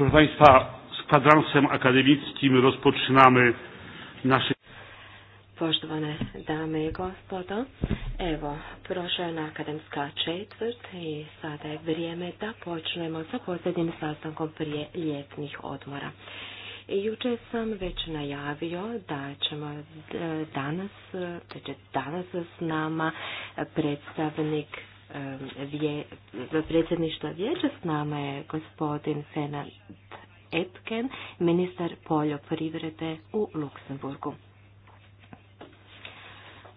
Proszę z kwadransem akademickim rozpoczynamy nasze... Poštovane dame i gospodo, evo, prošla je akademska četvrt i sada je vrijeme da počnemo sa posljednjim sastankom prije ljetnih odmora. Jučer sam već najavio da ćemo e, danas, da će danas s nama predstavnik vje, predsjedništva vijeća s nama je gospodin Senat Etken, ministar poljoprivrede u Luksemburgu.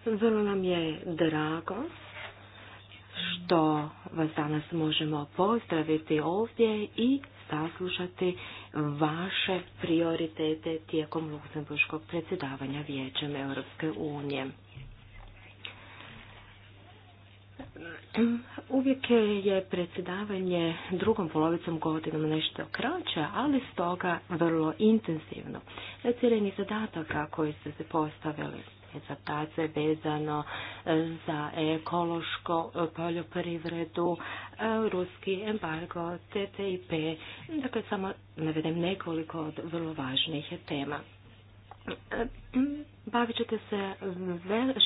Vrlo nam je drago što vas danas možemo pozdraviti ovdje i saslušati vaše prioritete tijekom luksemburškog predsjedavanja Vijećem Europske unije. Uvijek je predsjedavanje drugom polovicom godinom nešto kraće, ali stoga vrlo intenzivno. Cijeljeni zadataka koji ste se postavili tace, vezano e, za ekološko e, poljoprivredu, e, ruski embargo, TTIP, dakle samo navedem nekoliko od vrlo važnih tema. E, bavit ćete se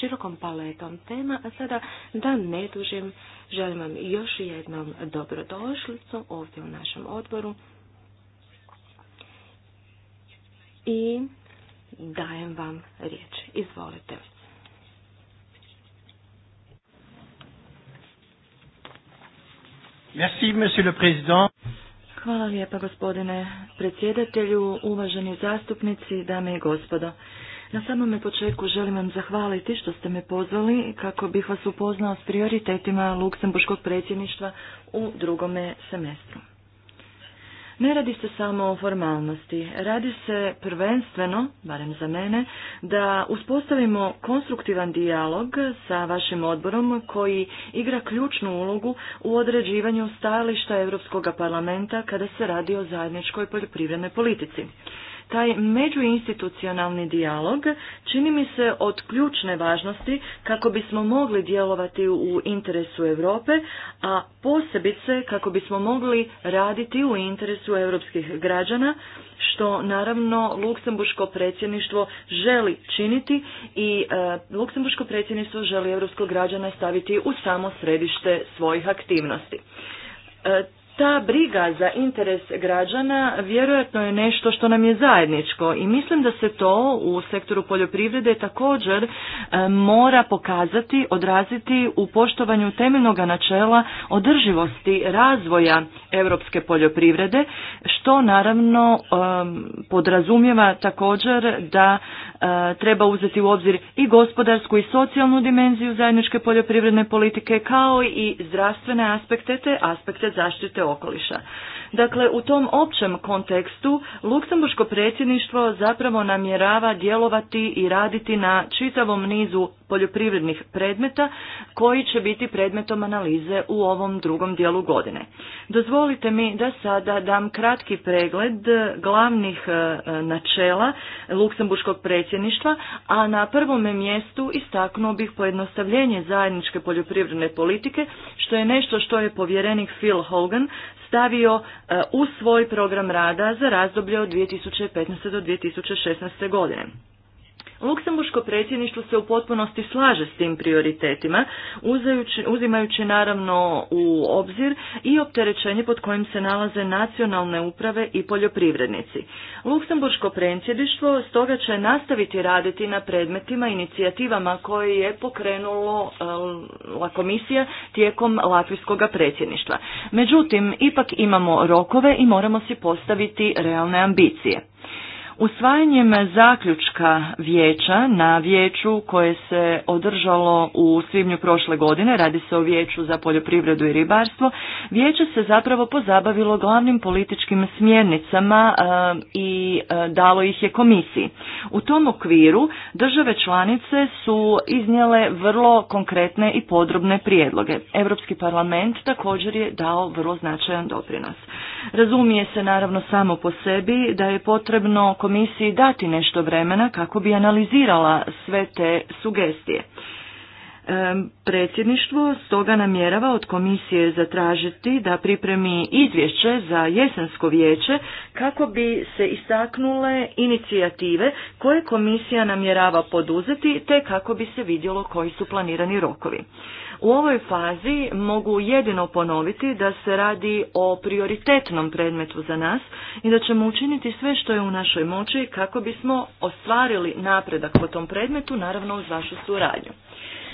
širokom paletom tema, a sada da ne dužim, želim vam još jednom dobrodošlicu ovdje u našem odboru i dajem vam riječ. Izvolite. Merci, monsieur le président. Hvala lijepa gospodine predsjedatelju, uvaženi zastupnici, dame i gospodo. Na samome početku želim vam zahvaliti što ste me pozvali kako bih vas upoznao s prioritetima Luksemburškog predsjedništva u drugome semestru. Ne radi se samo o formalnosti, radi se prvenstveno, barem za mene, da uspostavimo konstruktivan dijalog sa vašim odborom koji igra ključnu ulogu u određivanju stajališta Europskog parlamenta kada se radi o zajedničkoj poljoprivrednoj politici. Taj međuinstitucionalni dijalog čini mi se od ključne važnosti kako bismo mogli djelovati u interesu Europe, a posebice kako bismo mogli raditi u interesu europskih građana, što naravno Luksemburško predsjedništvo želi činiti i e, Luksemburško predsjedništvo želi europskog građana staviti u samo središte svojih aktivnosti. E, ta briga za interes građana vjerojatno je nešto što nam je zajedničko i mislim da se to u sektoru poljoprivrede također e, mora pokazati, odraziti u poštovanju temeljnog načela održivosti razvoja europske poljoprivrede, što naravno e, podrazumijeva također da e, treba uzeti u obzir i gospodarsku i socijalnu dimenziju zajedničke poljoprivredne politike kao i zdravstvene aspekte te aspekte zaštite okoliša. Dakle, u tom općem kontekstu Luksemburško predsjedništvo zapravo namjerava djelovati i raditi na čitavom nizu poljoprivrednih predmeta koji će biti predmetom analize u ovom drugom dijelu godine. Dozvolite mi da sada dam kratki pregled glavnih e, načela Luksemburškog predsjedništva, a na prvome mjestu istaknuo bih pojednostavljenje zajedničke poljoprivredne politike, što je nešto što je povjerenik Phil Hogan stavio e, u svoj program rada za razdoblje od 2015. do 2016. godine. Luksemburško predsjedništvo se u potpunosti slaže s tim prioritetima, uzimajući naravno u obzir i opterećenje pod kojim se nalaze nacionalne uprave i poljoprivrednici. Luksemburško predsjedništvo stoga će nastaviti raditi na predmetima i inicijativama koje je pokrenulo eh, la komisija tijekom latvijskog predsjedništva. Međutim, ipak imamo rokove i moramo si postaviti realne ambicije. Usvajanjem zaključka vijeća na vijeću koje se održalo u svibnju prošle godine, radi se o vijeću za poljoprivredu i ribarstvo, vijeće se zapravo pozabavilo glavnim političkim smjernicama e, i e, dalo ih je komisiji. U tom okviru države članice su iznijele vrlo konkretne i podrobne prijedloge. Europski parlament također je dao vrlo značajan doprinos. Razumije se naravno samo po sebi da je potrebno komisiji dati nešto vremena kako bi analizirala sve te sugestije. Predsjedništvo stoga namjerava od komisije zatražiti da pripremi izvješće za jesensko vijeće kako bi se istaknule inicijative koje komisija namjerava poduzeti te kako bi se vidjelo koji su planirani rokovi. U ovoj fazi mogu jedino ponoviti da se radi o prioritetnom predmetu za nas i da ćemo učiniti sve što je u našoj moći kako bismo ostvarili napredak po tom predmetu, naravno uz vašu suradnju.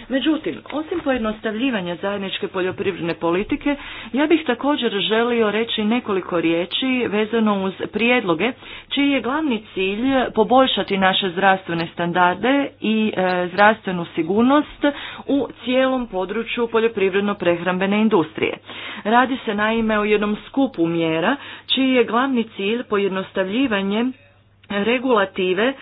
Međutim, osim pojednostavljivanja zajedničke poljoprivredne politike, ja bih također želio reći nekoliko riječi vezano uz prijedloge čiji je glavni cilj poboljšati naše zdravstvene standarde i e, zdravstvenu sigurnost u cijelom području poljoprivredno-prehrambene industrije. Radi se naime o jednom skupu mjera čiji je glavni cilj pojednostavljivanje regulative e,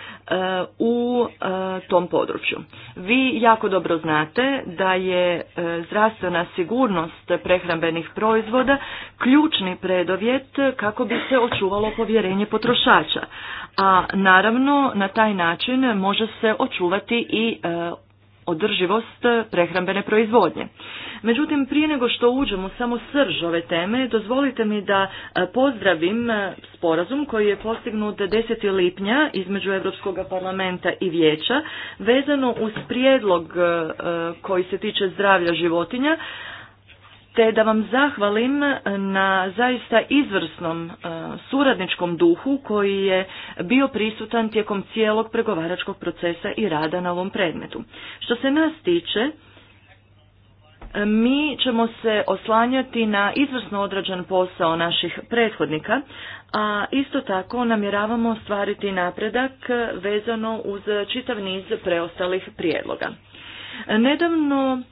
u e, tom području. Vi jako dobro znate da je e, zdravstvena sigurnost prehrambenih proizvoda ključni predovjet kako bi se očuvalo povjerenje potrošača. A naravno na taj način može se očuvati i održivost eh, prehrambene proizvodnje. Međutim, prije nego što uđem u samo srž ove teme, dozvolite mi da eh, pozdravim eh, sporazum koji je postignut 10. lipnja između Europskog parlamenta i vijeća vezano uz prijedlog koji se tiče zdravlja životinja te da vam zahvalim na zaista izvrsnom e, suradničkom duhu koji je bio prisutan tijekom cijelog pregovaračkog procesa i rada na ovom predmetu. Što se nas tiče, mi ćemo se oslanjati na izvrsno odrađen posao naših prethodnika, a isto tako namjeravamo ostvariti napredak vezano uz čitav niz preostalih prijedloga. Nedavno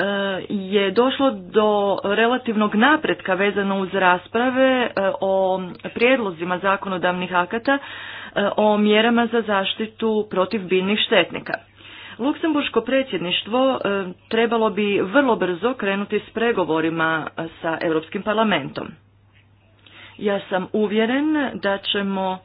Eh, je došlo do relativnog napretka vezano uz rasprave eh, o prijedlozima zakonodavnih akata eh, o mjerama za zaštitu protiv biljnih štetnika. Luksemburško predsjedništvo trebalo bi vrlo brzo krenuti s pregovorima sa Europskim parlamentom. Ja sam uvjeren da ćemo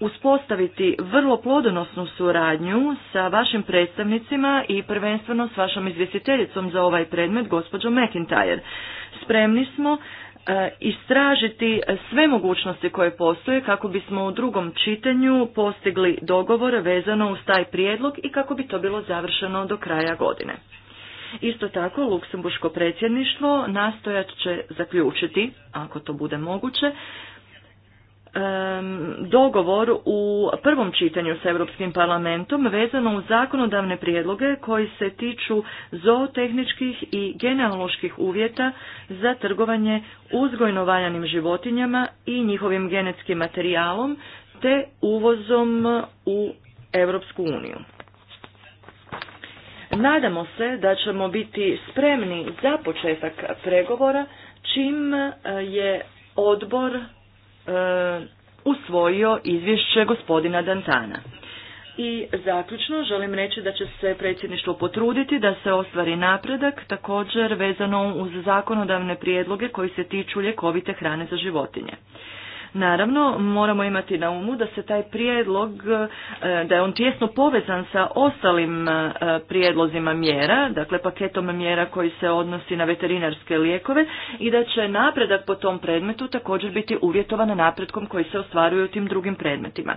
uspostaviti vrlo plodonosnu suradnju sa vašim predstavnicima i prvenstveno s vašom izvjestiteljicom za ovaj predmet, gospođom McIntyre. Spremni smo e, istražiti sve mogućnosti koje postoje kako bismo u drugom čitanju postigli dogovor vezano uz taj prijedlog i kako bi to bilo završeno do kraja godine. Isto tako, Luksemburško predsjedništvo nastojat će zaključiti, ako to bude moguće, dogovor u prvom čitanju s Europskim parlamentom vezano uz zakonodavne prijedloge koji se tiču zootehničkih i genealoških uvjeta za trgovanje uzgojno valjanim životinjama i njihovim genetskim materijalom te uvozom u Europsku uniju. Nadamo se da ćemo biti spremni za početak pregovora čim eh, je odbor E, usvojio izvješće gospodina Dantana. I zaključno želim reći da će se predsjedništvo potruditi da se ostvari napredak također vezano uz zakonodavne prijedloge koji se tiču ljekovite hrane za životinje. Naravno, moramo imati na umu da se taj prijedlog, e, da je on tjesno povezan sa ostalim e, prijedlozima mjera, dakle paketom mjera koji se odnosi na veterinarske lijekove i da će napredak po tom predmetu također biti uvjetovan napretkom koji se ostvaruje u tim drugim predmetima.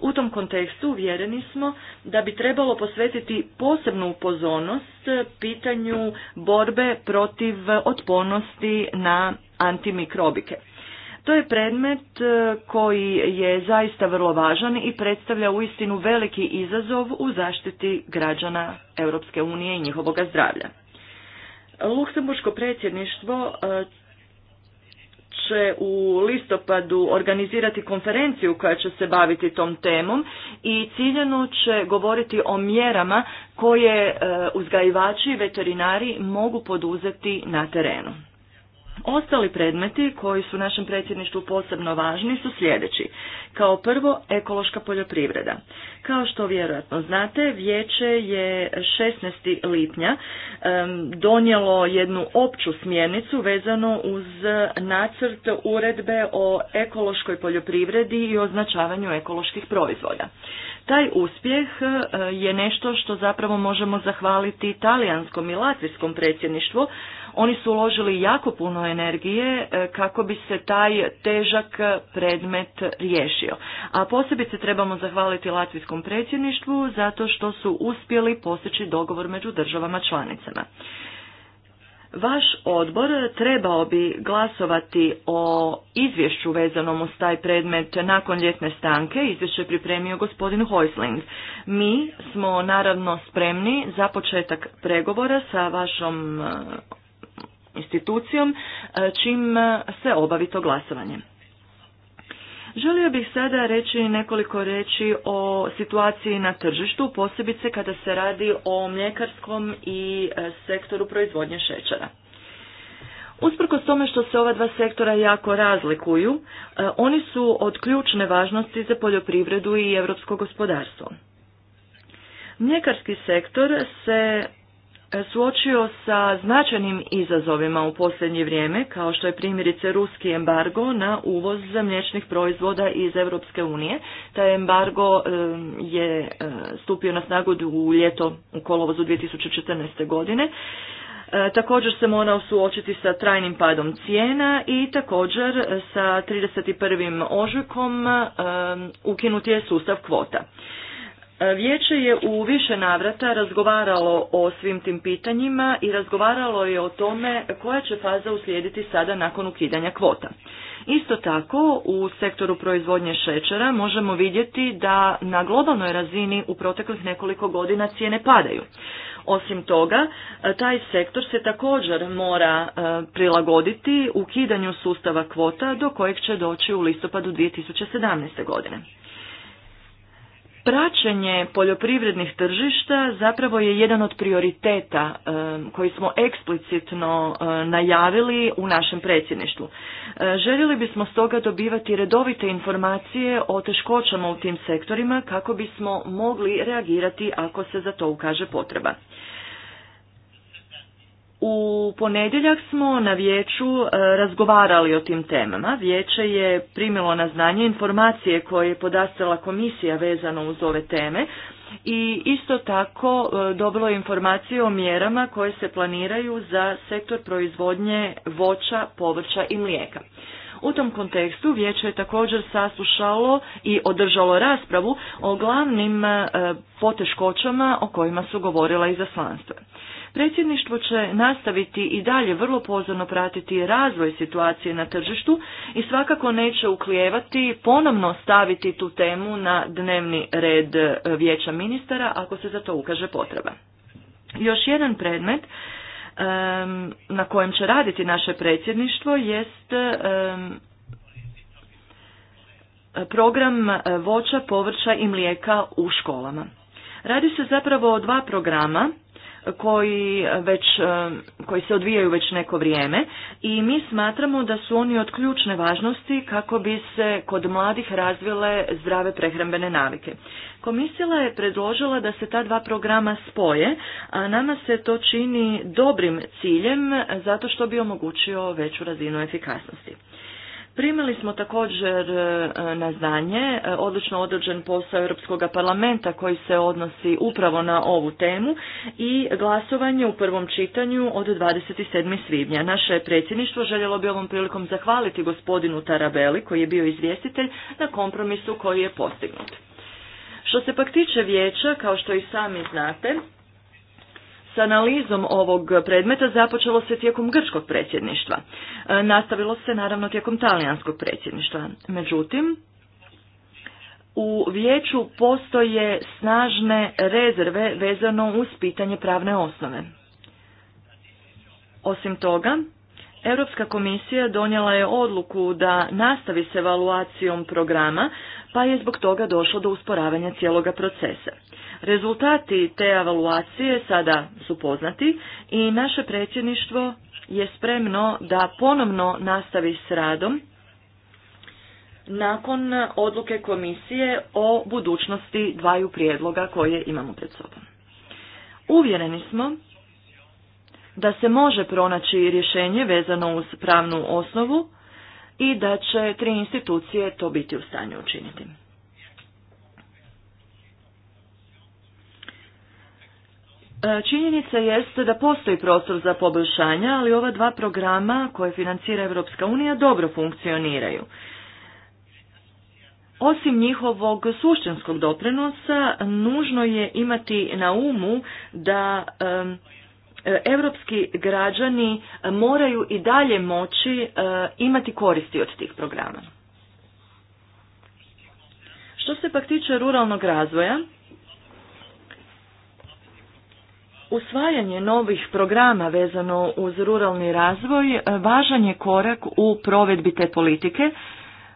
U tom kontekstu uvjereni smo da bi trebalo posvetiti posebnu pozornost pitanju borbe protiv otpornosti na antimikrobike. To je predmet e, koji je zaista vrlo važan i predstavlja uistinu veliki izazov u zaštiti građana Europske unije i njihovoga zdravlja. Luksemburško predsjedništvo e, će u listopadu organizirati konferenciju koja će se baviti tom temom i ciljeno će govoriti o mjerama koje e, uzgajivači i veterinari mogu poduzeti na terenu. Ostali predmeti koji su našem predsjedništvu posebno važni su sljedeći. Kao prvo, ekološka poljoprivreda. Kao što vjerojatno znate, vijeće je 16. lipnja donijelo jednu opću smjernicu vezano uz nacrt uredbe o ekološkoj poljoprivredi i označavanju ekoloških proizvoda. Taj uspjeh e, je nešto što zapravo možemo zahvaliti italijanskom i latvijskom predsjedništvu. Oni su uložili jako puno energije e, kako bi se taj težak predmet riješio. A posebice trebamo zahvaliti latvijskom predsjedništvu zato što su uspjeli postići dogovor među državama članicama. Vaš odbor trebao bi glasovati o izvješću vezanom uz taj predmet nakon ljetne stanke. Izvješće pripremio gospodin Hoisling. Mi smo naravno spremni za početak pregovora sa vašom eh, institucijom eh, čim eh, se obavi to glasovanje. Želio bih sada reći nekoliko reći o situaciji na tržištu, posebice kada se radi o mljekarskom i e, sektoru proizvodnje šećera. Usprkos tome što se ova dva sektora jako razlikuju, e, oni su od ključne važnosti za poljoprivredu i europsko gospodarstvo. Mljekarski sektor se suočio sa značajnim izazovima u posljednje vrijeme, kao što je primjerice ruski embargo na uvoz mliječnih proizvoda iz Europske unije. Taj embargo je e, stupio na snagu u ljeto u kolovozu 2014. godine. E, također se morao suočiti sa trajnim padom cijena i također sa 31. ožujkom ukinuti je sustav kvota. Vijeće je u više navrata razgovaralo o svim tim pitanjima i razgovaralo je o tome koja će faza uslijediti sada nakon ukidanja kvota. Isto tako, u sektoru proizvodnje šećera možemo vidjeti da na globalnoj razini u proteklih nekoliko godina cijene padaju. Osim toga, taj sektor se također mora e, prilagoditi ukidanju sustava kvota do kojeg će doći u listopadu 2017. godine. Praćenje poljoprivrednih tržišta zapravo je jedan od prioriteta e, koji smo eksplicitno e, najavili u našem predsjedništvu. E, željeli bismo stoga dobivati redovite informacije o teškoćama u tim sektorima kako bismo mogli reagirati ako se za to ukaže potreba. U ponedjeljak smo na vijeću e, razgovarali o tim temama. Vijeće je primilo na znanje informacije koje je podastala komisija vezano uz ove teme i isto tako e, dobilo je informacije o mjerama koje se planiraju za sektor proizvodnje voća, povrća i mlijeka. U tom kontekstu vijeće je također saslušalo i održalo raspravu o glavnim e, poteškoćama o kojima su govorila izaslanstva. Predsjedništvo će nastaviti i dalje vrlo pozorno pratiti razvoj situacije na tržištu i svakako neće uklijevati ponovno staviti tu temu na dnevni red e, vijeća ministara ako se za to ukaže potreba. Još jedan predmet na kojem će raditi naše predsjedništvo jest program e, voća, povrća i mlijeka u školama. Radi se zapravo o dva programa koji, već, e, koji se odvijaju već neko vrijeme i mi smatramo da su oni od ključne važnosti kako bi se kod mladih razvile zdrave prehrambene navike. Komisija je predložila da se ta dva programa spoje, a nama se to čini dobrim ciljem zato što bi omogućio veću razinu efikasnosti. Primili smo također e, na znanje e, odlično određen posao Europskog parlamenta koji se odnosi upravo na ovu temu i glasovanje u prvom čitanju od 27. svibnja. Naše predsjedništvo željelo bi ovom prilikom zahvaliti gospodinu Tarabeli koji je bio izvjestitelj na kompromisu koji je postignut. Što se pak tiče vijeća, kao što i sami znate, s analizom ovog predmeta započelo se tijekom grčkog predsjedništva. E, nastavilo se naravno tijekom talijanskog predsjedništva. Međutim, u vijeću postoje snažne rezerve vezano uz pitanje pravne osnove. Osim toga, Europska komisija donijela je odluku da nastavi s evaluacijom programa, pa je zbog toga došlo do usporavanja cijeloga procesa. Rezultati te evaluacije sada su poznati i naše predsjedništvo je spremno da ponovno nastavi s radom nakon odluke komisije o budućnosti dvaju prijedloga koje imamo pred sobom. Uvjereni smo da se može pronaći rješenje vezano uz pravnu osnovu i da će tri institucije to biti u stanju učiniti. E, činjenica jeste da postoji prostor za poboljšanja, ali ova dva programa koje financira Europska unija dobro funkcioniraju. Osim njihovog suštinskog doprinosa, nužno je imati na umu da evropski europski građani moraju i dalje moći e, imati koristi od tih programa. Što se pak tiče ruralnog razvoja, Usvajanje novih programa vezano uz ruralni razvoj e, važan je korak u provedbi te politike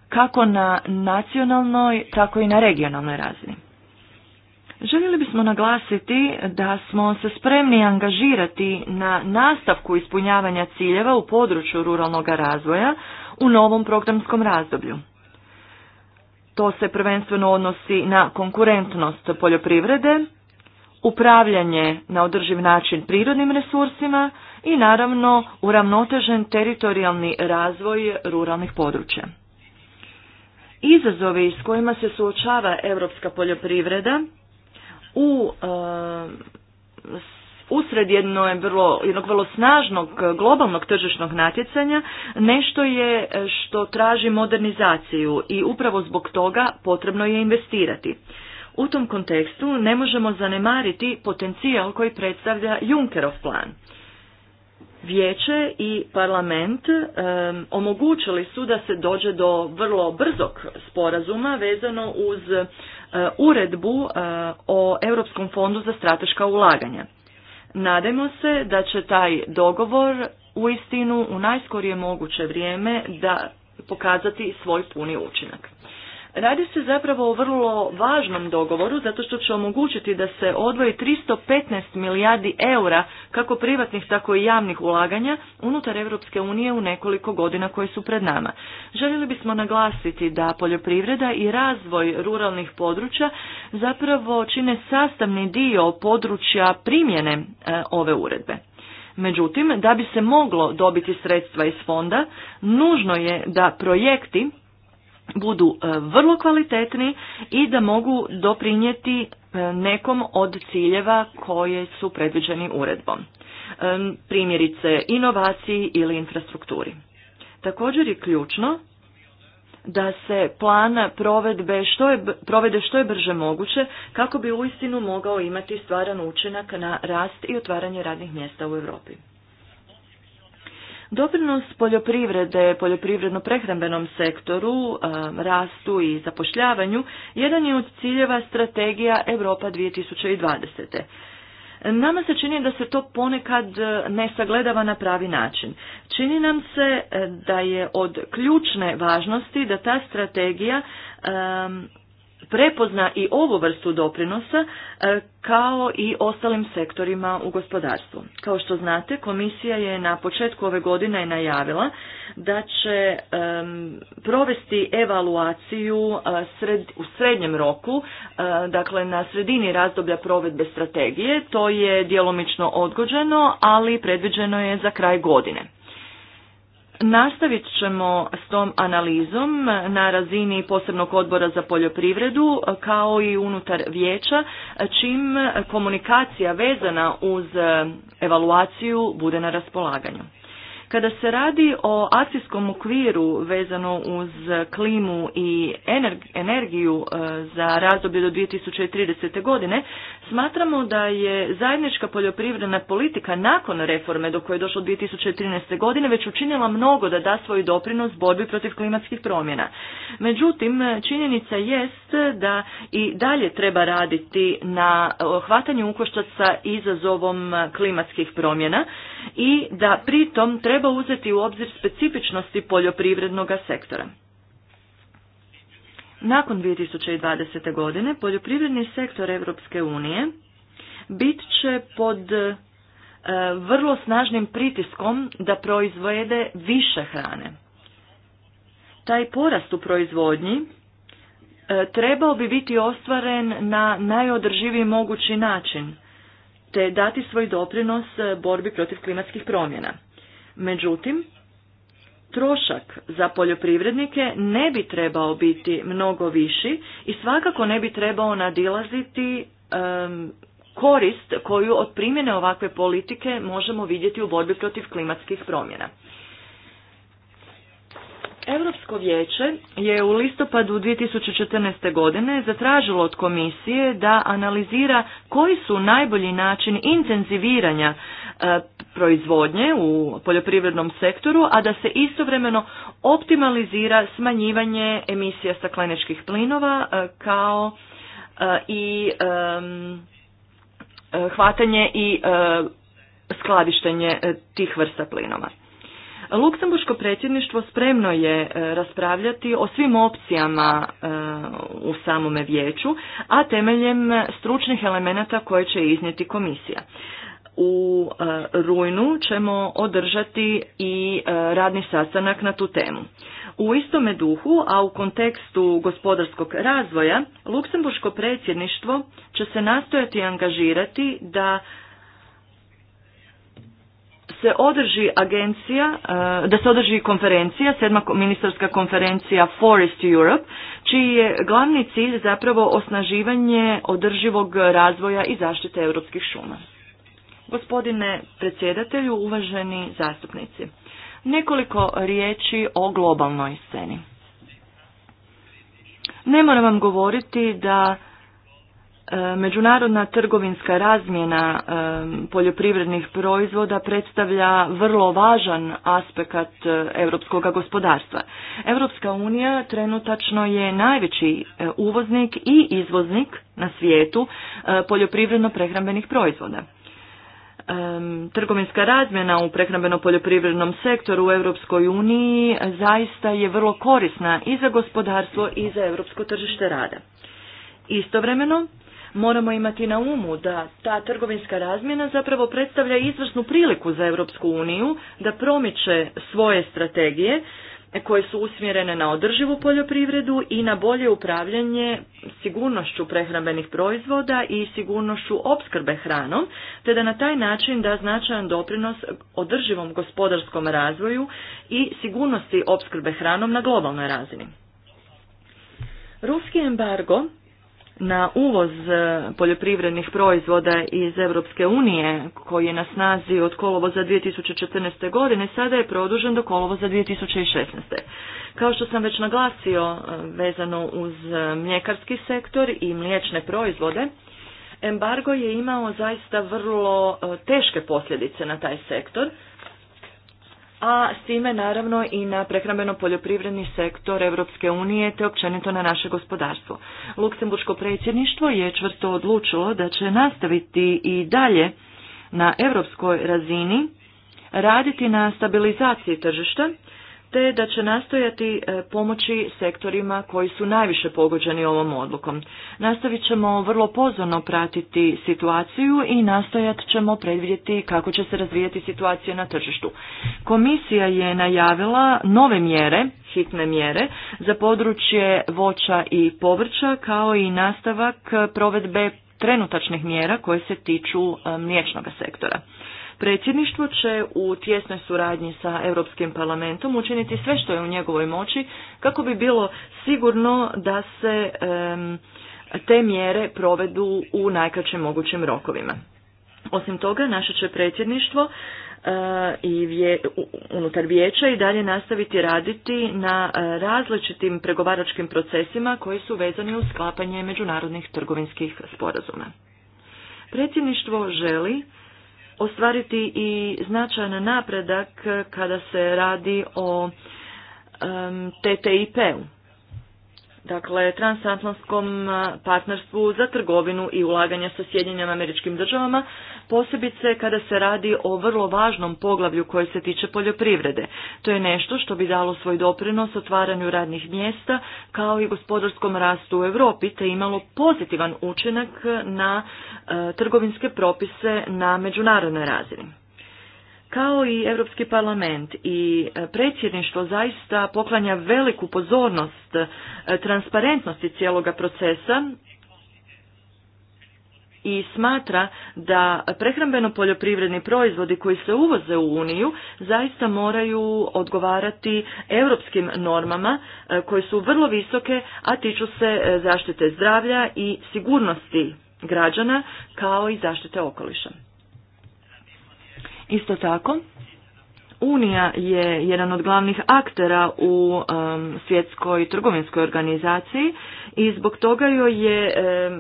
kako na nacionalnoj, tako i na regionalnoj razini. Željeli bismo naglasiti da smo se spremni angažirati na nastavku ispunjavanja ciljeva u području ruralnog razvoja u novom programskom razdoblju. To se prvenstveno odnosi na konkurentnost poljoprivrede, upravljanje na održiv način prirodnim resursima i naravno uravnotežen teritorijalni razvoj ruralnih područja. Izazovi s kojima se suočava europska poljoprivreda u eh, usred jedno vrlo, jednog vrlo snažnog globalnog tržišnog natjecanja nešto je što traži modernizaciju i upravo zbog toga potrebno je investirati. U tom kontekstu ne možemo zanemariti potencijal koji predstavlja Junckerov plan. Vijeće i parlament omogućili su da se dođe do vrlo brzog sporazuma vezano uz e, uredbu e, o Europskom fondu za strateška ulaganja. Nadajmo se da će taj dogovor uistinu u najskorije moguće vrijeme da pokazati svoj puni učinak. Radi se zapravo o vrlo važnom dogovoru zato što će omogućiti da se odvoji 315 milijardi eura kako privatnih tako i javnih ulaganja unutar Europske unije u nekoliko godina koje su pred nama. Željeli bismo naglasiti da poljoprivreda i razvoj ruralnih područja zapravo čine sastavni dio područja primjene e, ove uredbe. Međutim, da bi se moglo dobiti sredstva iz fonda, nužno je da projekti budu e, vrlo kvalitetni i da mogu doprinijeti e, nekom od ciljeva koje su predviđeni uredbom. E, primjerice inovaciji ili infrastrukturi. Također je ključno da se plan provedbe što je, provede što je brže moguće kako bi uistinu mogao imati stvaran učinak na rast i otvaranje radnih mjesta u Europi. Doprinos poljoprivrede, poljoprivredno-prehrambenom sektoru, rastu i zapošljavanju, jedan je od ciljeva strategija Europa 2020. Nama se čini da se to ponekad e, ne sagledava na pravi način. Čini nam se e, da je od ključne važnosti da ta strategija prepozna i ovu vrstu doprinosa e, kao i ostalim sektorima u gospodarstvu. Kao što znate, komisija je na početku ove godine najavila da će provesti evaluaciju e, u srednjem roku, e, dakle na sredini razdoblja provedbe strategije. To je djelomično odgođeno, ali predviđeno je za kraj godine. Nastavit ćemo s tom analizom na razini posebnog odbora za poljoprivredu kao i unutar vijeća čim komunikacija vezana uz evaluaciju bude na raspolaganju. Kada se radi o akcijskom okviru vezano uz klimu i energiju e, za razdoblje do 2030. godine, smatramo da je zajednička poljoprivredna politika nakon reforme do koje je došlo 2013. godine već učinila mnogo da da svoj doprinos borbi protiv klimatskih promjena. Međutim, činjenica jest da i dalje treba raditi na e, hvatanju ukoštaca izazovom klimatskih promjena i da pritom treba treba uzeti u obzir specifičnosti poljoprivrednog sektora. Nakon 2020. godine poljoprivredni sektor Europske unije bit će pod e, vrlo snažnim pritiskom da proizvede više hrane. Taj porast u proizvodnji e, trebao bi biti ostvaren na najodrživiji mogući način, te dati svoj doprinos e, borbi protiv klimatskih promjena. Međutim, trošak za poljoprivrednike ne bi trebao biti mnogo viši i svakako ne bi trebao nadilaziti korist koju od primjene ovakve politike možemo vidjeti u borbi protiv klimatskih promjena. Europsko vijeće je u listopadu 2014. godine zatražilo od komisije da analizira koji su najbolji način intenziviranja proizvodnje u poljoprivrednom sektoru, a da se istovremeno optimalizira smanjivanje emisija stakleničkih plinova e, kao e, i e, hvatanje i skladištenje tih vrsta plinova. Luksemburško predsjedništvo spremno je raspravljati o svim opcijama u samome vijeću, a temeljem stručnih elemenata koje će iznijeti komisija u e, rujnu ćemo održati i e, radni sastanak na tu temu. U istome duhu, a u kontekstu gospodarskog razvoja, Luksemburško predsjedništvo će se nastojati angažirati da se održi agencija, e, da se održi konferencija, sedma ministarska konferencija Forest Europe, čiji je glavni cilj zapravo osnaživanje održivog razvoja i zaštite europskih šuma. Gospodine predsjedatelju, uvaženi zastupnici, nekoliko riječi o globalnoj sceni. Ne moram vam govoriti da e, Međunarodna trgovinska razmjena e, poljoprivrednih proizvoda predstavlja vrlo važan aspekt e, europskog gospodarstva. Europska unija trenutačno je najveći uvoznik i izvoznik na svijetu poljoprivredno prehrambenih proizvoda trgovinska razmjena u prehrambeno-poljoprivrednom sektoru u Europskoj uniji zaista je vrlo korisna i za gospodarstvo i za europsko tržište rada. Istovremeno, moramo imati na umu da ta trgovinska razmjena zapravo predstavlja izvrsnu priliku za Europsku uniju da promiče svoje strategije koje su usmjerene na održivu poljoprivredu i na bolje upravljanje sigurnošću prehrambenih proizvoda i sigurnošću opskrbe hranom, te da na taj način da značajan doprinos održivom gospodarskom razvoju i sigurnosti opskrbe hranom na globalnoj razini. Ruski embargo na uvoz e, poljoprivrednih proizvoda iz Europske unije koji je na snazi od kolovoza 2014. godine sada je produžen do kolovoza 2016. Kao što sam već naglasio e, vezano uz e, mljekarski sektor i mliječne proizvode, embargo je imao zaista vrlo teške posljedice na taj sektor a s time naravno i na prehrambeno-poljoprivredni sektor Europske unije te općenito na naše gospodarstvo. Luksemburško predsjedništvo je čvrsto odlučilo da će nastaviti i dalje na europskoj razini raditi na stabilizaciji tržišta te da će nastojati e, pomoći sektorima koji su najviše pogođeni ovom odlukom. Nastavit ćemo vrlo pozorno pratiti situaciju i nastojat ćemo predvidjeti kako će se razvijati situacija na tržištu. Komisija je najavila nove mjere, hitne mjere, za područje voća i povrća kao i nastavak provedbe trenutačnih mjera koje se tiču e, mliječnog sektora. Predsjedništvo će u tjesnoj suradnji sa Europskim parlamentom učiniti sve što je u njegovoj moći kako bi bilo sigurno da se te mjere provedu u najkraćim mogućim rokovima. Osim toga, naše će predsjedništvo e, i unutar vijeća i dalje nastaviti raditi na e, različitim pregovaračkim procesima koji su vezani uz sklapanje međunarodnih trgovinskih sporazuma. Predsjedništvo želi ostvariti i značajan napredak eh, kada se radi o TTIP-u dakle, transatlantskom partnerstvu za trgovinu i ulaganja sa Sjedinjenim američkim državama, posebice kada se radi o vrlo važnom poglavlju koje se tiče poljoprivrede. To je nešto što bi dalo svoj doprinos otvaranju radnih mjesta kao i gospodarskom rastu u Europi te imalo pozitivan učinak na trgovinske propise na međunarodnoj razini. Kao i Europski parlament i e, predsjedništvo zaista poklanja veliku pozornost e, transparentnosti cijeloga procesa i smatra da prehrambeno poljoprivredni proizvodi koji se uvoze u Uniju zaista moraju odgovarati europskim normama e, koje su vrlo visoke, a tiču se zaštite zdravlja i sigurnosti građana kao i zaštite okoliša. Isto tako, Unija je jedan od glavnih aktera u svjetskoj trgovinskoj organizaciji i zbog toga joj je um,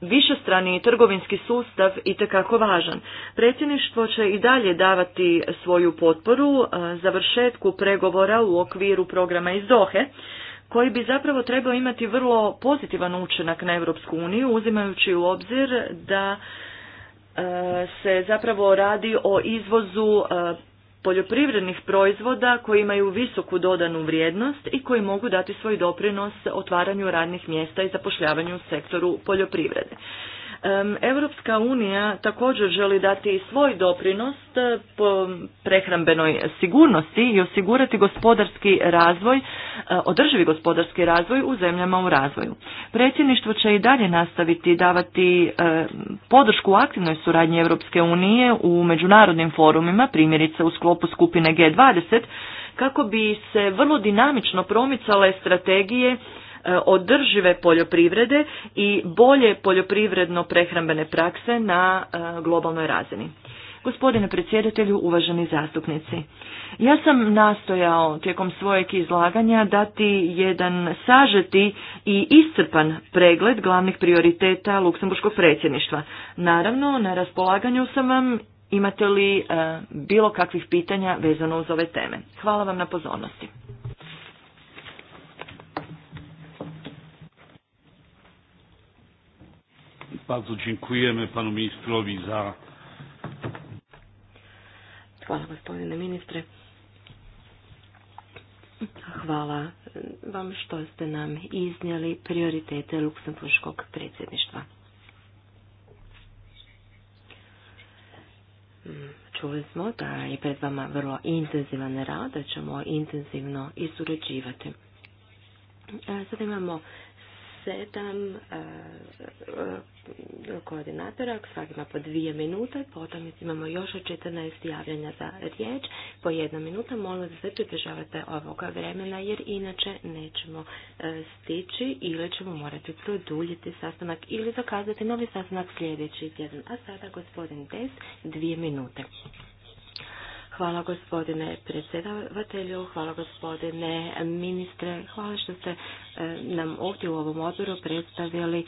višestrani trgovinski sustav itekako važan. Predsjedništvo će i dalje davati svoju potporu uh, završetku pregovora u okviru programa iz Dohe, koji bi zapravo trebao imati vrlo pozitivan učinak na Europsku uniju, uzimajući u obzir da E, se zapravo radi o izvozu e, poljoprivrednih proizvoda koji imaju visoku dodanu vrijednost i koji mogu dati svoj doprinos otvaranju radnih mjesta i zapošljavanju u sektoru poljoprivrede. Europska unija također želi dati svoj doprinos eh, po prehrambenoj sigurnosti i osigurati gospodarski razvoj, eh, održivi gospodarski razvoj u zemljama u razvoju. Predsjedništvo će i dalje nastaviti davati eh, podršku aktivnoj suradnji Europske unije u međunarodnim forumima, primjerice u sklopu skupine G20, kako bi se vrlo dinamično promicale strategije E, održive poljoprivrede i bolje poljoprivredno prehrambene prakse na e, globalnoj razini. Gospodine predsjedatelju, uvaženi zastupnici, ja sam nastojao tijekom svojeg izlaganja dati jedan sažeti i iscrpan pregled glavnih prioriteta Luksemburškog predsjedništva. Naravno, na raspolaganju sam vam imate li e, bilo kakvih pitanja vezano uz ove teme. Hvala vam na pozornosti. Bardzo dziękujemy panu ministrowi za... Hvala gospodine ministre. Hvala vam što ste nam iznijeli prioritete Luksemburškog predsjedništva. Čuli smo da je pred vama vrlo intenzivan rad, da ćemo intenzivno isurađivati. Sada imamo sedam eh, eh, koordinatora, svakima po dvije minute, potom imamo još 14 javljanja za riječ, po jedna minuta, molim da se pridržavate ovoga vremena jer inače nećemo eh, stići ili ćemo morati produljiti sastanak ili zakazati novi sastanak sljedeći tjedan. A sada gospodin Des, dvije minute. Hvala gospodine predsjedavatelju, hvala gospodine ministre, hvala što ste e, nam ovdje u ovom odboru predstavili e,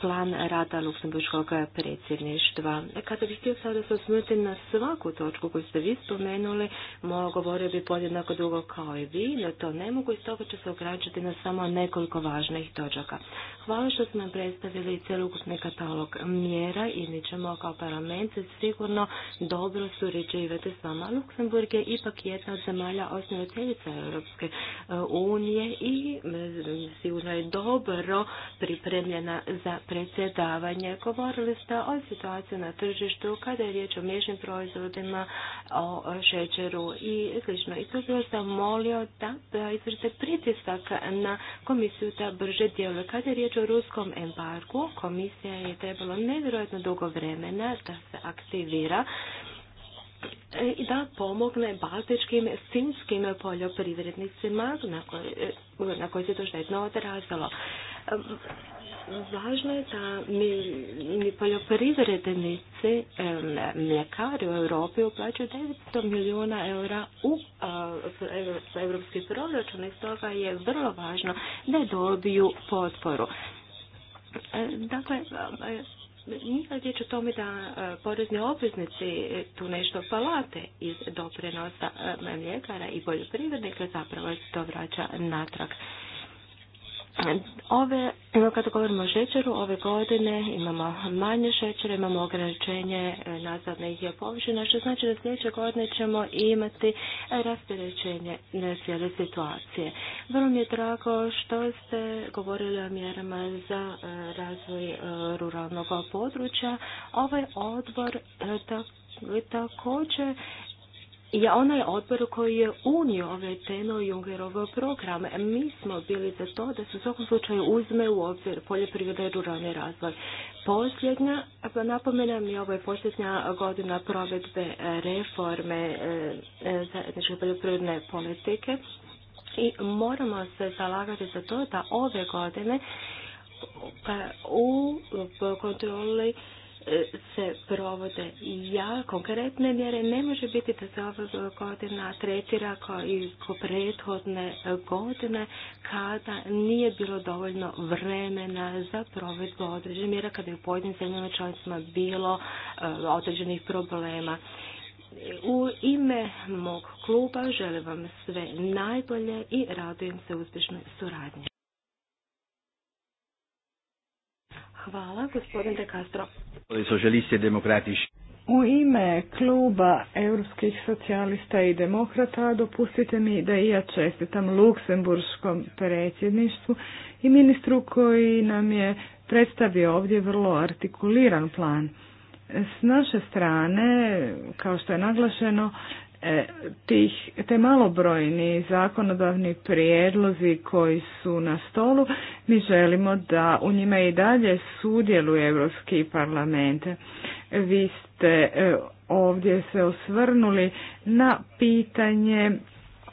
plan rada Luksemburgskog predsjedništva. E, kada bih htio sada se osvrnuti na svaku točku koju ste vi spomenuli, mo, govorio bi podjednako dugo kao i vi, no to ne mogu i stoga ću se ograničiti na samo nekoliko važnih točaka. Hvala što ste nam predstavili celokupni katalog mjera i mi ćemo kao parlament sigurno dobro surađivati s vama, Luksemburg je ipak jedna od zemalja osnovateljica Europske e, unije i e, sigurno je dobro pripremljena za predsjedavanje. Govorili ste o situaciji na tržištu kada je riječ o mješnim proizvodima, o šećeru i slično. I tu bih vas molio da izvrste pritisak na komisiju ta brže djeluje. Kada je riječ o ruskom embargu, komisija je trebala nevjerojatno dugo vremena da se aktivira i da pomogne baltičkim simskim poljoprivrednicima na koji se to štetno odrazilo. Važno je da mi, poljoprivrednici mljekari u Europi uplaćuju 900 milijuna eura u europski proračun i stoga je vrlo važno da dobiju potporu. Dakle, nije riječ o tome da e, porezni obveznici tu nešto palate iz doprinosa e, mljekara i poljoprivrednika, zapravo se to vraća natrag. Ove, evo kada govorimo o šećeru, ove godine imamo manje šećera, imamo ograničenje e, nazadnih površina, što znači da sljedeće godine ćemo imati rasterećenje e, cijele situacije. Vrlo mi je drago što ste govorili o mjerama za e, razvoj ruralnog područja. Ovaj odbor također je onaj odbor koji je unio ove cene u Jungerov program. Mi smo bili za to da se u svakom slučaju uzme u obzir poljoprivreda i ruralni razvoj. Posljednja, napomenem, mi ovo je posljednja godina provedbe e, reforme e, e, zajedničke poljoprivredne politike i moramo se zalagati za to da ove godine pa, u kontroli se provode ja konkretne mjere. Ne može biti da se ova godina tretira kao i ko prethodne godine kada nije bilo dovoljno vremena za provedbu određenih mjera kada je u pojedinim zemljama članicama bilo e, određenih problema. U ime mog kluba želim vam sve najbolje i radujem se uspješnoj suradnji. Hvala, gospodin De Castro. E U ime kluba europskih socijalista i demokrata dopustite mi da i ja čestitam Luksemburskom predsjedništvu i ministru koji nam je predstavio ovdje vrlo artikuliran plan. S naše strane, kao što je naglašeno, E, tih, te malobrojni zakonodavni prijedlozi koji su na stolu, mi želimo da u njima i dalje sudjeluje Europski parlament. Vi ste e, ovdje se osvrnuli na pitanje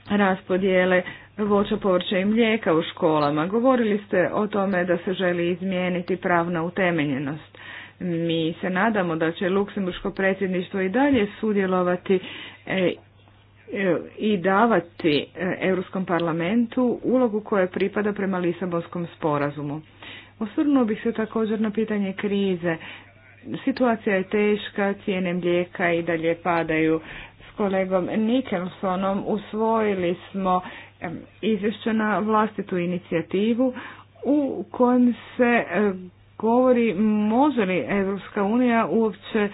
raspodjele voća, povrća i mlijeka u školama. Govorili ste o tome da se želi izmijeniti pravna utemeljenost mi se nadamo da će Luksemburško predsjedništvo i dalje sudjelovati e, e, i davati e, Europskom parlamentu ulogu koja pripada prema Lisabonskom sporazumu. Osvrnuo bih se također na pitanje krize. Situacija je teška, cijene mlijeka i dalje padaju. S kolegom Nikelsonom usvojili smo izvješće na vlastitu inicijativu u kojem se govori može li EU unija uopće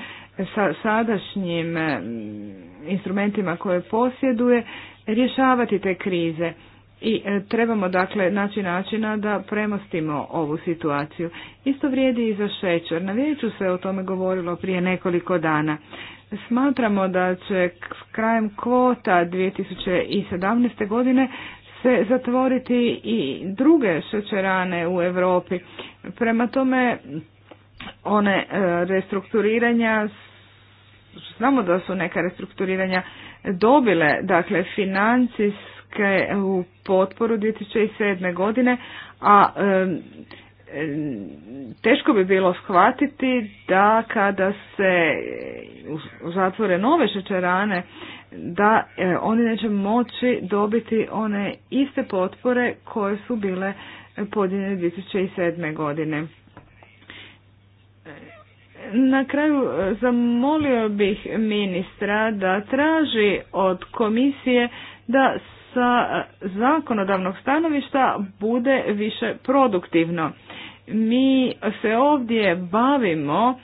sa sadašnjim mm, instrumentima koje posjeduje rješavati te krize. I e, trebamo dakle naći načina da premostimo ovu situaciju. Isto vrijedi i za šećer. Na vijeću se o tome govorilo prije nekoliko dana. Smatramo da će krajem kvota 2017. godine se zatvoriti i druge šećerane u Europi. Prema tome, one e, restrukturiranja, znamo da su neka restrukturiranja dobile, dakle, financijske u potporu 2007. godine, a e, teško bi bilo shvatiti da kada se zatvore nove šećerane da e, oni neće moći dobiti one iste potpore koje su bile podine 2007. godine. Na kraju e, zamolio bih ministra da traži od komisije da sa zakonodavnog stanovišta bude više produktivno mi se ovdje bavimo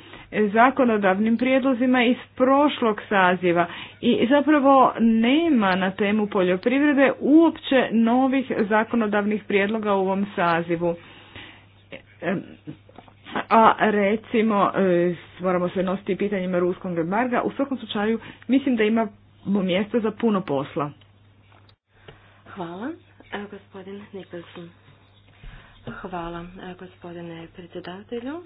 zakonodavnim prijedlozima iz prošlog saziva i zapravo nema na temu poljoprivrede uopće novih zakonodavnih prijedloga u ovom sazivu. A recimo, e, moramo se nositi pitanjima ruskog embarga, u svakom slučaju mislim da imamo mjesta za puno posla. Hvala, e, gospodin Nikolson. Hvala e, gospodine predsjedatelju, e,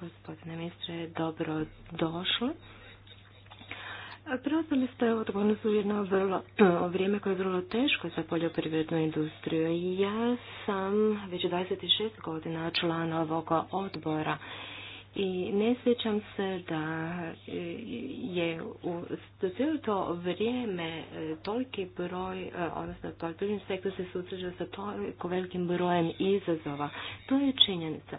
gospodine ministre, dobro došli. E, preostali ste odgovornost u jedno vrlo, vrijeme koje je vrlo teško za poljoprivrednu industriju. Ja sam već 26 godina član ovog odbora i ne sjećam se da e, je u cijelo to vrijeme e, toliki broj, e, odnosno poljoprivredni sektor se sa toliko velikim brojem izazova. To je činjenica.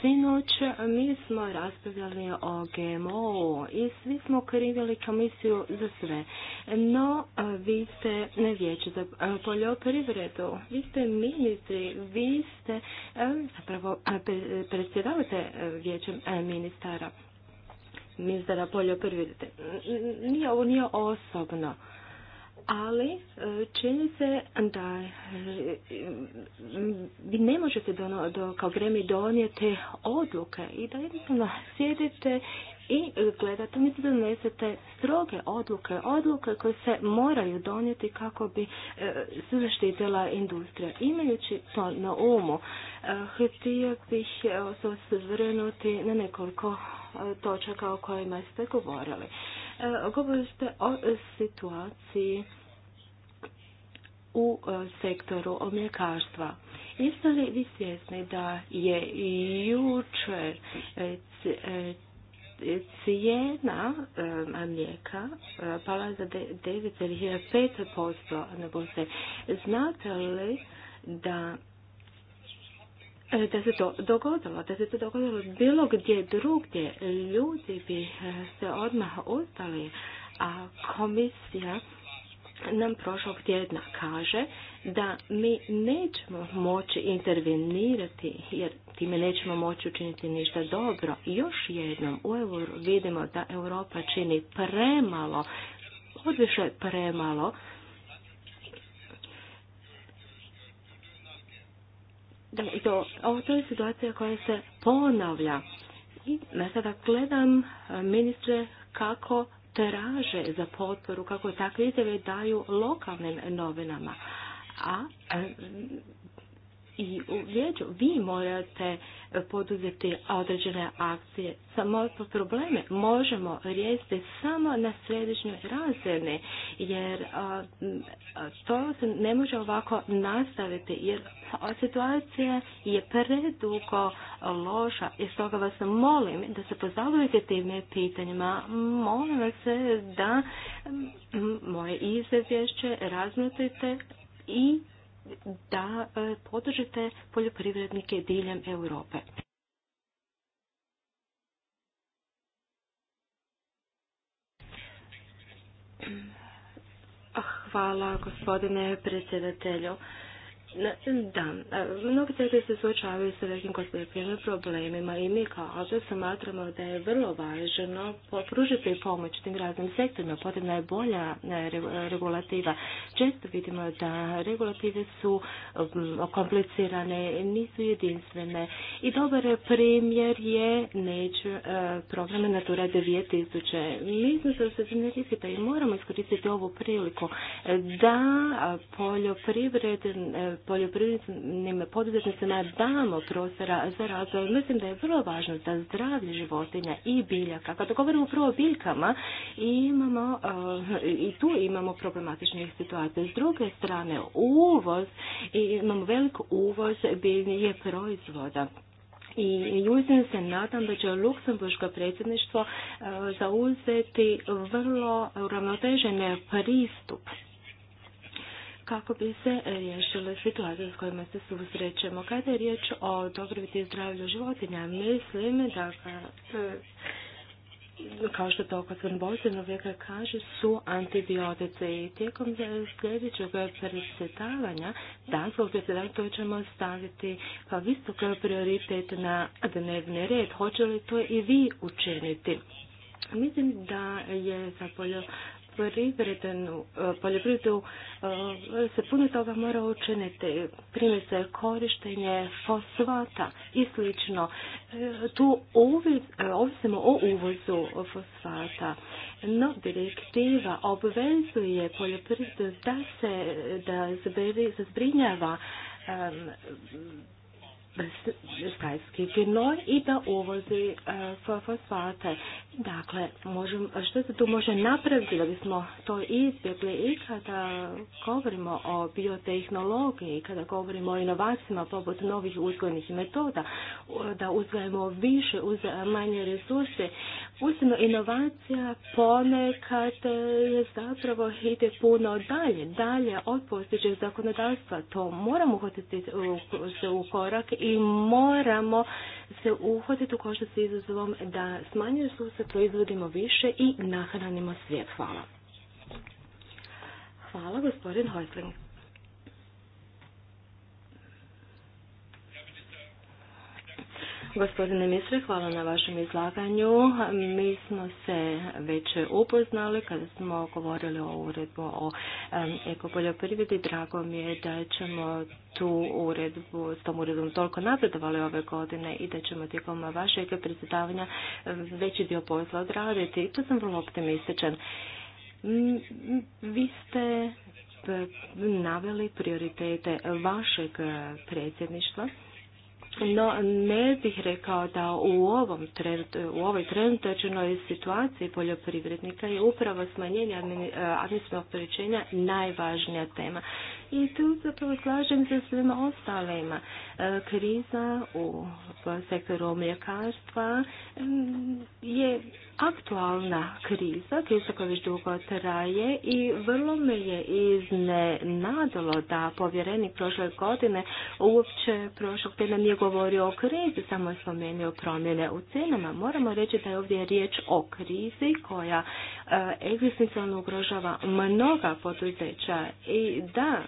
Sinoć mi smo raspravljali o GMO i svi smo krivili komisiju za sve. No, vi ste ne vijeće za poljoprivredu, vi ste ministri, vi ste zapravo predsjedavate vijeće E, ministara ministara poljoprivrede. Nije ovo nije osobno, ali e, čini se da e, vi ne možete do, kao gremi donijeti odluke i da jednostavno sjedite i e, gledate, mi da donesete stroge odluke, odluke koje se moraju donijeti kako bi e, se zaštitila industrija. Imajući to na umu, e, htio bih se osvrnuti na nekoliko točaka o kojima ste govorili. Govorili ste o situaciji u sektoru omljekarstva. Jeste li vi svjesni da je jučer cijena mlijeka e, pala za 9,5% na burze. Znate li da e, da se to dogodilo, da se to dogodilo bilo gdje drugdje, ljudi bi e, se odmah ustali, a komisija nam prošlog tjedna kaže da mi nećemo moći intervenirati jer time nećemo moći učiniti ništa dobro. Još jednom u euro vidimo da Europa čini premalo, odviše premalo Da, i to, ovo to je situacija koja se ponavlja. I na sada gledam ministre kako traže za potporu kako takve izjave daju lokalnim novinama. A i u vi morate poduzeti određene akcije. Samo probleme možemo riješiti samo na središnjoj razini, jer to se ne može ovako nastaviti, jer situacija je predugo loša i stoga vas molim da se pozabavite tim pitanjima. Molim vas da moje izvješće razmotrite i da e, podržite poljoprivrednike diljem Europe. Hvala gospodine predsjedatelju. Da, e, mnogi stvari se suočavaju sa velikim gospodarskim problemima i mi kao ovdje smatramo da je vrlo važno pružiti pomoć tim raznim sektorima. Potrebna je bolja e, regulativa. Često vidimo da regulative su komplicirane, nisu jedinstvene. I dobar primjer je neću, e, programa Natura 9000. Mi smo se osvrnili i moramo iskoristiti ovu priliku da poljoprivredne poljoprivrednim poduzetnicima damo prostora za razvoj. Mislim da je vrlo važno da zdravlje životinja i biljaka, kada govorimo prvo o biljkama, imamo, eh, i tu imamo problematičnih situacija. S druge strane, uvoz, imamo velik uvoz biljnije proizvoda. I uzim se nadam da će Luksemburško predsjedništvo eh, zauzeti vrlo uravnotežene pristup kako bi se riješile situacije s kojima se susrećemo. Kada je riječ o dobrobiti i zdravlju životinja, mislim da e, kao što to Katrin uvijek kaže, su antibiotice i tijekom sljedećeg predsjedavanja, da, predsjedavanja to ćemo staviti kao visok prioritet na dnevni red. Hoće li to i vi učiniti? Mislim da je za poljoprivredu se puno toga mora učiniti. Primjerice korištenje fosfata i slično. Tu ovisimo o uvozu fosfata. No, direktiva obvezuje poljoprivredu da se da zbrinjava stajski gnoj i da uvozi fosfate. Dakle, što se tu može napraviti da bismo to izbjegli i kada govorimo o biotehnologiji, kada govorimo o inovacijama poput novih uzgojnih metoda, da uzgajemo više uz manje resurse. Ustavno, inovacija ponekad je zapravo ide puno dalje, dalje od postojećeg zakonodavstva. To moramo uhvatiti se u korak i moramo se uhvatiti u koštac s izazovom da smanjuje se proizvodimo više i nahranimo svijet. Hvala. Hvala, gospodin Gospodine ministre, hvala na vašem izlaganju. Mi smo se već upoznali kada smo govorili o uredbu o ekopoljoprivredi. Drago mi je da ćemo tu uredbu, s tom uredbom toliko napredovali ove godine i da ćemo tijekom vašeg predsjedavanja veći dio posla odraditi. I tu sam vrlo optimističan. Vi ste naveli prioritete vašeg predsjedništva no ne bih rekao da u, ovom u ovoj trenutačnoj situaciji poljoprivrednika je upravo smanjenje eh, administrativnog opterećenja najvažnija tema i tu zapravo slažem se svima ostalima. E, kriza u sektoru mljekarstva je aktualna kriza, kriza koja već dugo traje i vrlo me je iznenadilo da povjerenik prošle godine uopće prošlog tjedna nije govorio o krizi, samo je spomenuo promjene u cenama. Moramo reći da je ovdje riječ o krizi koja e, egzistencijalno ugrožava mnoga poduzeća i da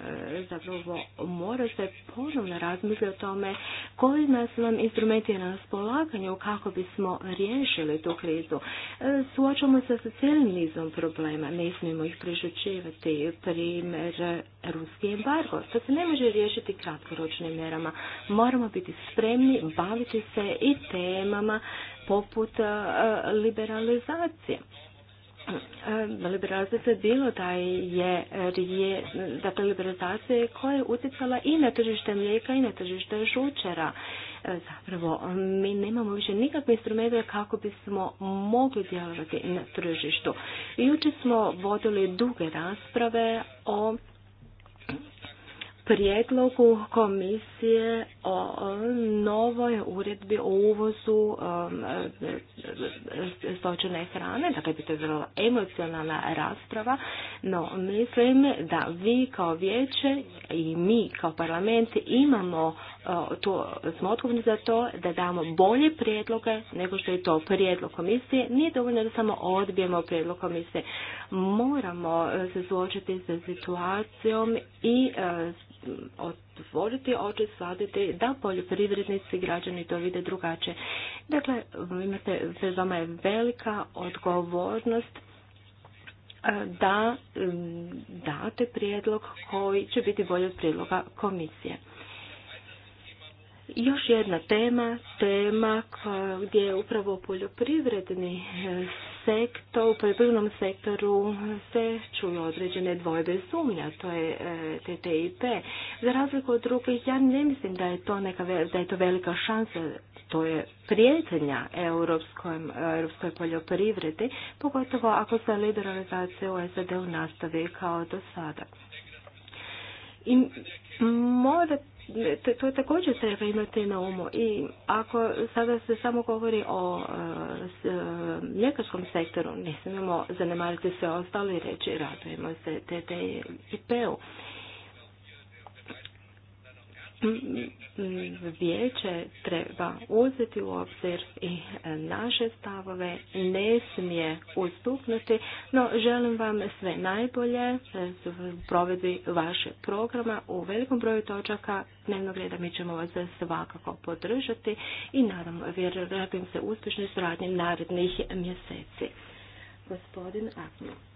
zapravo mora se ponovno razmisliti o tome koji nas nam instrumenti na raspolaganju kako bismo riješili tu krizu. E, suočamo se sa cijelim nizom problema, ne smijemo ih prešućivati Primjer, ruski embargo. To se ne može riješiti kratkoročnim mjerama. Moramo biti spremni baviti se i temama poput e, liberalizacije liberalizacija je bilo da je, je liberalizacija koja je utjecala i na tržište mlijeka i na tržište žučera. E, zapravo, mi nemamo više nikakve instrumente kako bismo mogli djelovati na tržištu. Juče smo vodili duge rasprave o prijedlogu komisije o novoj uredbi o uvozu um, e, e, stočene hrane, dakle bi to je vrlo emocionalna rasprava, no mislim da vi kao vijeće i mi kao parlament imamo e, to, smo odgovorni za to da damo bolje prijedloge nego što je to prijedlog komisije. Nije dovoljno da samo odbijemo prijedlog komisije. Moramo se suočiti sa situacijom i otvoriti oči, shvatiti da poljoprivrednici, građani to vide drugačije. Dakle, imate, pred vama je velika odgovornost da date prijedlog koji će biti bolji od prijedloga komisije. Još jedna tema, tema gdje je upravo poljoprivredni sektor, u poljoprivrednom sektoru se čuju određene dvojbe sumnja, to je e, TTIP. Za razliku od drugih, ja ne mislim da je to, neka, da je to velika šansa, to je prijetenja europskoj poljoprivredi, pogotovo ako se liberalizacija u SAD-u nastavi kao do sada. I mora to također treba imati na umu i ako sada se samo govori o mljekarskom sektoru, ne smijemo zanemariti sve ostalo i reći radujemo se TTIP-u vijeće treba uzeti u obzir i naše stavove, ne smije ustupnuti, no želim vam sve najbolje u provedbi vašeg programa. U velikom broju točaka dnevnog reda mi ćemo vas svakako podržati i naravno vjerujem se uspješnoj suradnji narednih mjeseci. Gospodin Agnus.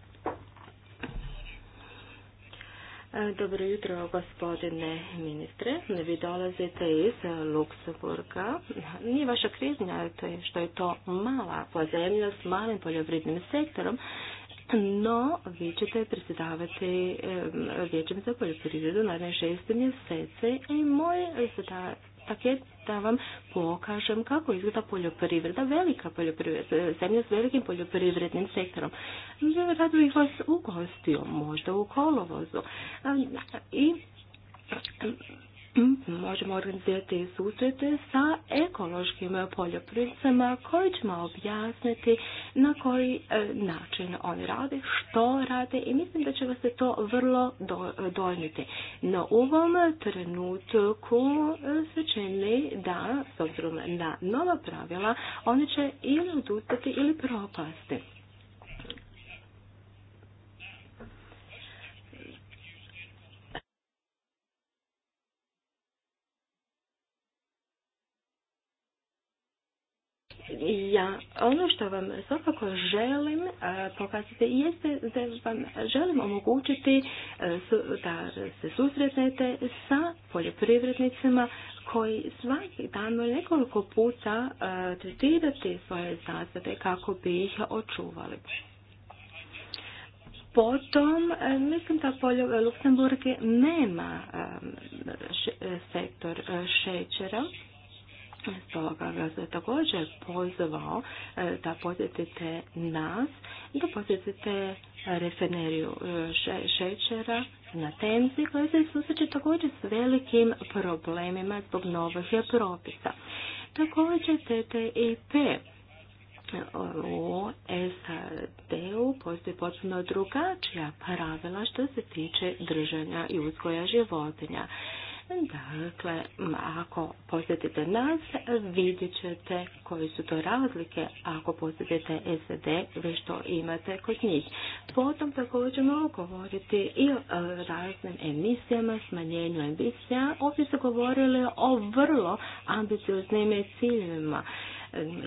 E, dobro jutro, gospodine ministre. Vi dolazite iz Luksemburga. Nije vaša krivnja što je to mala zemlja s malim poljoprivrednim sektorom, no vi ćete predsjedavati e, vječem za poljoprivredu na šest mjesece i moj zadatak paket da vam pokažem kako izgleda poljoprivreda, velika poljoprivreda, zemlja s velikim poljoprivrednim sektorom. Rado bih vas ugostio, možda u kolovozu. I možemo organizirati susrete sa ekološkim poljoprivrednicama koji ćemo objasniti na koji e, način oni rade, što rade i mislim da će vas se to vrlo dojmiti. No u ovom trenutku se čini da, s obzirom na nova pravila, oni će ili odustati ili propasti. ja, ono što vam svakako želim e, pokazati jeste da vam želim omogućiti e, da se susretnete sa poljoprivrednicima koji svaki dan nekoliko puta e, tretirati svoje zasade kako bi ih očuvali. Potom, mislim da Luksemburg nema sektor šećera Stoga vas je također pozvao e, da posjetite nas, da posjetite e, refineriju e, šećera na temci, koja se susreće također s velikim problemima zbog novih propisa. Također TTIP u SAD-u postoji potpuno drugačija pravila što se tiče držanja i uzgoja životinja. Dakle, ako posjetite nas, vidjet ćete koje su to razlike ako posjetite SED, već što imate kod njih. Potom također mogu govoriti i o raznim emisijama, smanjenju emisija. Ovdje su govorili o vrlo ambicioznim ciljima.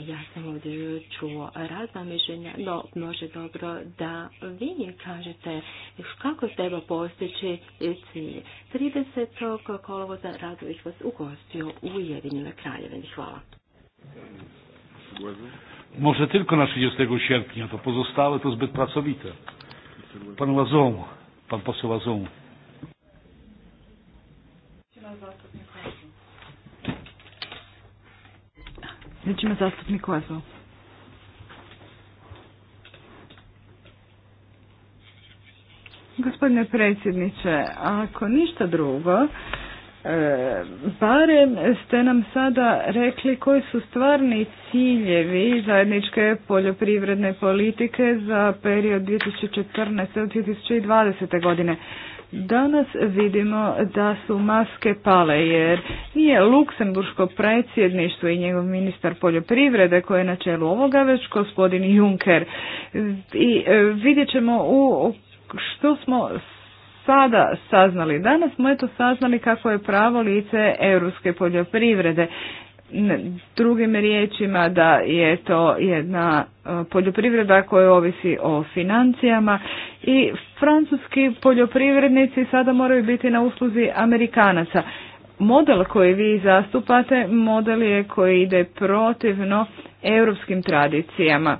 Ja sam ovdje čuo razna mišljenja, no može dobro da vi kažete kako treba postići cilj. 30. kolovoza Radović vas ugostio u Jedinjene Kraljevini. Hvala. Może tylko na 30 sierpnia, to pozostałe to zbyt pracowite. Pan Łazą, pan poseł Znači, ima zastupnik Kozlo. Gospodine predsjedniče, ako ništa drugo, e, barem ste nam sada rekli koji su stvarni ciljevi zajedničke poljoprivredne politike za period 2014. do 2020. godine. Danas vidimo da su maske pale jer nije luksemburško predsjedništvo i njegov ministar poljoprivrede koji je na čelu ovoga već gospodin Juncker. I e, vidjet ćemo u što smo sada saznali. Danas smo eto saznali kako je pravo lice europske poljoprivrede drugim riječima da je to jedna e, poljoprivreda koja ovisi o financijama i francuski poljoprivrednici sada moraju biti na usluzi Amerikanaca. Model koji vi zastupate, model je koji ide protivno europskim tradicijama.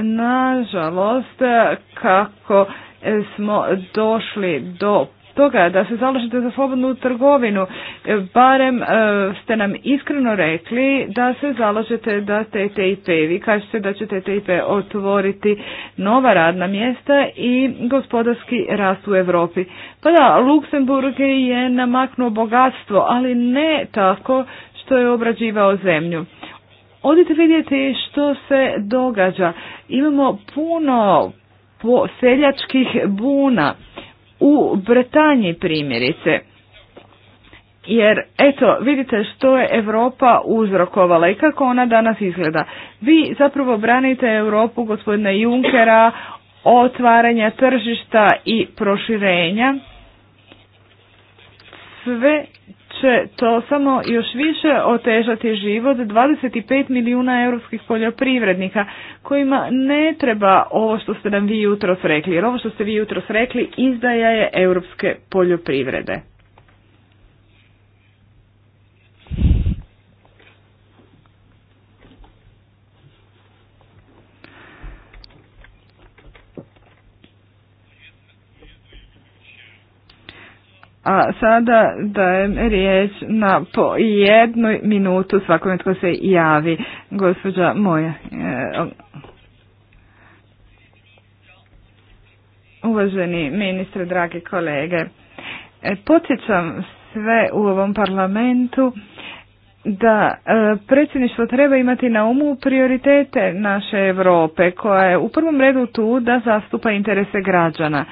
Nažalost, kako smo došli do toga da se zalažete za slobodnu trgovinu. E, barem e, ste nam iskreno rekli da se zalažete da TTIP. Vi kažete da će TTIP otvoriti nova radna mjesta i gospodarski rast u Europi. Pa da, Luksemburg je namaknuo bogatstvo, ali ne tako što je obrađivao zemlju. Odite vidjeti što se događa. Imamo puno seljačkih buna u Bretanji primjerice. Jer, eto, vidite što je Europa uzrokovala i kako ona danas izgleda. Vi zapravo branite Europu gospodina Junkera, otvaranja tržišta i proširenja. Sve će to samo još više otežati život 25 milijuna europskih poljoprivrednika kojima ne treba ovo što ste nam vi jutros rekli, jer ovo što ste vi jutros rekli izdaja je europske poljoprivrede. A sada dajem riječ na po jednu minutu svakome tko se javi. Gospođa moja. Eh, uvaženi ministre, dragi kolege, e, podsjećam sve u ovom parlamentu da eh, predsjedništvo treba imati na umu prioritete naše Europe koja je u prvom redu tu da zastupa interese građana.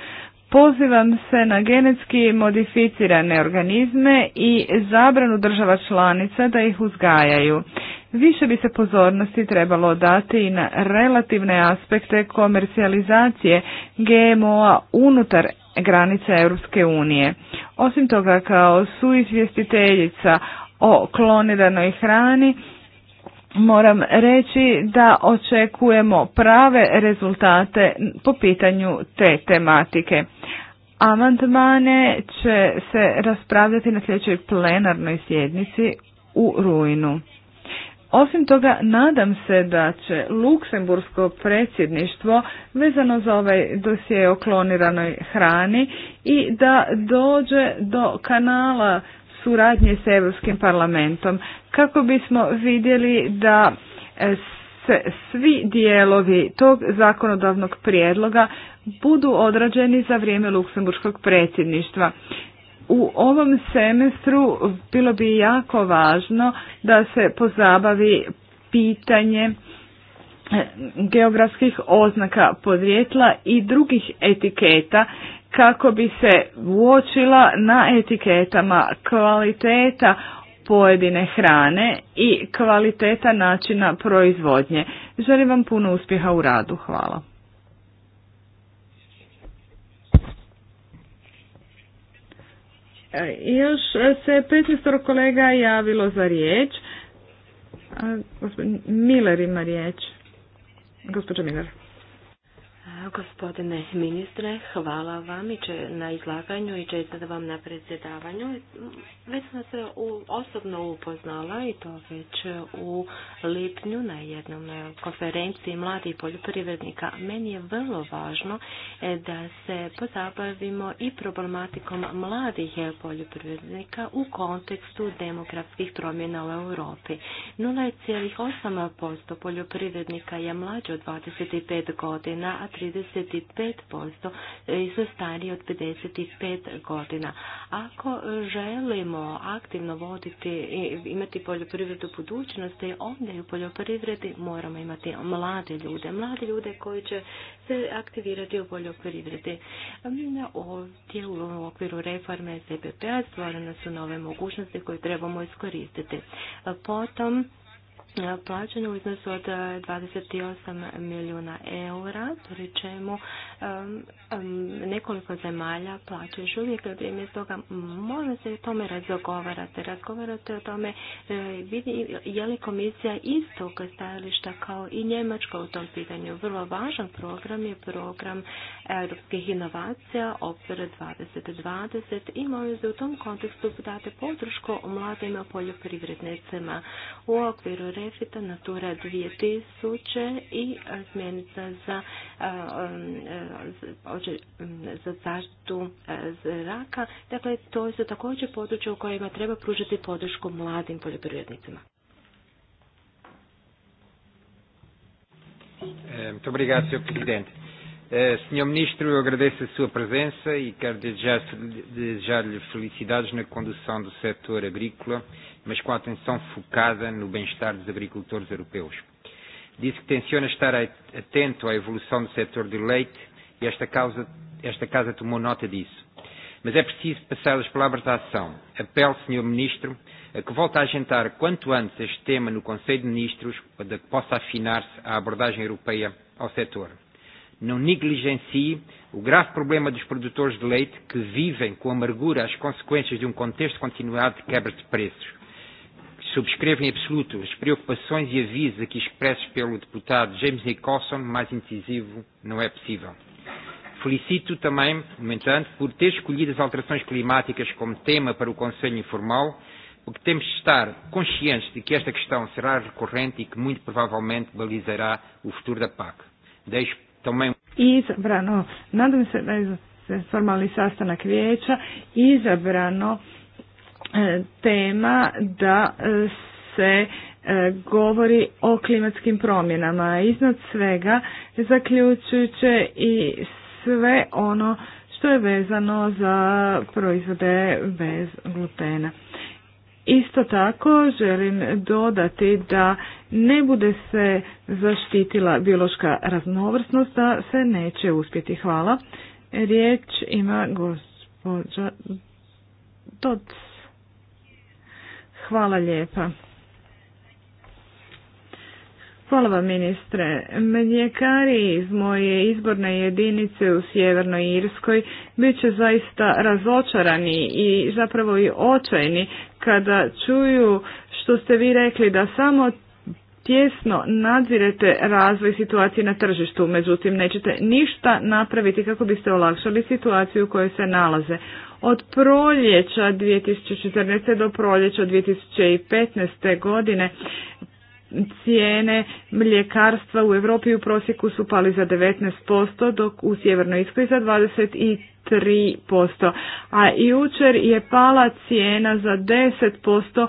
Pozivam se na genetski modificirane organizme i zabranu država članica da ih uzgajaju. Više bi se pozornosti trebalo dati i na relativne aspekte komercijalizacije GMO-a unutar granica Europske unije. Osim toga, kao suizvjestiteljica o kloniranoj hrani, moram reći da očekujemo prave rezultate po pitanju te tematike. Amandmane će se raspravljati na sljedećoj plenarnoj sjednici u rujnu. Osim toga, nadam se da će Luksembursko predsjedništvo vezano za ovaj dosije o kloniranoj hrani i da dođe do kanala suradnje s Europskim parlamentom kako bismo vidjeli da e, se svi dijelovi tog zakonodavnog prijedloga budu odrađeni za vrijeme luksemburskog predsjedništva. U ovom semestru bilo bi jako važno da se pozabavi pitanje e, geografskih oznaka podrijetla i drugih etiketa kako bi se uočila na etiketama kvaliteta pojedine hrane i kvaliteta načina proizvodnje. Želim vam puno uspjeha u radu. Hvala. E, još se 15 kolega javilo za riječ. Miller ima riječ. Gospođa Miller. Gospodine ministre, hvala vam i če, na izlaganju i čestitam vam na predsjedavanju. Već sam se osobno upoznala i to već u lipnju na jednom e, konferenciji mladih poljoprivrednika. Meni je vrlo važno e, da se pozabavimo i problematikom mladih e, poljoprivrednika u kontekstu demografskih promjena u Europi. 0,8% poljoprivrednika je mlađe od 25 godina, a 3 35% su stariji od 55 godina. Ako želimo aktivno voditi i imati poljoprivredu budućnosti, onda i u poljoprivredi moramo imati mlade ljude, mlade ljude koji će se aktivirati u poljoprivredi. Ovdje u okviru reforme spp a p-a stvorene su nove mogućnosti koje trebamo iskoristiti. Potom, E, plaćanje u iznosu od 28 e, milijuna eura, pri čemu nekoliko zemalja plaćaju još uvijek. Vrijeme toga možda se o tome razgovarate. Razgovarate o tome e, vidi, je li komisija istog stajališta kao i Njemačka u tom pitanju. Vrlo važan program je program europskih inovacija Obzor 2020 i molim se u tom kontekstu date podršku mladim poljoprivrednicima. U okviru refita, Natura 2000 i e, smjernica za, e, e, za zaštitu zraka. Dakle, to su također područje u kojima treba pružiti podršku mladim poljoprivrednicima. Muito ehm, obrigado, Eh, senhor Ministro, eu agradeço a sua presença e quero desejar-lhe felicidades na condução do setor agrícola, mas com a atenção focada no bem-estar dos agricultores europeus. Disse que tenciona estar atento à evolução do setor de leite e esta, causa, esta Casa tomou nota disso. Mas é preciso passar as palavras à ação. Apelo, Senhor Ministro, a que volte a agentar quanto antes este tema no Conselho de Ministros, para que possa afinar-se a abordagem europeia ao setor não negligencie o grave problema dos produtores de leite que vivem com amargura as consequências de um contexto continuado de quebra de preços. Subscrevo em absoluto as preocupações e avisos aqui expressos pelo deputado James Nicholson, mais incisivo não é possível. Felicito também, no entanto, por ter escolhido as alterações climáticas como tema para o Conselho Informal, porque temos de estar conscientes de que esta questão será recorrente e que muito provavelmente balizará o futuro da PAC. Deixo Izabrano, nadam se da je formalni sastanak vijeća, izabrano e, tema da e, se e, govori o klimatskim promjenama. Iznad svega zaključujuće i sve ono što je vezano za proizvode bez glutena. Isto tako želim dodati da ne bude se zaštitila biološka raznovrsnost, da se neće uspjeti. Hvala. Riječ ima gospođa Doc. Hvala lijepa. Hvala vam ministre. Mljekari iz moje izborne jedinice u Sjevernoj Irskoj bit će zaista razočarani i zapravo i očajni kada čuju što ste vi rekli da samo tjesno nadzirete razvoj situacije na tržištu, međutim nećete ništa napraviti kako biste olakšali situaciju u kojoj se nalaze. Od proljeća 2014. do proljeća 2015. godine cijene mljekarstva u Europi u prosjeku su pali za 19%, dok u Sjevernoj Iskoj za 23%. A jučer je pala cijena za 10%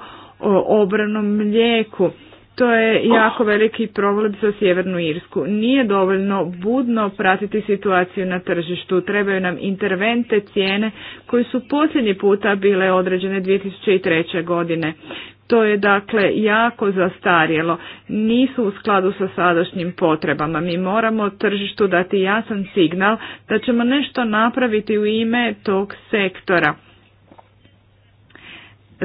obranom mlijeku. To je jako veliki problem za Sjevernu Irsku. Nije dovoljno budno pratiti situaciju na tržištu. Trebaju nam intervente cijene koje su posljednji puta bile određene 2003. godine. To je dakle jako zastarjelo, nisu u skladu sa sadašnjim potrebama. Mi moramo tržištu dati jasan signal da ćemo nešto napraviti u ime tog sektora.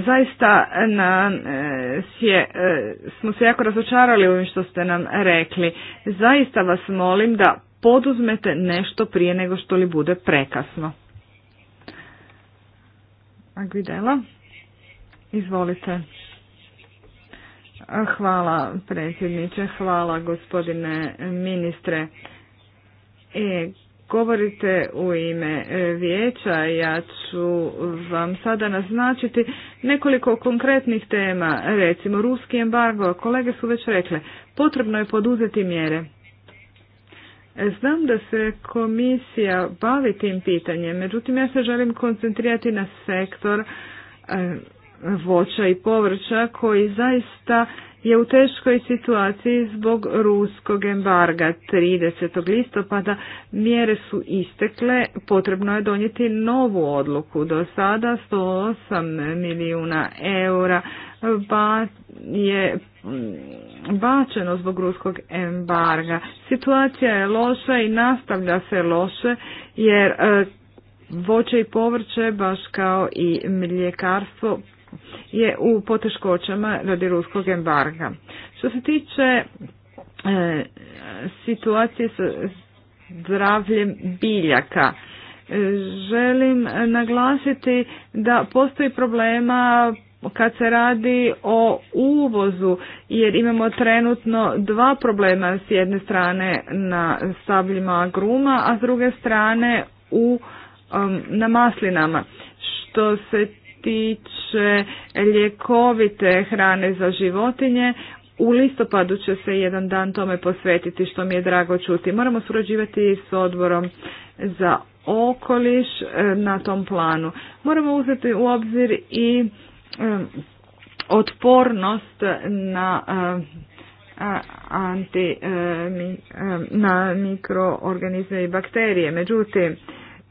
Zaista na, e, sje, e, smo se jako razočarali ovim što ste nam rekli. Zaista vas molim da poduzmete nešto prije nego što li bude prekasno. Agvidela, izvolite. Hvala predsjedniče, hvala gospodine ministre. E, govorite u ime e, vijeća, ja ću vam sada naznačiti nekoliko konkretnih tema, recimo ruski embargo, kolege su već rekle, potrebno je poduzeti mjere. E, znam da se komisija bavi tim pitanjem, međutim ja se želim koncentrirati na sektor e, voća i povrća koji zaista je u teškoj situaciji zbog ruskog embarga 30. listopada. Mjere su istekle, potrebno je donijeti novu odluku. Do sada 108 milijuna eura ba je mm, bačeno zbog ruskog embarga. Situacija je loša i nastavlja se loše jer e, voće i povrće, baš kao i mljekarstvo, je u poteškoćama radi ruskog embarga. Što se tiče e, situacije sa zdravljem biljaka, e, želim naglasiti da postoji problema kad se radi o uvozu, jer imamo trenutno dva problema s jedne strane na stabljima gruma, a s druge strane u, na maslinama. Što se tiče ljekovite hrane za životinje, u listopadu će se jedan dan tome posvetiti što mi je drago čuti. Moramo surađivati s odborom za okoliš e, na tom planu. Moramo uzeti u obzir i e, otpornost na e, anti na mikroorganizme i bakterije. Međutim,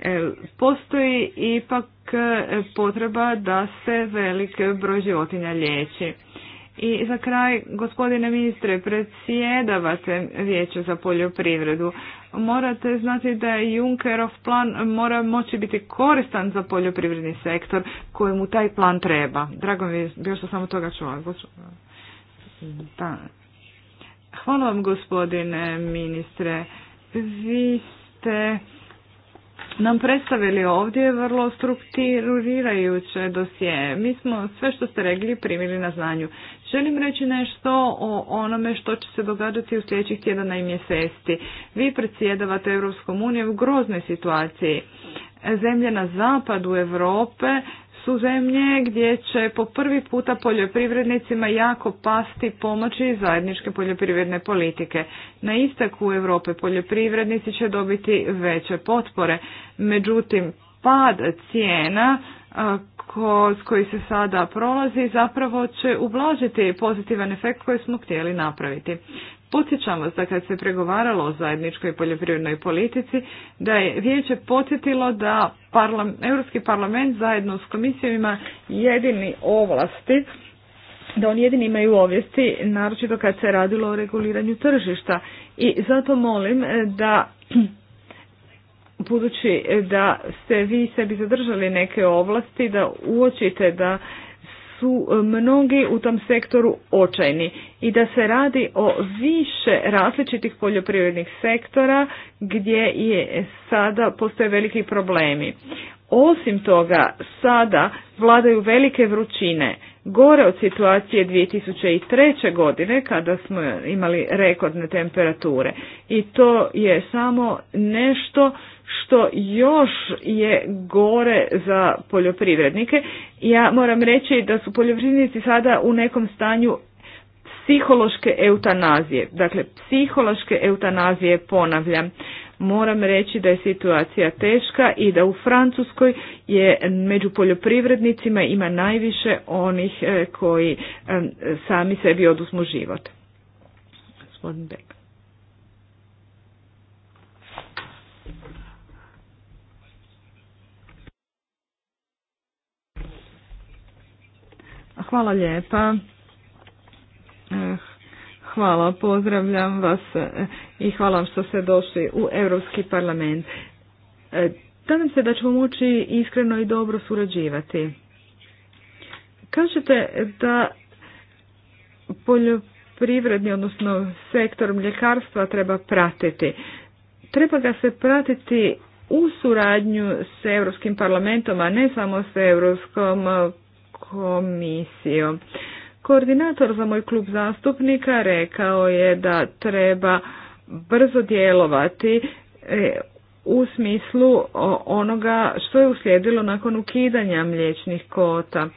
E, postoji ipak e, potreba da se velik broj životinja liječi. I za kraj, gospodine ministre, predsjedavate vijeće za poljoprivredu. Morate znati da je Junckerov plan mora moći biti koristan za poljoprivredni sektor kojemu taj plan treba. Drago mi je bio što samo toga čula. Hvala vam gospodine ministre. Vi ste nam predstavili ovdje vrlo strukturirajuće dosije. Mi smo sve što ste rekli primili na znanju. Želim reći nešto o onome što će se događati u sljedećih tjedana i mjeseci. Vi predsjedavate Europskom unijom u groznoj situaciji. Zemlje na zapadu Europe su zemlje gdje će po prvi puta poljoprivrednicima jako pasti pomoći zajedničke poljoprivredne politike. Na istaku Europe poljoprivrednici će dobiti veće potpore. Međutim, pad cijena s koji se sada prolazi zapravo će ublažiti pozitivan efekt koji smo htjeli napraviti. Podsjećam vas da kad se pregovaralo o zajedničkoj poljoprivrednoj politici, da je vijeće podsjetilo da Europski parlament zajedno s komisijom ima jedini ovlasti, da oni jedini imaju ovlasti, naročito kad se radilo o reguliranju tržišta. I zato molim e, da budući da ste vi sebi zadržali neke ovlasti, da uočite da su e, mnogi u tom sektoru očajni i da se radi o više različitih poljoprivrednih sektora gdje je sada postoje veliki problemi. Osim toga, sada vladaju velike vrućine, gore od situacije 2003. godine kada smo imali rekordne temperature i to je samo nešto što još je gore za poljoprivrednike. Ja moram reći da su poljoprivrednici sada u nekom stanju psihološke eutanazije. Dakle, psihološke eutanazije ponavljam. Moram reći da je situacija teška i da u Francuskoj je među poljoprivrednicima ima najviše onih eh, koji eh, sami sebi oduzmu život. Gospodin Hvala lijepa. Eh, hvala, pozdravljam vas eh, i hvala vam što ste došli u Europski parlament. Eh, nadam se da ćemo moći iskreno i dobro surađivati. Kažete da poljoprivredni, odnosno sektor mljekarstva treba pratiti. Treba ga se pratiti u suradnju s Europskim parlamentom, a ne samo s Europskom komisijom. Koordinator za moj klub zastupnika rekao je da treba brzo djelovati e, u smislu onoga što je uslijedilo nakon ukidanja mliječnih kota.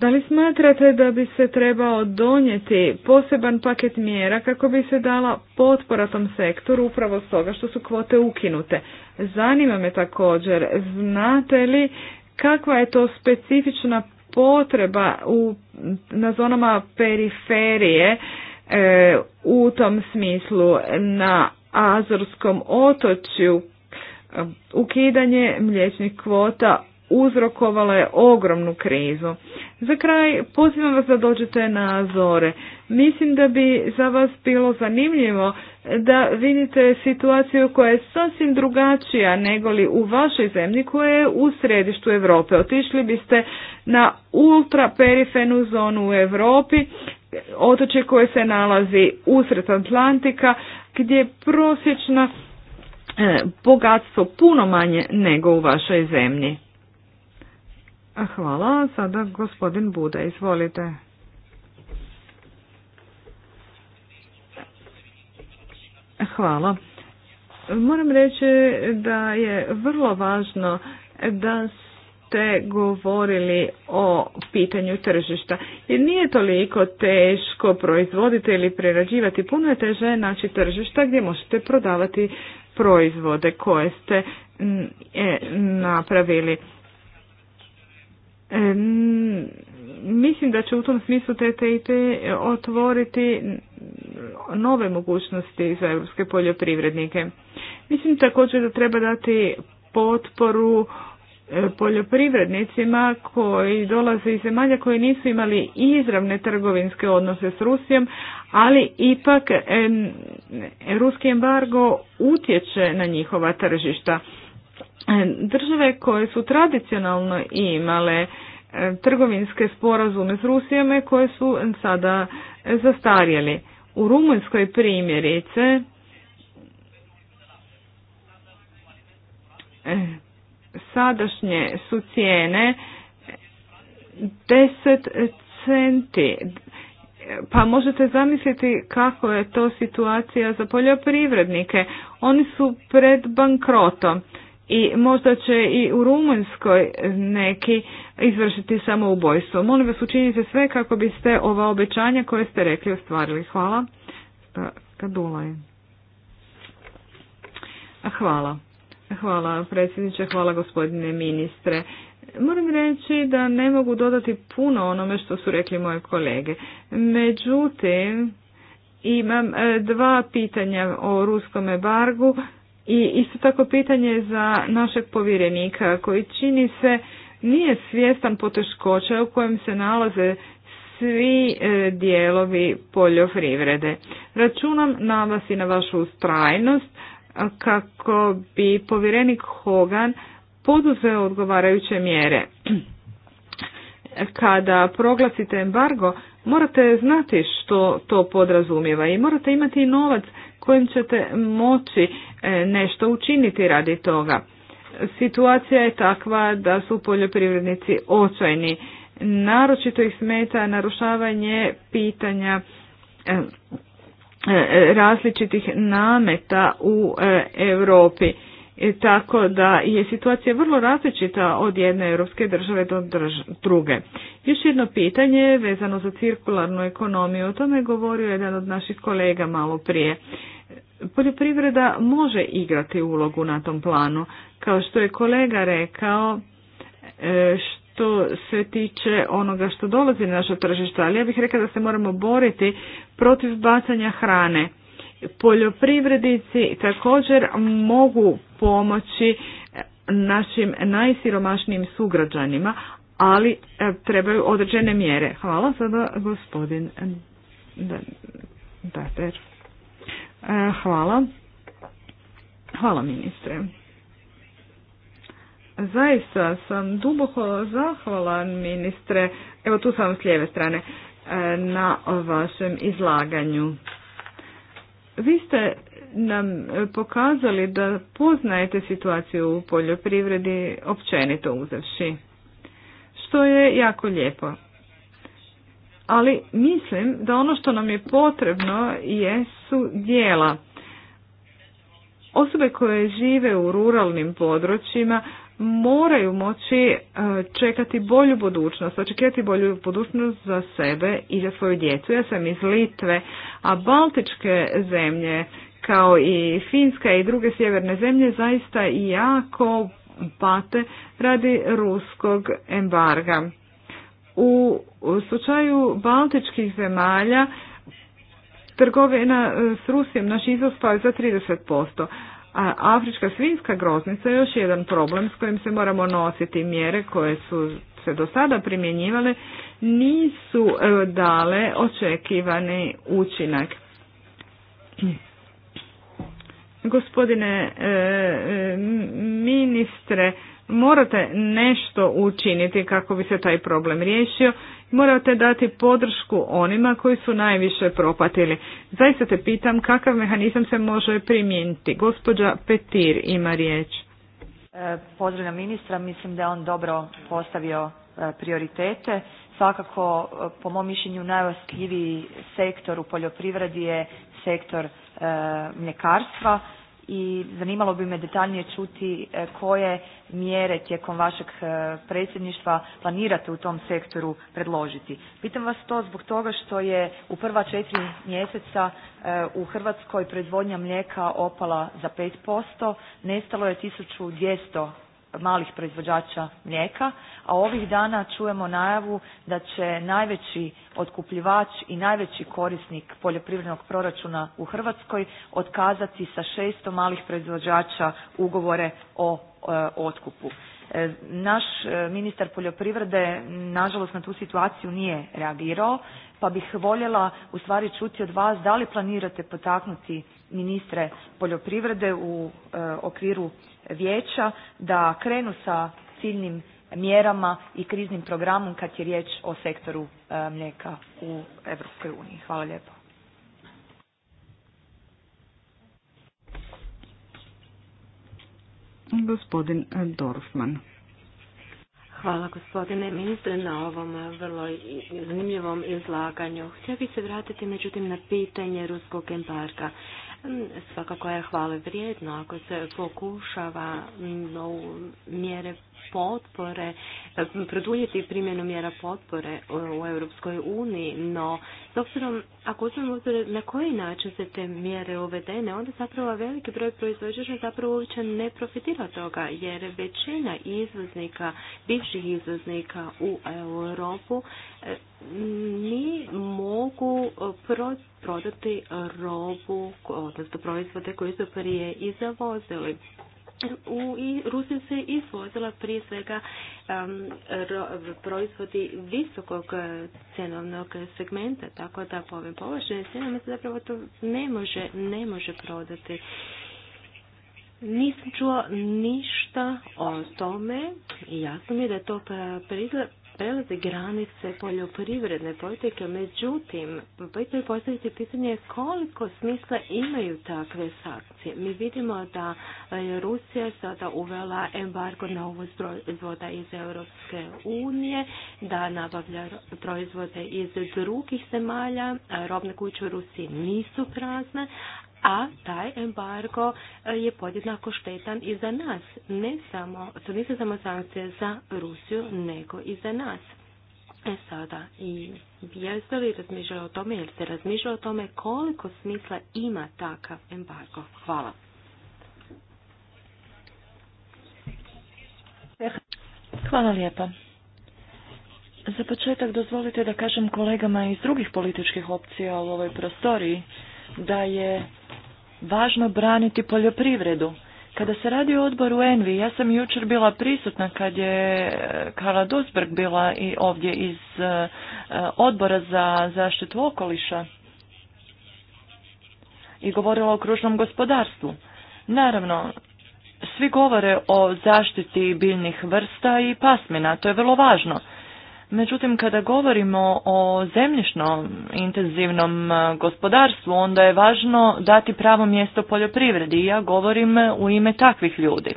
Da li smatrate da bi se trebao donijeti poseban paket mjera kako bi se dala potpora tom sektoru upravo stoga što su kvote ukinute? Zanima me također, znate li kakva je to specifična potreba u, na zonama periferije e, u tom smislu na Azorskom otočju e, ukidanje mliječnih kvota uzrokovalo je ogromnu krizu. Za kraj pozivam vas da dođete na Azore. Mislim da bi za vas bilo zanimljivo da vidite situaciju koja je sasvim drugačija nego li u vašoj zemlji koja je u središtu Europe. Otišli biste na ultraperifenu zonu u Europi, otoče koje se nalazi usred Atlantika gdje je prosječna e, bogatstvo puno manje nego u vašoj zemlji. Hvala. Sada gospodin Buda, izvolite. Hvala. Moram reći da je vrlo važno da ste govorili o pitanju tržišta. Jer nije toliko teško proizvoditi ili prerađivati. Puno je teže naći tržišta gdje možete prodavati proizvode koje ste e, napravili. Mislim da će u tom smislu TTIP otvoriti nove mogućnosti za europske poljoprivrednike. Mislim također da treba dati potporu e, poljoprivrednicima koji dolaze iz zemalja koji nisu imali izravne trgovinske odnose s Rusijom, ali ipak ruski embargo utječe na njihova tržišta. E, države koje su tradicionalno imale e, trgovinske sporazume s Rusijama koje su sada zastarjeli. U Rumunjskoj primjerice e, sadašnje su cijene 10 centi. Pa možete zamisliti kako je to situacija za poljoprivrednike. Oni su pred bankrotom i možda će i u Rumunjskoj neki izvršiti samoubojstvo. Molim vas učinite sve kako biste ova obećanja koje ste rekli ostvarili. Hvala. Pa, a Hvala. Hvala predsjedniče, hvala gospodine ministre. Moram reći da ne mogu dodati puno onome što su rekli moje kolege. Međutim, imam e, dva pitanja o ruskom Bargu. I isto tako pitanje za našeg povjerenika koji čini se nije svjestan poteškoća u kojem se nalaze svi e, dijelovi poljoprivrede. Računam na vas i na vašu ustrajnost kako bi povjerenik Hogan poduzeo odgovarajuće mjere. Kada proglasite embargo, morate znati što to podrazumijeva i morate imati i novac kojim ćete moći e, nešto učiniti radi toga. Situacija je takva da su poljoprivrednici očajni. Naročito ih smeta narušavanje pitanja e, e, različitih nameta u Europi E, tako da je situacija vrlo različita od jedne europske države do druge. Još jedno pitanje vezano za cirkularnu ekonomiju, o tome je govorio jedan od naših kolega malo prije. Poljoprivreda može igrati ulogu na tom planu. Kao što je kolega rekao, e, što se tiče onoga što dolazi na naše tržište, ali ja bih rekao da se moramo boriti protiv bacanja hrane Poljoprivrednici također mogu pomoći e, našim najsiromašnijim sugrađanima, ali e, trebaju određene mjere. Hvala sada gospodin e, Dater. Hvala. Hvala ministre. Zaista sam duboko zahvalan ministre, evo tu sam s lijeve strane, na vašem izlaganju. Vi ste nam pokazali da poznajete situaciju u poljoprivredi općenito uzevši, što je jako lijepo. Ali mislim da ono što nam je potrebno jesu dijela. Osobe koje žive u ruralnim područjima moraju moći e, čekati bolju budućnost, očekivati bolju budućnost za sebe i za svoju djecu. Ja sam iz Litve, a baltičke zemlje kao i Finska i druge sjeverne zemlje zaista jako pate radi ruskog embarga. U slučaju baltičkih zemalja trgovina e, s Rusijom naš izvoz pao za 30%, a afrička svinska groznica je još jedan problem s kojim se moramo nositi. Mjere koje su se do sada primjenjivale nisu e, dale očekivani učinak. Gospodine e, e, ministre, morate nešto učiniti kako bi se taj problem riješio. Morate dati podršku onima koji su najviše propatili. Zaista te pitam kakav mehanizam se može primijeniti. Gospođa Petir ima riječ. E, pozdravljam ministra, mislim da je on dobro postavio e, prioritete. Svakako, e, po mom mišljenju, najosjetljiviji sektor u poljoprivredi je sektor mljekarstva i zanimalo bi me detaljnije čuti e, koje mjere tijekom vašeg e, predsjedništva planirate u tom sektoru predložiti. Pitam vas to zbog toga što je u prva četiri mjeseca e, u Hrvatskoj proizvodnja mlijeka opala za 5%, nestalo je 1200 malih proizvođača mlijeka, a ovih dana čujemo najavu da će najveći otkupljivač i najveći korisnik poljoprivrednog proračuna u Hrvatskoj otkazati sa 600 malih proizvođača ugovore o e, otkupu. E, naš e, ministar poljoprivrede nažalost na tu situaciju nije reagirao, pa bih voljela u stvari čuti od vas da li planirate potaknuti ministre poljoprivrede u e, okviru vijeća da krenu sa ciljnim mjerama i kriznim programom kad je riječ o sektoru e, mlijeka u Europskoj uniji. Hvala lijepo. Gospodin e, Dorfman. Hvala gospodine ministre na ovom vrlo zanimljivom izlaganju. Htio bih se vratiti međutim na pitanje ruskog embarga. Mm, svakako je hvale vrijedno ako se pokušava mjere potpore, produljiti primjenu mjera potpore u Europskoj uniji, no s obzirom, ako uzmemo obzir na koji način se te mjere uvedene, onda zapravo veliki broj proizvođača zapravo uopće ne profitira toga, jer većina izvoznika, bivših izvoznika u Europu e, ni mogu prodati robu, odnosno proizvode koji su prije i u Rusiju se izvozila prije svega proizvodi visokog e, cenovnog segmenta, tako da po ovim površnim cijenama se zapravo to ne može, ne može prodati. Nisam čuo ništa o tome i jasno mi je da je to e, prelazi granice poljoprivredne politike. Međutim, bitno je postaviti pitanje koliko smisla imaju takve sankcije. Mi vidimo da je Rusija sada uvela embargo na uvoz proizvoda iz Europske unije, da nabavlja proizvode iz drugih zemalja, robne kuće u Rusiji nisu prazne, a taj embargo e, je podjednako štetan i za nas. Ne samo, to nisu samo sankcije za Rusiju, nego i za nas. E sada, i jeste li razmišljali o tome, jer se razmišljali o tome koliko smisla ima takav embargo? Hvala. Hvala lijepa. Za početak dozvolite da kažem kolegama iz drugih političkih opcija u ovoj prostoriji da je važno braniti poljoprivredu. Kada se radi o odboru Envi, ja sam jučer bila prisutna kad je eh, Karla Dusberg bila i ovdje iz eh, eh, odbora za zaštitu okoliša i govorila o kružnom gospodarstvu. Naravno, svi govore o zaštiti biljnih vrsta i pasmina, to je vrlo važno. Međutim, kada govorimo o zemljišnom intenzivnom e, gospodarstvu, onda je važno dati pravo mjesto poljoprivredi i ja govorim u ime takvih ljudi.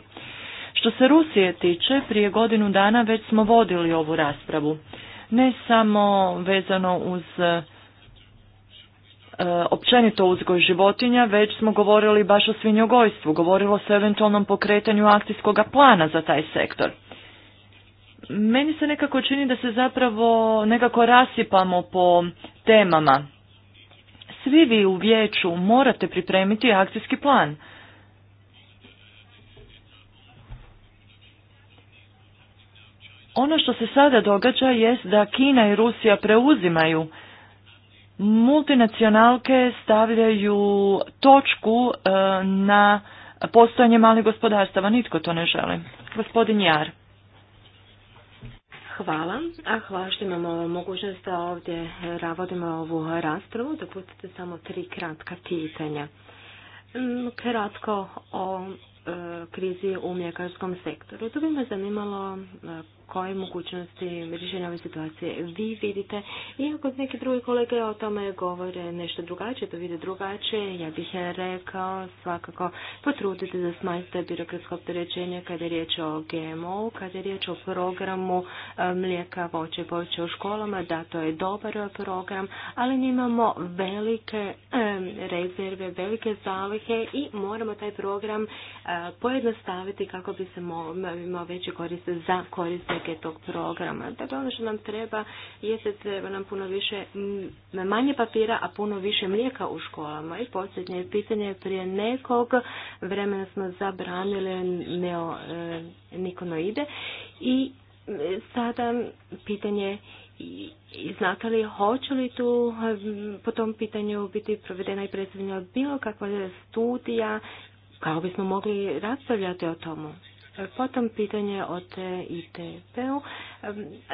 Što se Rusije tiče, prije godinu dana već smo vodili ovu raspravu. Ne samo vezano uz e, općenito uzgoj životinja, već smo govorili baš o svinjogojstvu, govorilo se o eventualnom pokretanju akcijskog plana za taj sektor meni se nekako čini da se zapravo nekako rasipamo po temama. Svi vi u vijeću morate pripremiti akcijski plan. Ono što se sada događa jest da Kina i Rusija preuzimaju multinacionalke stavljaju točku e, na postojanje malih gospodarstava. Nitko to ne želi. Gospodin Jar. Hvala. A hvala što imamo mogućnost da ovdje e, ravodimo ovu raspravu. Dopustite samo tri kratka pitanja. Mm, kratko o e, krizi u mljekarskom sektoru. To bi me zanimalo e, koje mogućnosti rješenja ove situacije vi vidite. Iako neki drugi kolege o tome govore nešto drugačije, to vide drugačije, ja bih rekao svakako potrudite da smanjite birokratsko opterećenje kada je riječ o GMO, kada je riječ o programu e, mlijeka, voće i u školama, da to je dobar program, ali imamo velike e, rezerve, velike zalihe i moramo taj program e, pojednostaviti kako bi se imao veće koriste za koriste tog programa. Dakle, ono što nam treba je treba nam puno više, manje papira, a puno više mlijeka u školama. I posljednje pitanje, prije nekog vremena smo zabranili e, nikonoide. i e, sada pitanje i znate li hoće li tu po tom pitanju biti provedena i predstavljena bilo kakva studija, kako bismo mogli raspravljati o tomu? Potom pitanje o TITP-u.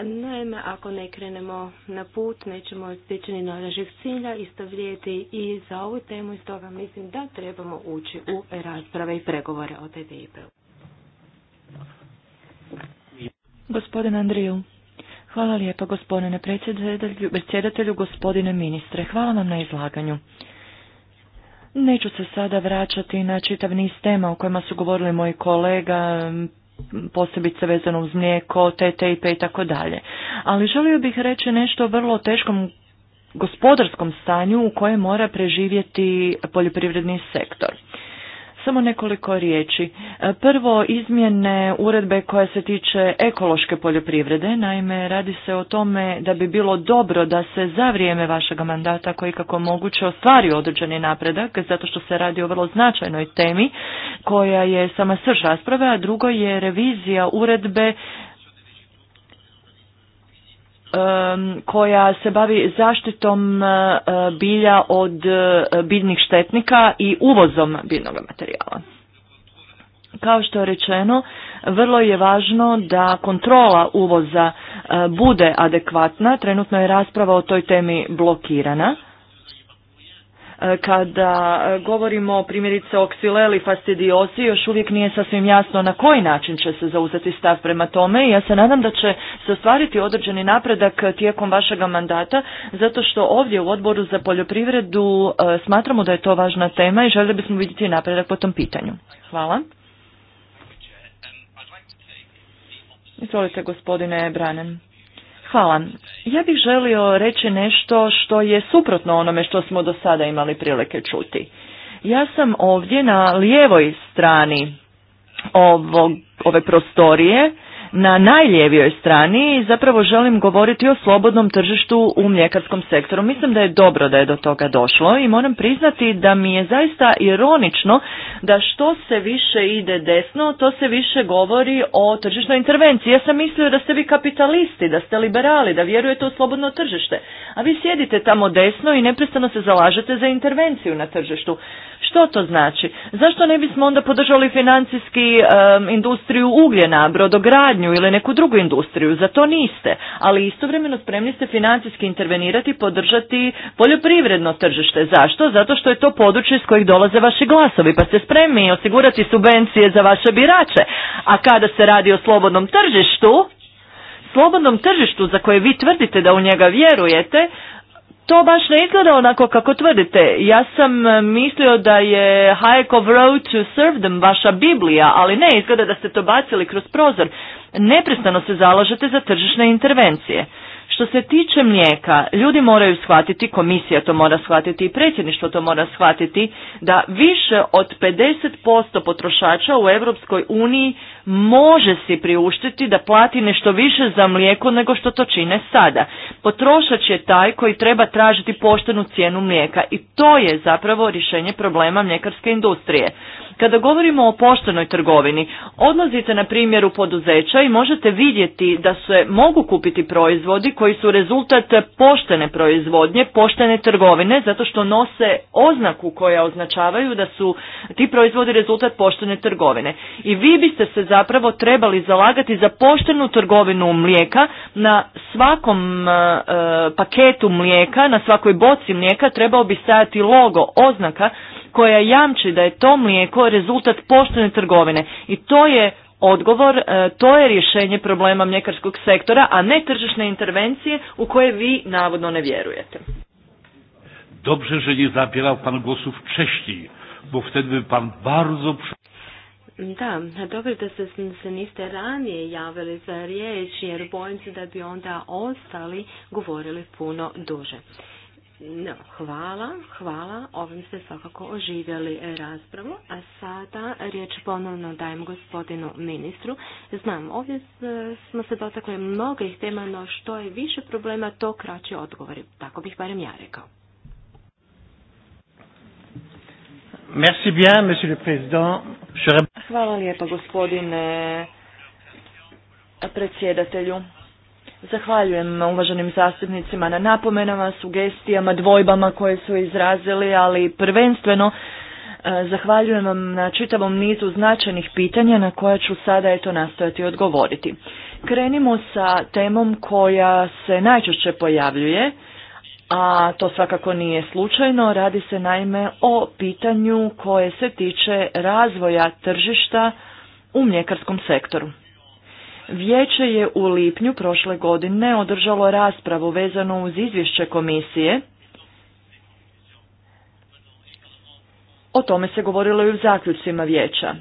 Naime, ako ne krenemo na put, nećemo stići ni na cilja, isto vrijedi i za ovu temu, i stoga mislim da trebamo ući u rasprave i pregovore o TTIP-u. Gospodin Andriju. Hvala lijepa gospodine predsjedatelju, gospodine ministre. Hvala vam na izlaganju. Neću se sada vraćati na čitav niz tema o kojima su govorili moji kolega, posebice vezano uz mlijeko, TTIP i tako dalje. Ali želio bih reći nešto o vrlo teškom gospodarskom stanju u kojem mora preživjeti poljoprivredni sektor. Samo nekoliko riječi. E, prvo, izmjene uredbe koja se tiče ekološke poljoprivrede. Naime, radi se o tome da bi bilo dobro da se za vrijeme vašeg mandata koji kako moguće ostvari određeni napredak, zato što se radi o vrlo značajnoj temi koja je sama srž rasprave, a drugo je revizija uredbe koja se bavi zaštitom eh, bilja od eh, biljnih štetnika i uvozom biljnog materijala. Kao što je rečeno, vrlo je važno da kontrola uvoza eh, bude adekvatna. Trenutno je rasprava o toj temi blokirana. Kada govorimo primjerice o ksileli fastidiosi, još uvijek nije sasvim jasno na koji način će se zauzeti stav prema tome i ja se nadam da će se ostvariti određeni napredak tijekom vašeg mandata, zato što ovdje u odboru za poljoprivredu e, smatramo da je to važna tema i željeli bismo vidjeti napredak po tom pitanju. Hvala. Izvolite gospodine Branem. Hvala. Ja bih želio reći nešto što je suprotno onome što smo do sada imali prilike čuti. Ja sam ovdje na lijevoj strani ovog, ove prostorije na najljevijoj strani zapravo želim govoriti o slobodnom tržištu u mljekarskom sektoru. Mislim da je dobro da je do toga došlo i moram priznati da mi je zaista ironično da što se više ide desno, to se više govori o tržišnoj intervenciji. Ja sam mislio da ste vi kapitalisti, da ste liberali, da vjerujete u slobodno tržište, a vi sjedite tamo desno i neprestano se zalažete za intervenciju na tržištu. Što to znači? Zašto ne bismo onda podržali financijski industriju ugljena, brodogradnje? proizvodnju ili neku drugu industriju, za to niste, ali istovremeno spremni ste financijski intervenirati, podržati poljoprivredno tržište. Zašto? Zato što je to područje iz kojih dolaze vaši glasovi, pa ste spremni osigurati subvencije za vaše birače. A kada se radi o slobodnom tržištu, slobodnom tržištu za koje vi tvrdite da u njega vjerujete, to baš ne izgleda onako kako tvrdite. Ja sam e, mislio da je Hayekov Road to Them vaša Biblija, ali ne, izgleda da ste to bacili kroz prozor. Neprestano se zalažete za tržišne intervencije. Što se tiče mlijeka, ljudi moraju shvatiti, komisija to mora shvatiti i predsjedništvo to mora shvatiti, da više od 50% potrošača u Europskoj uniji može si priuštiti da plati nešto više za mlijeko nego što to čine sada. Potrošač je taj koji treba tražiti poštenu cijenu mlijeka i to je zapravo rješenje problema mljekarske industrije. Kada govorimo o poštenoj trgovini, odlazite na primjer u poduzeća i možete vidjeti da se mogu kupiti proizvodi koji su rezultat poštene proizvodnje, poštene trgovine, zato što nose oznaku koja označavaju da su ti proizvodi rezultat poštene trgovine. I vi biste se zapravo trebali zalagati za poštenu trgovinu mlijeka na svakom e, e, paketu mlijeka, na svakoj boci mlijeka trebao bi stajati logo, oznaka koja jamči da je to mlijeko rezultat poštene trgovine i to je odgovor, e, to je rješenje problema mljekarskog sektora, a ne tržišne intervencije u koje vi navodno ne vjerujete. pan bo wtedy pan bardzo... Da, dobro da se, se niste ranije javili za riječ, jer bojim se da bi onda ostali govorili puno duže. No, hvala, hvala. Ovim ste svakako oživjeli raspravu, a sada riječ ponovno dajem gospodinu ministru. Znam, ovdje smo se dotakli mnogih tema, no što je više problema, to kraći odgovori. Tako bih barem ja rekao. Merci bien, monsieur le président. Hvala lijepa, gospodine predsjedatelju. Zahvaljujem uvaženim zastupnicima na napomenama, sugestijama, dvojbama koje su izrazili, ali prvenstveno e, zahvaljujem vam na čitavom nizu značajnih pitanja na koja ću sada eto nastojati odgovoriti. Krenimo sa temom koja se najčešće pojavljuje, a to svakako nije slučajno, radi se naime o pitanju koje se tiče razvoja tržišta u mljekarskom sektoru. Vijeće je u lipnju prošle godine održalo raspravu vezanu uz izvješće komisije. O tome se govorilo i u zaključcima vijeća.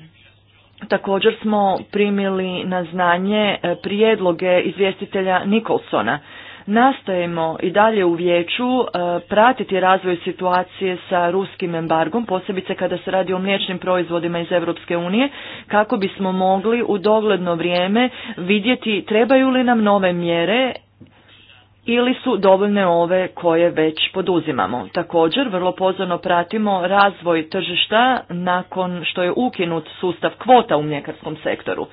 Također smo primili na znanje prijedloge izvjestitelja Nikolsona Nastojimo i dalje u vijeću e, pratiti razvoj situacije sa ruskim embargom, posebice kada se radi o mliječnim proizvodima iz Europske unije, kako bismo mogli u dogledno vrijeme vidjeti trebaju li nam nove mjere ili su dovoljne ove koje već poduzimamo. Također, vrlo pozorno pratimo razvoj tržišta nakon što je ukinut sustav kvota u mljekarskom sektoru.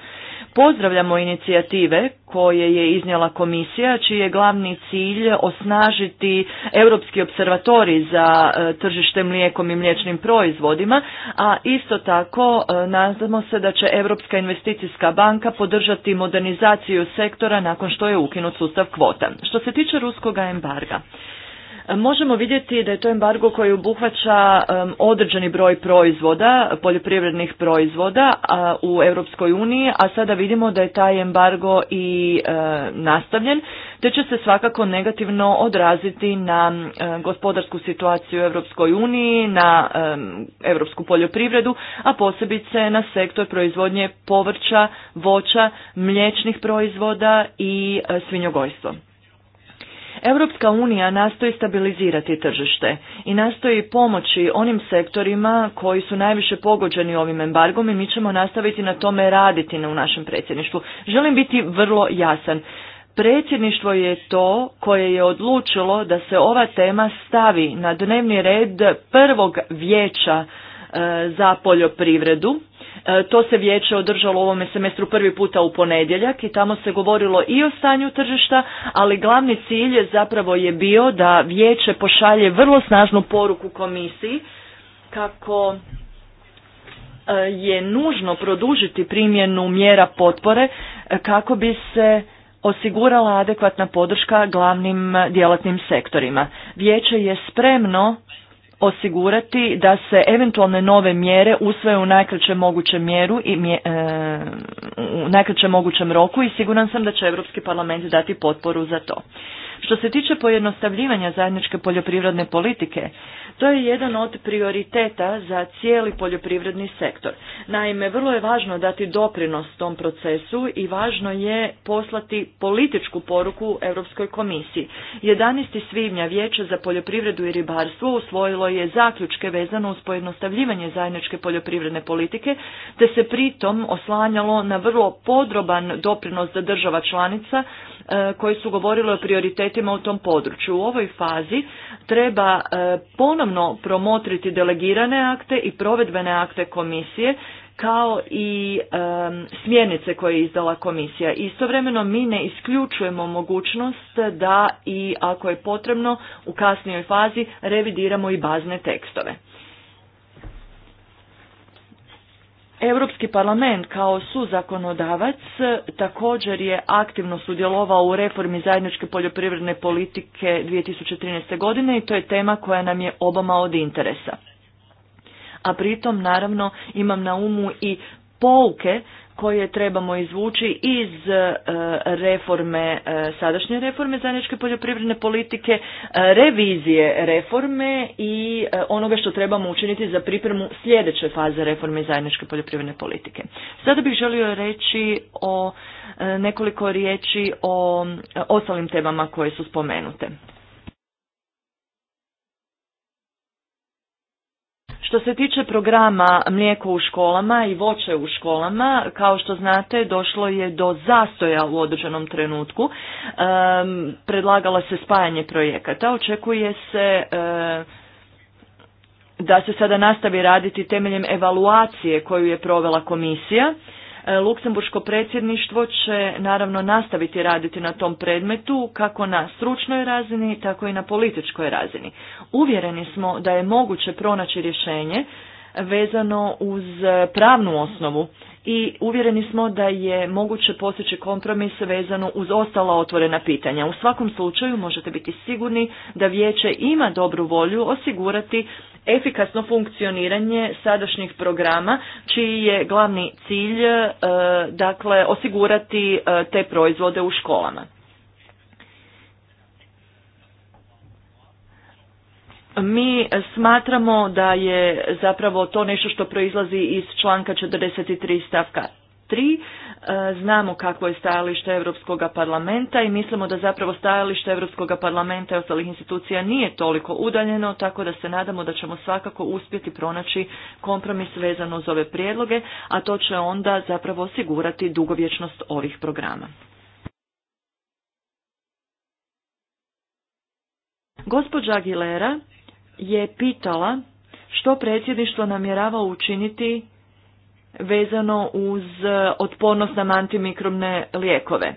Pozdravljamo inicijative koje je iznijela komisija, čiji je glavni cilj osnažiti Europski observatori za e, tržište mlijekom i mliječnim proizvodima, a isto tako e, nadamo se da će Europska investicijska banka podržati modernizaciju sektora nakon što je ukinut sustav kvota. Što se tiče ruskog embarga, možemo vidjeti da je to embargo koji obuhvaća određeni broj proizvoda, poljoprivrednih proizvoda u Europskoj uniji, a sada vidimo da je taj embargo i e, nastavljen, te će se svakako negativno odraziti na e, gospodarsku situaciju u Europskoj uniji, na europsku poljoprivredu, a posebice na sektor proizvodnje povrća, voća, mliječnih proizvoda i e, svinjogojstva. Europska unija nastoji stabilizirati tržište i nastoji pomoći onim sektorima koji su najviše pogođeni ovim embargom i mi ćemo nastaviti na tome raditi u našem predsjedništvu. Želim biti vrlo jasan. Predsjedništvo je to koje je odlučilo da se ova tema stavi na dnevni red prvog vijeća e, za poljoprivredu E, to se vijeće održalo u ovome semestru prvi puta u ponedjeljak i tamo se govorilo i o stanju tržišta, ali glavni cilj je zapravo je bio da vijeće pošalje vrlo snažnu poruku komisiji kako e, je nužno produžiti primjenu mjera potpore e, kako bi se osigurala adekvatna podrška glavnim djelatnim sektorima. Vijeće je spremno osigurati da se eventualne nove mjere usvoje u najkraćem mogućem mjeru i mje, e, u najkraćem mogućem roku i siguran sam da će Europski parlament dati potporu za to. Što se tiče pojednostavljivanja zajedničke poljoprivredne politike, to je jedan od prioriteta za cijeli poljoprivredni sektor. Naime, vrlo je važno dati doprinos tom procesu i važno je poslati političku poruku Europskoj komisiji. 11. svibnja Vijeće za poljoprivredu i ribarstvo usvojilo je zaključke vezano uz pojednostavljivanje zajedničke poljoprivredne politike, te se pritom oslanjalo na vrlo podroban doprinos za država članica E, koji su govorili o prioritetima u tom području. U ovoj fazi treba e, ponovno promotriti delegirane akte i provedbene akte komisije kao i e, smjernice koje je izdala komisija. Istovremeno mi ne isključujemo mogućnost da i ako je potrebno u kasnijoj fazi revidiramo i bazne tekstove. Europski parlament kao suzakonodavac e, također je aktivno sudjelovao u reformi zajedničke poljoprivredne politike 2013. godine i to je tema koja nam je obama od interesa. A pritom naravno imam na umu i pouke koje trebamo izvući iz e, reforme, e, sadašnje reforme zajedničke poljoprivredne politike, e, revizije reforme i onoga što trebamo učiniti za pripremu sljedeće faze reforme zajedničke poljoprivredne politike. Sada bih želio reći o nekoliko riječi o ostalim temama koje su spomenute. Što se tiče programa mlijeko u školama i voće u školama, kao što znate došlo je do zastoja u određenom trenutku. predlagalo predlagala se spajanje projekata, očekuje se da se sada nastavi raditi temeljem evaluacije koju je provela komisija E, Luksemburško predsjedništvo će naravno nastaviti raditi na tom predmetu kako na stručnoj razini tako i na političkoj razini. Uvjereni smo da je moguće pronaći rješenje vezano uz pravnu osnovu i uvjereni smo da je moguće postići kompromis vezano uz ostala otvorena pitanja. U svakom slučaju možete biti sigurni da vijeće ima dobru volju osigurati efikasno funkcioniranje sadašnjih programa čiji je glavni cilj e, dakle osigurati e, te proizvode u školama. Mi smatramo da je zapravo to nešto što proizlazi iz članka 43 stavka 3. E, znamo kakvo je stajalište Europskog parlamenta i mislimo da zapravo stajalište Europskog parlamenta i ostalih institucija nije toliko udaljeno, tako da se nadamo da ćemo svakako uspjeti pronaći kompromis vezano uz ove prijedloge, a to će onda zapravo osigurati dugovječnost ovih programa. Gospođa Aguilera je pitala što predsjedništvo namjerava učiniti vezano uz otpornost na antimikrobne lijekove.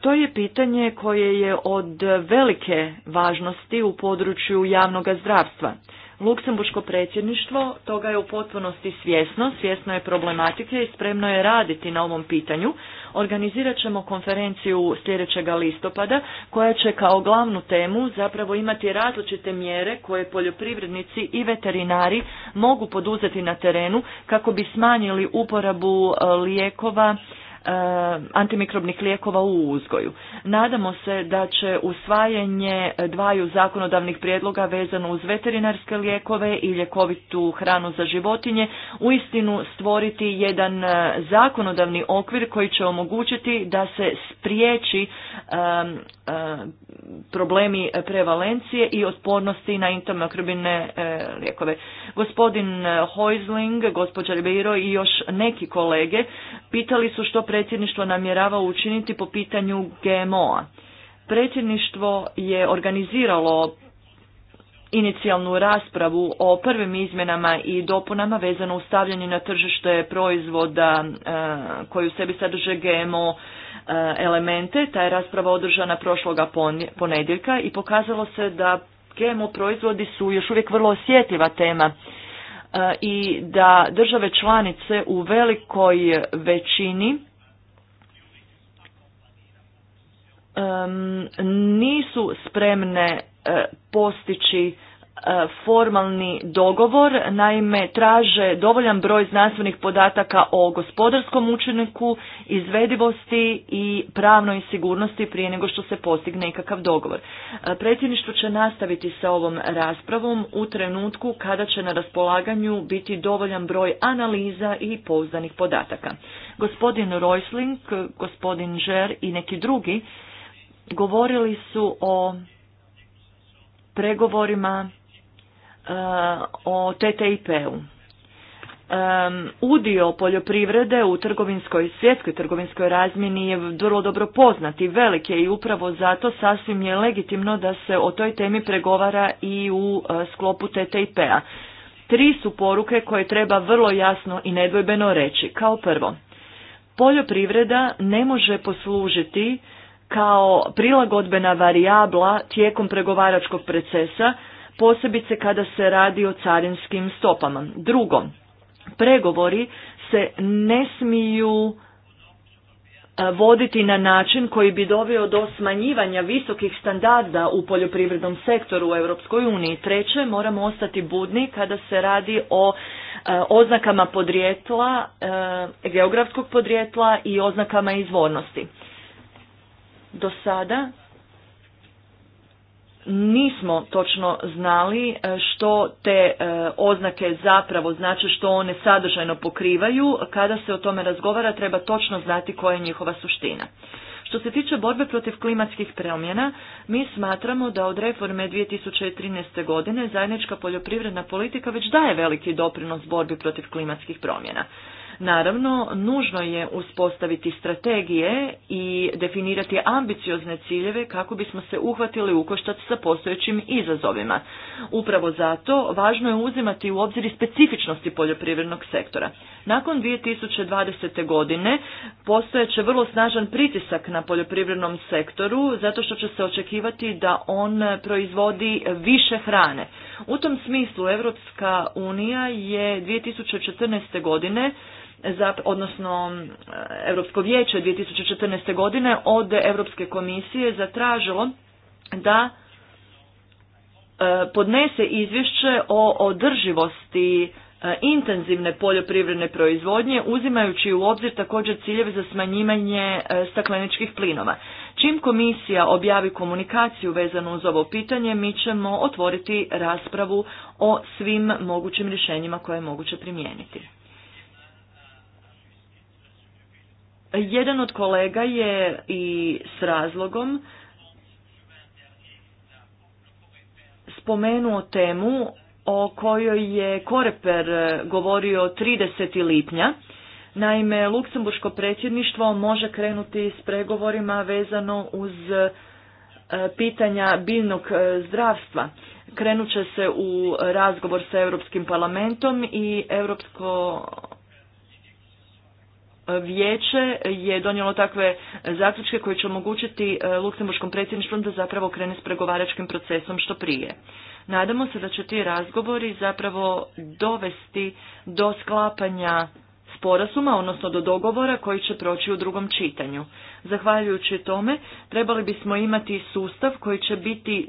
To je pitanje koje je od velike važnosti u području javnog zdravstva. Luksemburško predsjedništvo toga je u potpunosti svjesno, svjesno je problematike i spremno je raditi na ovom pitanju. Organizirat ćemo konferenciju sljedećega listopada koja će kao glavnu temu zapravo imati različite mjere koje poljoprivrednici i veterinari mogu poduzeti na terenu kako bi smanjili uporabu e, lijekova E, antimikrobnih lijekova u uzgoju. Nadamo se da će usvajanje dvaju zakonodavnih prijedloga vezano uz veterinarske lijekove i ljekovitu hranu za životinje uistinu stvoriti jedan e, zakonodavni okvir koji će omogućiti da se spriječi e, problemi prevalencije i otpornosti na intimikrobine lijekove. Gospodin Hojzling, gospođa Ribeiro i još neki kolege pitali su što predsjedništvo namjerava učiniti po pitanju GMO-a. Predsjedništvo je organiziralo inicijalnu raspravu o prvim izmjenama i dopunama vezano u stavljanje na tržište proizvoda e, koji u sebi sadrže GMO e, elemente. Ta je rasprava održana prošloga ponedjeljka i pokazalo se da GMO proizvodi su još uvijek vrlo osjetljiva tema e, i da države članice u velikoj većini nisu spremne e, postići e, formalni dogovor, naime traže dovoljan broj znanstvenih podataka o gospodarskom učeniku, izvedivosti i pravnoj sigurnosti prije nego što se postigne ikakav dogovor. E, predsjedništvo će nastaviti sa ovom raspravom u trenutku kada će na raspolaganju biti dovoljan broj analiza i pouzdanih podataka. Gospodin Roysling, gospodin Žer i neki drugi govorili su o pregovorima e, o TTIP-u. Um, e, udio poljoprivrede u trgovinskoj, svjetskoj trgovinskoj razmjeni je vrlo dobro poznat i velik je i upravo zato sasvim je legitimno da se o toj temi pregovara i u e, sklopu TTIP-a. Tri su poruke koje treba vrlo jasno i nedvojbeno reći. Kao prvo, poljoprivreda ne može poslužiti kao prilagodbena varijabla tijekom pregovaračkog procesa, posebice kada se radi o carinskim stopama. Drugo, pregovori se ne smiju e, voditi na način koji bi doveo do smanjivanja visokih standarda u poljoprivrednom sektoru u Europskoj uniji. Treće, moramo ostati budni kada se radi o e, oznakama podrijetla, e, geografskog podrijetla i oznakama izvornosti. Do sada nismo točno znali e, što te e, oznake zapravo znači što one sadržajno pokrivaju. Kada se o tome razgovara treba točno znati koja je njihova suština. Što se tiče borbe protiv klimatskih promjena, mi smatramo da od reforme 2013. godine zajednička poljoprivredna politika već daje veliki doprinos borbi protiv klimatskih promjena. Naravno, nužno je uspostaviti strategije i definirati ambiciozne ciljeve kako bismo se uhvatili u koštac sa postojećim izazovima. Upravo zato važno je uzimati u obzir specifičnosti poljoprivrednog sektora. Nakon 2020. godine postojeće vrlo snažan pritisak na poljoprivrednom sektoru zato što će se očekivati da on proizvodi više hrane. U tom smislu Europska unija je 2014. godine odnosno Europsko vijeće 2014. godine od Europske komisije zatražilo da e, podnese izvješće o održivosti e, intenzivne poljoprivredne proizvodnje uzimajući u obzir također ciljeve za smanjivanje e, stakleničkih plinova. Čim komisija objavi komunikaciju vezanu uz ovo pitanje, mi ćemo otvoriti raspravu o svim mogućim rješenjima koje je moguće primijeniti. Jedan od kolega je i s razlogom spomenuo temu o kojoj je Koreper govorio 30. lipnja. Naime, Luksemburško predsjedništvo može krenuti s pregovorima vezano uz e, pitanja biljnog e, zdravstva. Krenut će se u razgovor sa Europskim parlamentom i Europsko vijeće je donijelo takve zaključke koje će omogućiti e, luksemburškom predsjedništvu da zapravo krene s pregovaračkim procesom što prije. Nadamo se da će ti razgovori zapravo dovesti do sklapanja sporazuma, odnosno do dogovora koji će proći u drugom čitanju. Zahvaljujući tome trebali bismo imati sustav koji će biti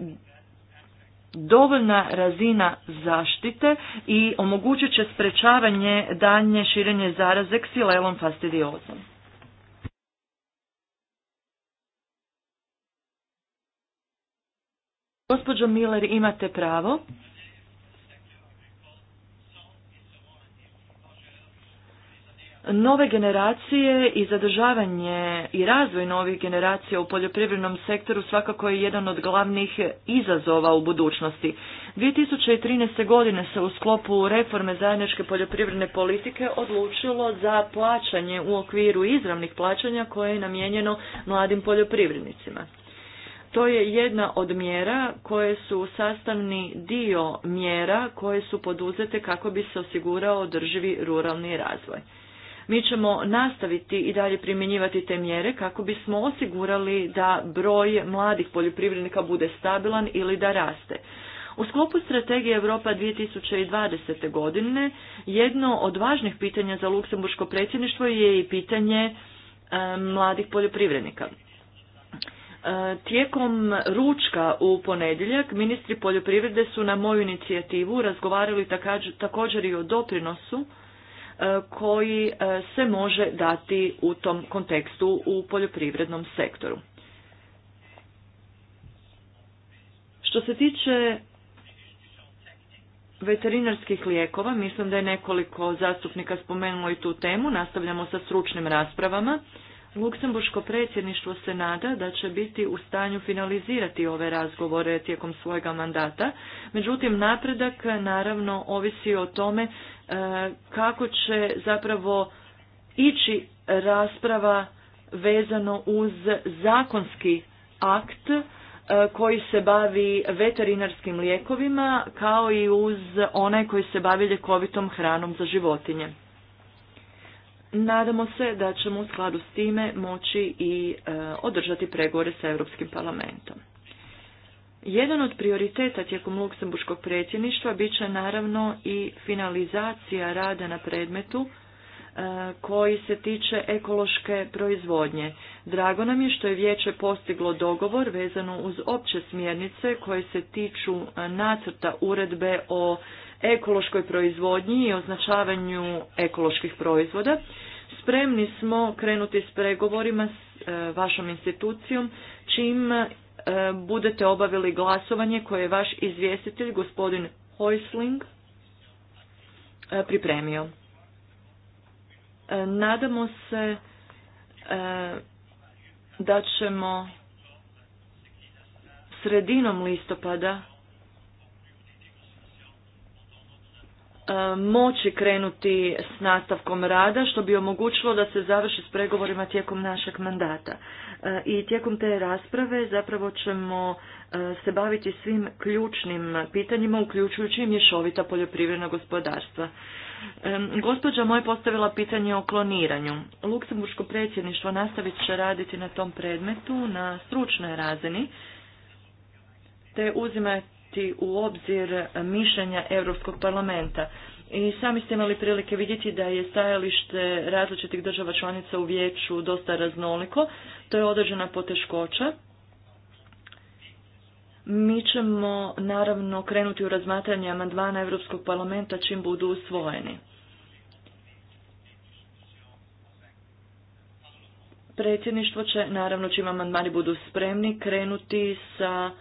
dovoljna razina zaštite i omogućit će sprečavanje daljnje širenje zaraze ksilelom fastidiozom. Gospođo Miller, imate pravo. nove generacije i zadržavanje i razvoj novih generacija u poljoprivrednom sektoru svakako je jedan od glavnih izazova u budućnosti. 2013. godine se u sklopu reforme zajedničke poljoprivredne politike odlučilo za plaćanje u okviru izravnih plaćanja koje je namijenjeno mladim poljoprivrednicima. To je jedna od mjera koje su sastavni dio mjera koje su poduzete kako bi se osigurao održivi ruralni razvoj. Mi ćemo nastaviti i dalje primjenjivati te mjere kako bismo osigurali da broj mladih poljoprivrednika bude stabilan ili da raste. U sklopu strategije Europa 2020. godine jedno od važnih pitanja za luksemburško predsjedništvo je i pitanje e, mladih poljoprivrednika. E, tijekom ručka u ponedjeljak ministri poljoprivrede su na moju inicijativu razgovarali također i o doprinosu E, koji e, se može dati u tom kontekstu u poljoprivrednom sektoru. Što se tiče veterinarskih lijekova, mislim da je nekoliko zastupnika spomenulo i tu temu, nastavljamo sa stručnim raspravama. Luksemburško predsjedništvo se nada da će biti u stanju finalizirati ove razgovore tijekom svojega mandata, međutim napredak naravno ovisi o tome E, kako će zapravo ići rasprava vezano uz zakonski akt e, koji se bavi veterinarskim lijekovima kao i uz one koji se bavi ljekovitom hranom za životinje. Nadamo se da ćemo u skladu s time moći i e, održati pregovore sa Europskim parlamentom. Jedan od prioriteta tijekom luksemburškog predsjedništva bit će naravno i finalizacija rada na predmetu e, koji se tiče ekološke proizvodnje. Drago nam je što je vijeće postiglo dogovor vezano uz opće smjernice koje se tiču e, nacrta uredbe o ekološkoj proizvodnji i označavanju ekoloških proizvoda. Spremni smo krenuti s pregovorima s e, vašom institucijom čim E, budete obavili glasovanje koje je vaš izvjestitelj, gospodin Hoisling, e, pripremio. E, nadamo se da ćemo sredinom listopada E, moći krenuti s nastavkom rada, što bi omogućilo da se završi s pregovorima tijekom našeg mandata. E, I tijekom te rasprave zapravo ćemo e, se baviti svim ključnim pitanjima, uključujući i mješovita poljoprivredna gospodarstva. Gospođa Moj postavila pitanje o kloniranju. Luksemburško predsjedništvo nastavit će raditi na tom predmetu na stručnoj razini, te uzima uzeti u obzir mišljenja Europskog parlamenta. I sami ste imali prilike vidjeti da je stajalište različitih država članica u vijeću dosta raznoliko. To je određena poteškoća. Mi ćemo naravno krenuti u razmatranje amandmana Europskog parlamenta čim budu usvojeni. Predsjedništvo će, naravno čim amandmani budu spremni, krenuti sa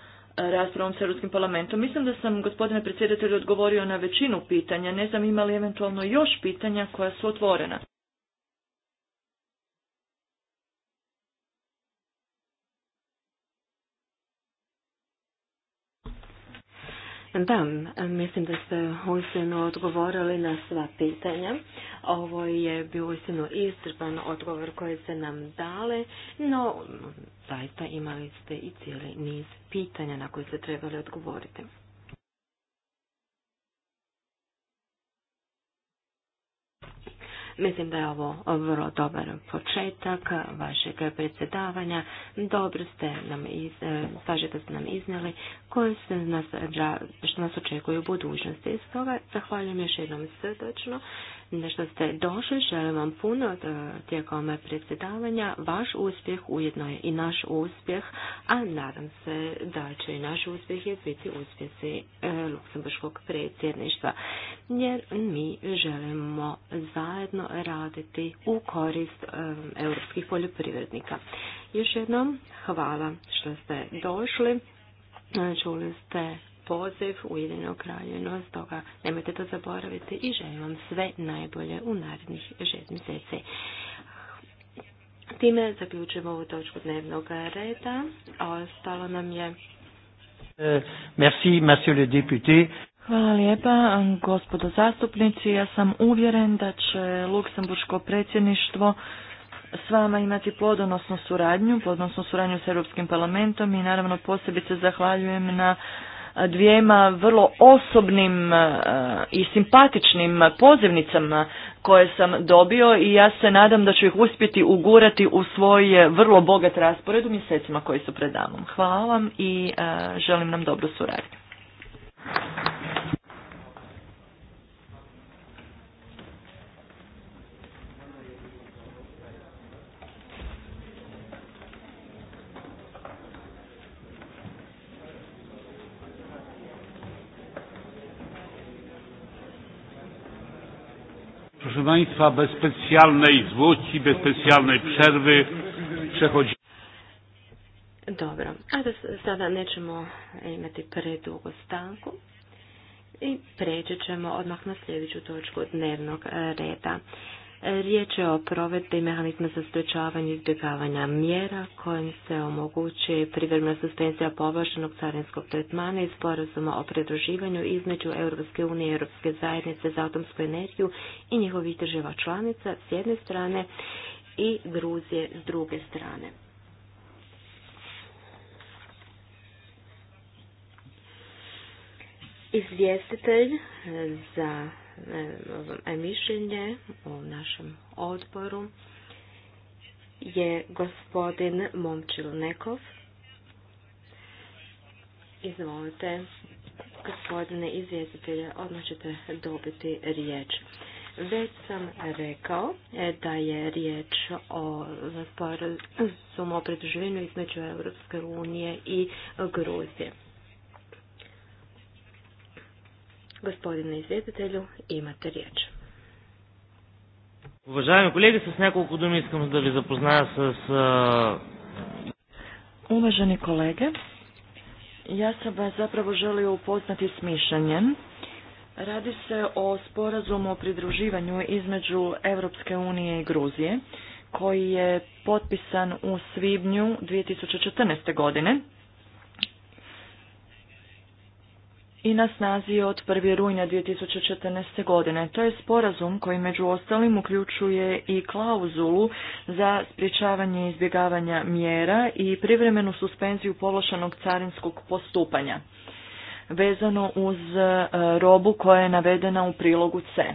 raspravom sa Europskim parlamentom. Mislim da sam, gospodine predsjedatelju, odgovorio na većinu pitanja. Ne znam imali eventualno još pitanja koja su otvorena. Da, mislim da ste uistinu odgovorili na sva pitanja. Ovo je bio uistinu istrpan odgovor koji ste nam dale, no zaista imali ste i cijeli niz pitanja na koje ste trebali odgovoriti. Mislim da je ovo vrlo dobar početak vašeg predsjedavanja. Dobro ste nam iz, e, sažete ste nam iznijeli koje se nas, što nas očekuju u budućnosti. Stoga zahvaljujem još jednom srdečno što ste došli. Želim vam puno e, tijekom predsjedavanja. Vaš uspjeh ujedno je i naš uspjeh, a nadam se da će i naš uspjeh je biti uspjesi e, Luksemburškog predsjedništva. Jer mi želimo zajedno raditi u korist e, europskih poljoprivrednika. Još jednom hvala što ste došli. Čuli ste poziv Ujedinjenog kraljevina, stoga nemojte to zaboraviti i želim vam sve najbolje u narednih šest mjeseci. Time zaključujemo ovu točku dnevnog reda, a ostalo nam je... E, merci, monsieur le député. Hvala lijepa, gospodo zastupnici. Ja sam uvjeren da će Luksemburško predsjedništvo s vama imati plodonosnu suradnju, plodonosnu suradnju s Europskim parlamentom i naravno posebice zahvaljujem na dvijema vrlo osobnim i simpatičnim pozivnicama koje sam dobio i ja se nadam da ću ih uspjeti ugurati u svoj e, vrlo bogat raspored u mjesecima koji su pred nama Hvala vam i želim nam dobru suradnju. Proszę Państwa, bez specjalnej zwłoki, bez specjalnej przerwy przechodzimy. Dobro, a da sada nećemo imati predugo stanku i preći ćemo odmah na sljedeću točku dnevnog reda. Riječ je o provedbi mehanizma za sprečavanje izbjegavanja mjera kojim se omogućuje privremena suspenzija povlaštenog carinskog tretmana i sporazuma o pridruživanju između Europske unije i Europske zajednice za atomsku energiju i njihovih država članica s jedne strane i Gruzije s druge strane. Izvjestitelj za mišljenje u našem odboru je gospodin Momčil Nekov. Izvolite, gospodine izvjestitelje, odmah ćete dobiti riječ. Već sam rekao e, da je riječ o sporazumu o između Europske unije i Gruzije. Gospodine izvjetitelju, imate riječ. Уважаеми колеги, с няколко думи искам да ви запозная с... Uvaženi kolege, ja sam vas zapravo želio upoznati s mišljenjem. Radi se o sporazumu o pridruživanju između Evropske unije i Gruzije, koji je potpisan u svibnju 2014. godine i na snazi od 1. rujna 2014. godine. To je sporazum koji među ostalim uključuje i klauzulu za sprječavanje izbjegavanja mjera i privremenu suspenziju povlašanog carinskog postupanja vezano uz e, robu koja je navedena u prilogu C.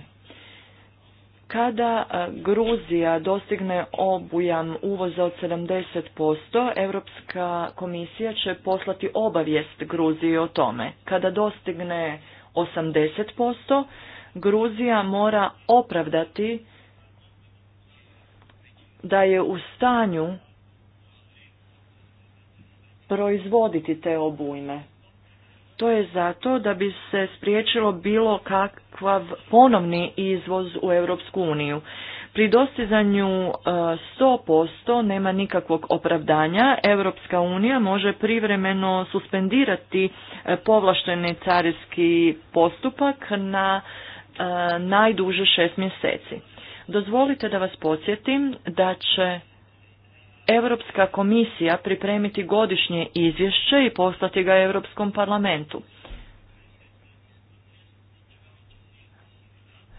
Kada e, Gruzija dostigne obujam uvoza od 70%, Europska komisija će poslati obavijest Gruziji o tome. Kada dostigne 80%, Gruzija mora opravdati da je u stanju proizvoditi te obujme. To je zato da bi se spriječilo bilo kakav ponovni izvoz u Europsku uniju. Pri dostizanju 100% e, nema nikakvog opravdanja. Europska unija može privremeno suspendirati e, povlašteni carinski postupak na e, najduže šest mjeseci. Dozvolite da vas podsjetim da će Europska komisija pripremiti godišnje izvješće i poslati ga Europskom parlamentu.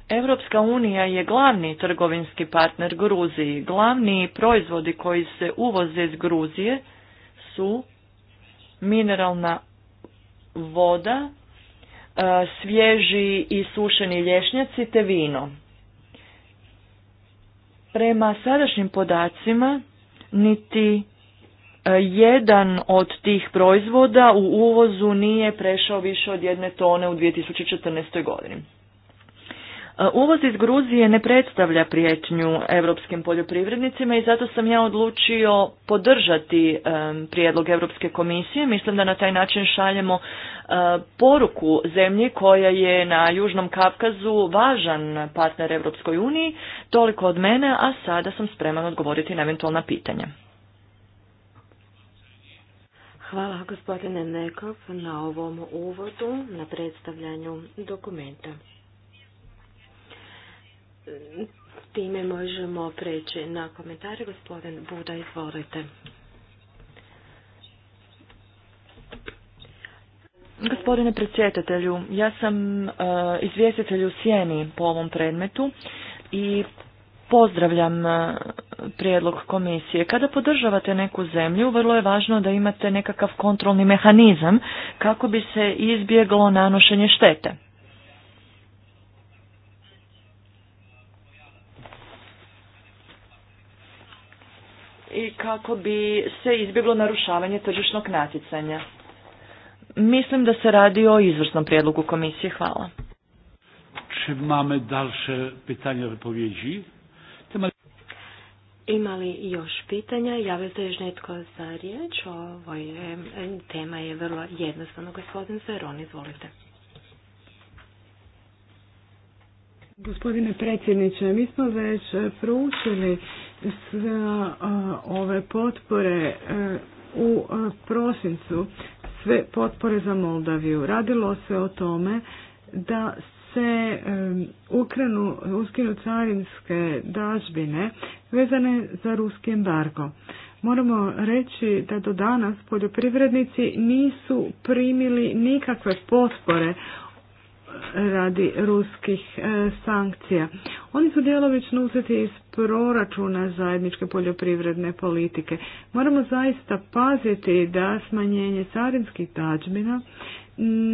Europska unija je glavni trgovinski partner Gruziji. Glavni proizvodi koji se uvoze iz Gruzije su mineralna voda, e, svježi i sušeni lješnjaci te vino. Prema sadašnjim podacima niti e, jedan od tih proizvoda u uvozu nije prešao više od jedne tone u 2014. godini. Uvoz iz Gruzije ne predstavlja prijetnju europskim poljoprivrednicima i zato sam ja odlučio podržati prijedlog Europske komisije. Mislim da na taj način šaljemo e, poruku zemlji koja je na Južnom Kavkazu važan partner Europskoj uniji. Toliko od mene, a sada sam spreman odgovoriti na eventualna pitanja. Hvala gospodine Nekov na ovom uvodu, na predstavljanju dokumenta time možemo preći na komentare. Gospodin Buda, izvolite. Gospodine predsjedatelju, ja sam e, izvjestitelj u Sjeni po ovom predmetu i pozdravljam e, prijedlog komisije. Kada podržavate neku zemlju, vrlo je važno da imate nekakav kontrolni mehanizam kako bi se izbjeglo nanošenje štete. i kako bi se izbjeglo narušavanje tržišnog natjecanja. Mislim da se radi o izvrsnom prijedlogu komisije. Hvala. Czy mamy pitanje pytania, wypowiedzi? Ima li još pitanja? Javio se još netko za riječ? Ovo je, tema je vrlo jednostavna. Gospodin Zeron, izvolite. Gospodine predsjedniče, mi smo već proučili sve ove potpore e, u prosincu, sve potpore za Moldaviju. Radilo se o tome da se e, ukrenu, uskinu carinske dažbine vezane za ruski embargo. Moramo reći da do danas poljoprivrednici nisu primili nikakve potpore radi ruskih e, sankcija. Oni su djelovično uzeti iz proračuna zajedničke poljoprivredne politike. Moramo zaista paziti da smanjenje carinskih tađmina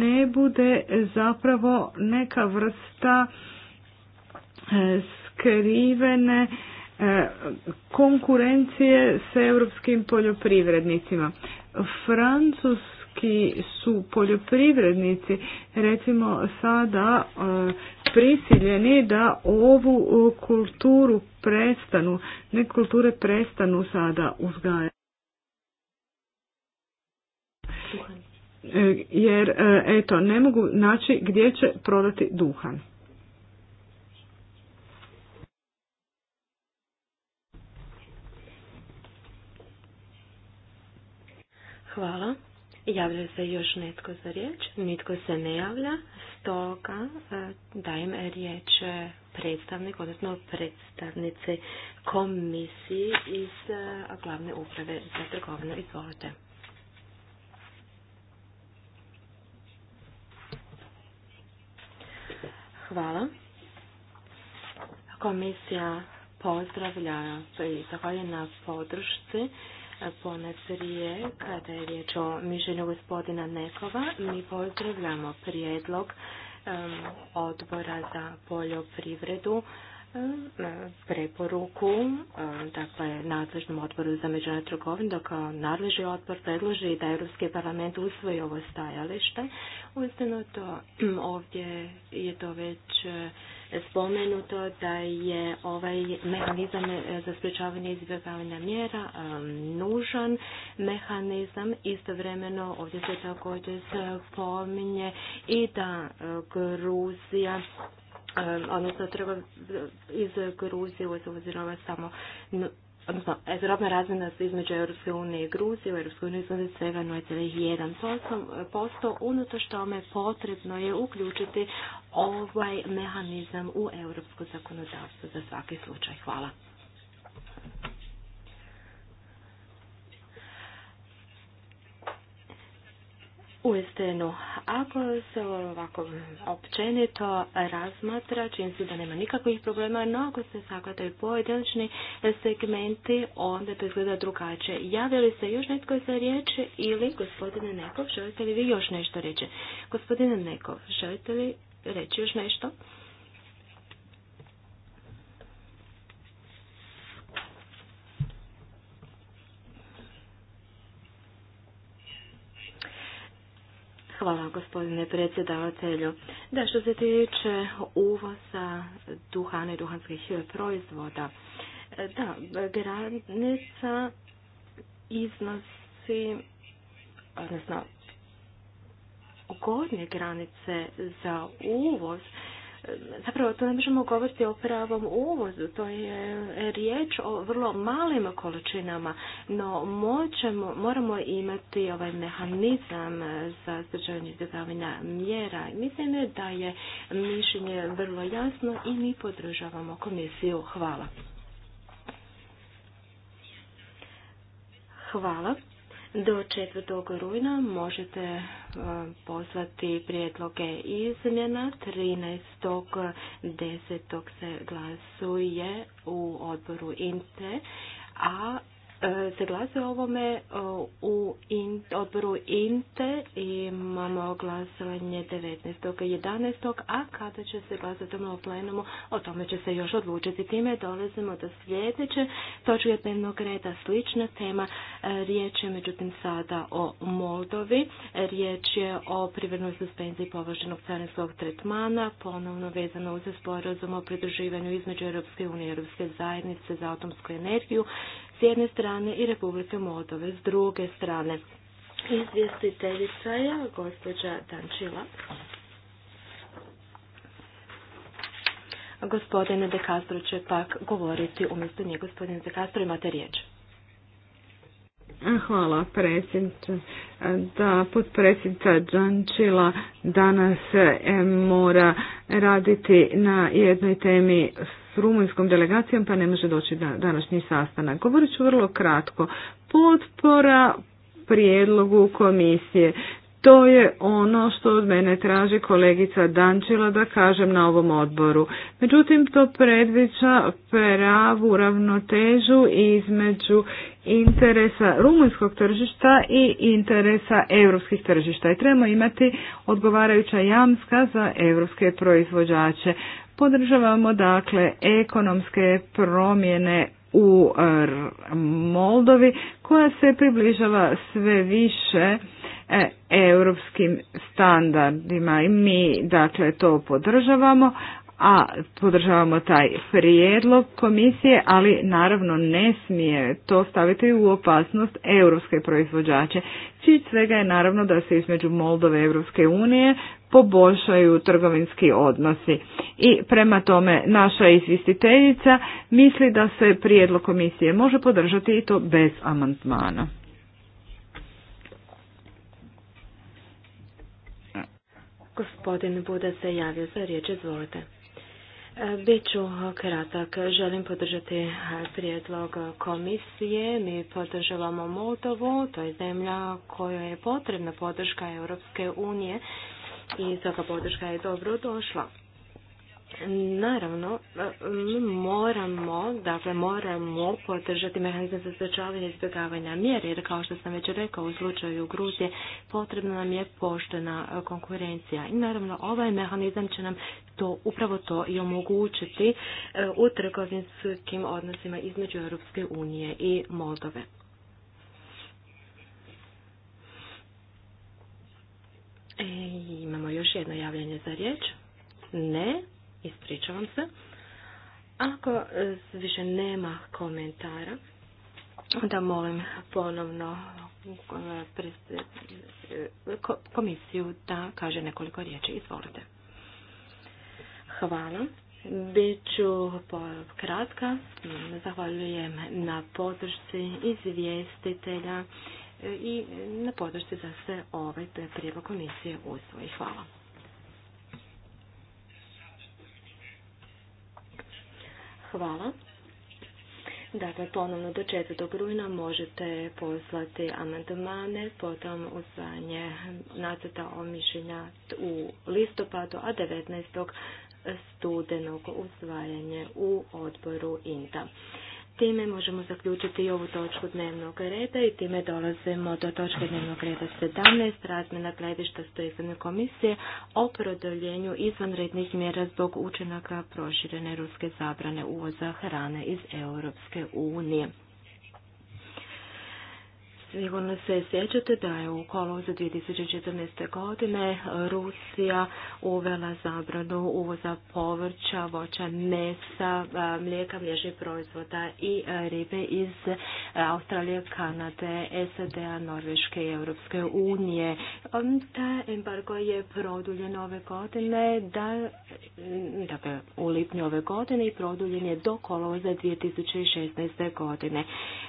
ne bude zapravo neka vrsta e, skrivene e, konkurencije s europskim poljoprivrednicima. Francus neki su poljoprivrednici recimo sada e, prisiljeni da ovu e, kulturu prestanu, ne kulture prestanu sada uzgajati. E, jer eto, ne mogu naći gdje će prodati duhan. Hvala. Javlja se još netko za riječ? Nitko se ne javlja, stoga e, dajem riječ predstavnik, odnosno predstavnice komisiji iz e, glavne uprave za trgovinu. Izvolite. Hvala. Komisija pozdravlja i zahvaljena podršci prije, kada je riječ o mišljenju gospodina Nekova, mi pozdravljamo prijedlog odbora za poljoprivredu preporuku dakle, nadležnom odboru za međunarodnu trgovinu dok kao nadležni odbor predloži da Europski parlament usvoji ovo stajalište. Uistinu to ovdje je to već spomenuto da je ovaj mehanizam e, za sprečavanje izbjegavanja mjera e, nužan mehanizam. Istovremeno ovdje se također spominje i da e, Gruzija odnosno treba iz Gruzije uzirova samo odnosno e, robna razmjena između Europske unije i Gruzije u Europskoj uniji iznosi svega 0,1%, unatoč tome potrebno je uključiti ovaj mehanizam u europsko zakonodavstvo za svaki slučaj. Hvala. Uistinu, ako se ovako općenito razmatra, čini se da nema nikakvih problema, no ako se sakvataju pojedinačni segmenti, onda to izgleda drugačije. Javi li se još netko za riječ ili, gospodine Nekov, želite li vi još nešto reći? Gospodine Nekov, želite li reći još nešto? Hvala gospodine predsjedavatelju. Da, što se tiče uvoza duhana i duhanskih proizvoda, da, granica iznosi, odnosno godnje granice za uvoz zapravo tu ne možemo govoriti o pravom uvozu, to je riječ o vrlo malim količinama, no moćemo, moramo imati ovaj mehanizam za zdržavanje izdavanja mjera. Mislim da je mišljenje vrlo jasno i mi podržavamo komisiju. Hvala. Hvala. Do 4. rujna možete e, poslati prijedloge izmjena. 13.10. se glasuje u odboru INTE, a se o ovome u odboru INTE imamo glasovanje 19. 11. a kada će se glasati o plenumu o tome će se još odlučiti. Time dolazimo do sljedeće točke dnevnog reda slična tema. E, riječ je međutim sada o Moldovi. Riječ je o privrednoj suspenziji považenog carinskog tretmana ponovno vezano uz sporazum o pridruživanju između Europske unije i Europske zajednice za atomsku energiju s jedne strane i Republike Moldove s druge strane. Izvjestiteljica je gospođa Dančila. Gospodine De Castro će pak govoriti umjesto nje. Gospodine De Castro, imate riječ. Hvala predsjednica. Da, potpredsjednica Đančila danas e, mora raditi na jednoj temi s rumunjskom delegacijom pa ne može doći na današnji sastanak. Govorit ću vrlo kratko. Potpora prijedlogu komisije. To je ono što od mene traži kolegica Dančila da kažem na ovom odboru. Međutim, to predviđa pravu ravnotežu između interesa rumunjskog tržišta i interesa europskih tržišta. I trebamo imati odgovarajuća jamska za europske proizvođače. Podržavamo dakle ekonomske promjene u e, Moldovi koja se približava sve više E, europskim standardima i mi dakle to podržavamo, a podržavamo taj prijedlog komisije, ali naravno ne smije to staviti u opasnost europske proizvođače. Cilj svega je naravno da se između Moldove i Europske unije poboljšaju trgovinski odnosi. I prema tome naša izvjestiteljica misli da se prijedlog komisije može podržati i to bez amandmana. Gospodin Buda se javio za riječ, izvolite. E, Biću kratak. Želim podržati prijedlog komisije. Mi podržavamo Moldovu, to je zemlja kojoj je potrebna podrška Europske unije i svaka podrška je dobro došla. Naravno, mi moramo, dakle moramo podržati mehanizam za sprečavanje izbjegavanja mjere, jer kao što sam već rekao u slučaju Gruzije, potrebna nam je poštena konkurencija. I naravno, ovaj mehanizam će nam to, upravo to i omogućiti e, u trgovinskim odnosima između Europske unije i Moldove. E, imamo još jedno javljanje za riječ. Ne. Ispričavam se. Ako više nema komentara, onda molim ponovno eh, komisiju da kaže nekoliko riječi. Izvolite. Hvala. Biću kratka. Zahvaljujem na podršci izvjestitelja eh, i na podršci za se ovaj prijevo komisije usvoji. Hvala. Hvala. Dakle, ponovno do 4. rujna možete poslati amandmane, potom usvajanje nacrta o mišljenja u listopadu, a 19. studenog usvajanje u odboru INTA. Time možemo zaključiti i ovu točku dnevnog reda i time dolazimo do točke dnevnog reda 17, razmjena gledišta stojizvane komisije o produljenju izvanrednih mjera zbog učinaka proširene ruske zabrane uvoza hrane iz Europske unije. Sigurno se sjećate da je u kolovozu 2014. godine Rusija uvela zabranu uvoza povrća, voća, mesa, mlijeka, mliječnih proizvoda i ribe iz Australije, Kanade, sad Norveške i Europske unije. Um, ta embargo je produljen ove godine, da, dakle, u lipnju ove godine i produljen je do kolovoza 2016. godine.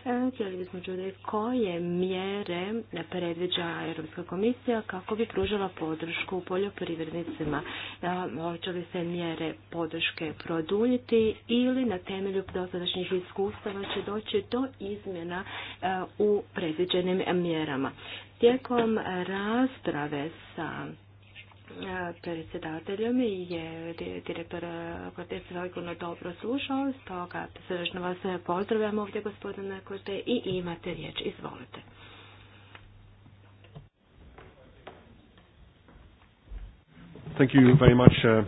E, htjeli bismo čuti koje mjere predviđa Europska komisija kako bi pružala podršku poljoprivrednicima. E, hoće li se mjere podrške produljiti ili na temelju dosadašnjih iskustava će doći do izmjena e, u predviđenim mjerama. Tijekom rasprave sa predsjedateljem je direktor se veliko ovaj dobro slušao, stoga srdečno vas pozdravljam ovdje gospodine Korte i imate riječ, izvolite. Thank you very much,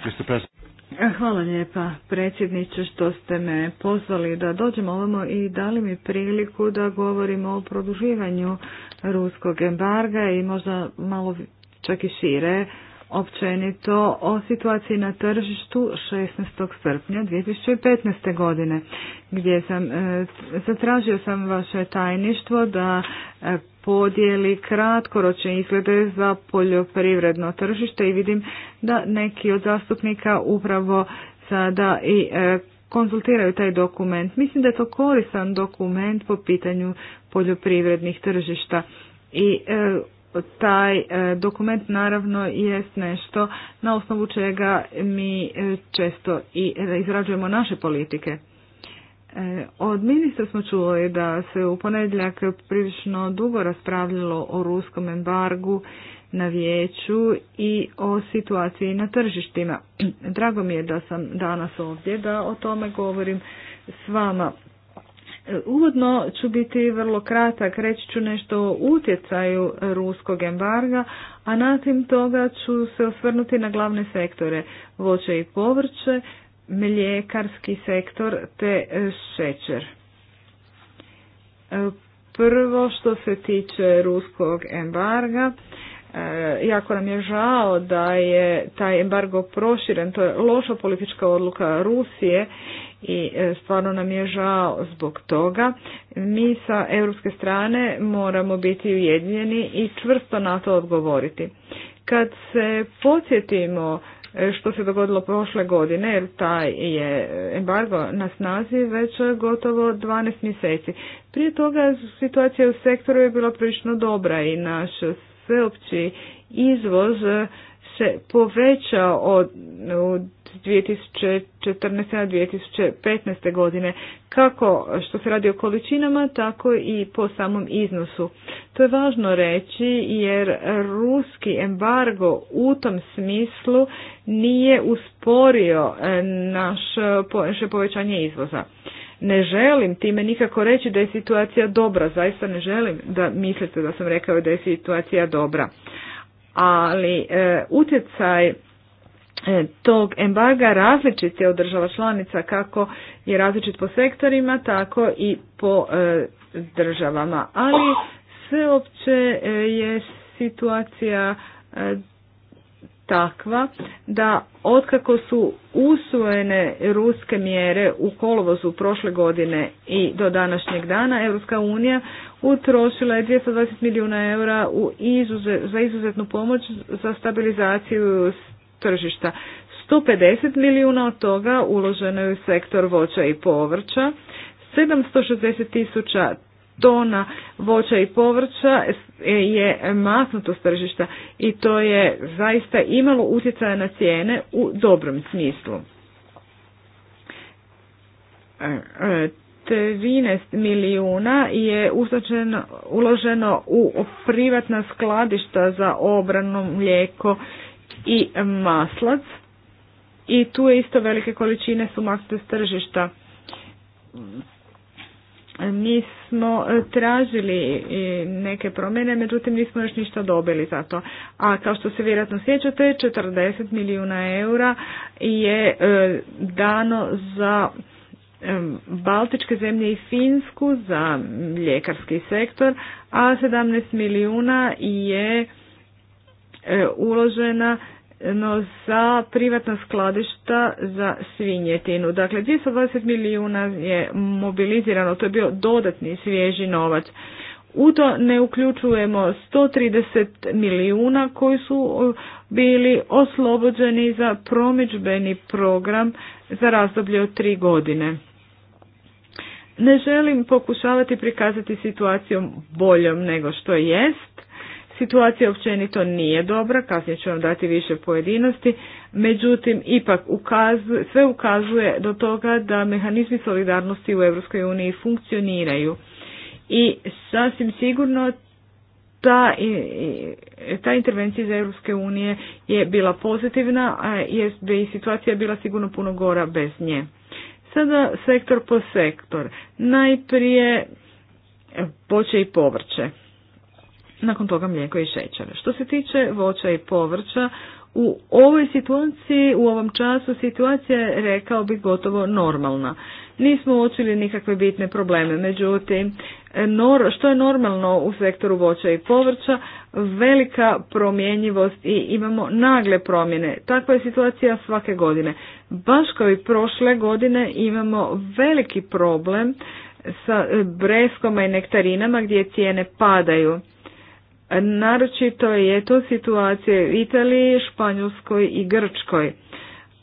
uh, Hvala lijepa predsjedniče što ste me pozvali da dođem ovamo i dali mi priliku da govorimo o produživanju ruskog embarga i možda malo čak i šire, općenito o situaciji na tržištu 16. srpnja 2015. godine gdje sam e, zatražio sam vaše tajništvo da e, podijeli kratkoročne izglede za poljoprivredno tržište i vidim da neki od zastupnika upravo sada i e, konzultiraju taj dokument. Mislim da je to koristan dokument po pitanju poljoprivrednih tržišta i taj e, dokument naravno jest nešto na osnovu čega mi e, često i izrađujemo naše politike. E, od ministra smo čuli da se u ponedjeljak prilično dugo raspravljalo o ruskom embargu na vijeću i o situaciji na tržištima. Drago mi je da sam danas ovdje da o tome govorim s vama Uvodno ću biti vrlo kratak, reći ću nešto o utjecaju ruskog embarga, a natim toga ću se osvrnuti na glavne sektore, voće i povrće, mljekarski sektor te e, šećer. E, prvo što se tiče ruskog embarga, e, jako nam je žao da je taj embargo proširen, to je loša politička odluka Rusije i e, stvarno nam je žao zbog toga. Mi sa europske strane moramo biti ujedinjeni i čvrsto na to odgovoriti. Kad se podsjetimo e, što se dogodilo prošle godine, jer taj je embargo na snazi već gotovo 12 mjeseci. Prije toga situacija u sektoru je bila prilično dobra i naš sveopći izvoz se povećao od 2014. na 2015. godine, kako što se radi o količinama, tako i po samom iznosu. To je važno reći jer ruski embargo u tom smislu nije usporio e, naše povećanje izvoza. Ne želim time nikako reći da je situacija dobra, zaista ne želim da mislite da sam rekao da je situacija dobra ali e, utjecaj e, tog embarga različit je od država članica kako je različit po sektorima, tako i po e, državama. Ali sveopće e, je situacija takva da otkako su usvojene ruske mjere u kolovozu prošle godine i do današnjeg dana, Europska unija utrošila je 220 milijuna eura u izuze, za izuzetnu pomoć za stabilizaciju tržišta. 150 milijuna od toga uloženo je u sektor voća i povrća, 760 tisuća tona voća i povrća je masnuto s tržišta i to je zaista imalo utjecaja na cijene u dobrom smislu. E, e, 13 milijuna je uloženo u privatna skladišta za obranu mlijeko i maslac i tu je isto velike količine su maknute s tržišta. Mi smo e, tražili e, neke promjene, međutim nismo još ništa dobili za to. A kao što se vjerojatno sjećate, 40 milijuna eura je e, dano za Baltičke zemlje i Finsku za ljekarski sektor, a 17 milijuna je e, uložena no za privatna skladišta za svinjetinu. Dakle, 220 milijuna je mobilizirano, to je bio dodatni svježi novac. U to ne uključujemo 130 milijuna koji su bili oslobođeni za promičbeni program za razdoblje od tri godine. Ne želim pokušavati prikazati situacijom boljom nego što jest. Situacija općenito nije dobra, kasnije ću vam dati više pojedinosti, međutim ipak sve ukazuje do toga da mehanizmi solidarnosti u EU funkcioniraju. I sasvim sigurno ta, ta intervencija iz Europske unije je bila pozitivna, a bi i situacija bila sigurno puno gora bez nje. Sada sektor po sektor. Najprije voće i povrće. Nakon toga mlijeko i šećer. Što se tiče voća i povrća, u ovoj situaciji, u ovom času situacija je rekao bi gotovo normalna nismo uočili nikakve bitne probleme. Međutim, što je normalno u sektoru voća i povrća, velika promjenjivost i imamo nagle promjene. Takva je situacija svake godine. Baš kao i prošle godine imamo veliki problem sa breskoma i nektarinama gdje cijene padaju. Naročito je to situacija u Italiji, Španjolskoj i Grčkoj.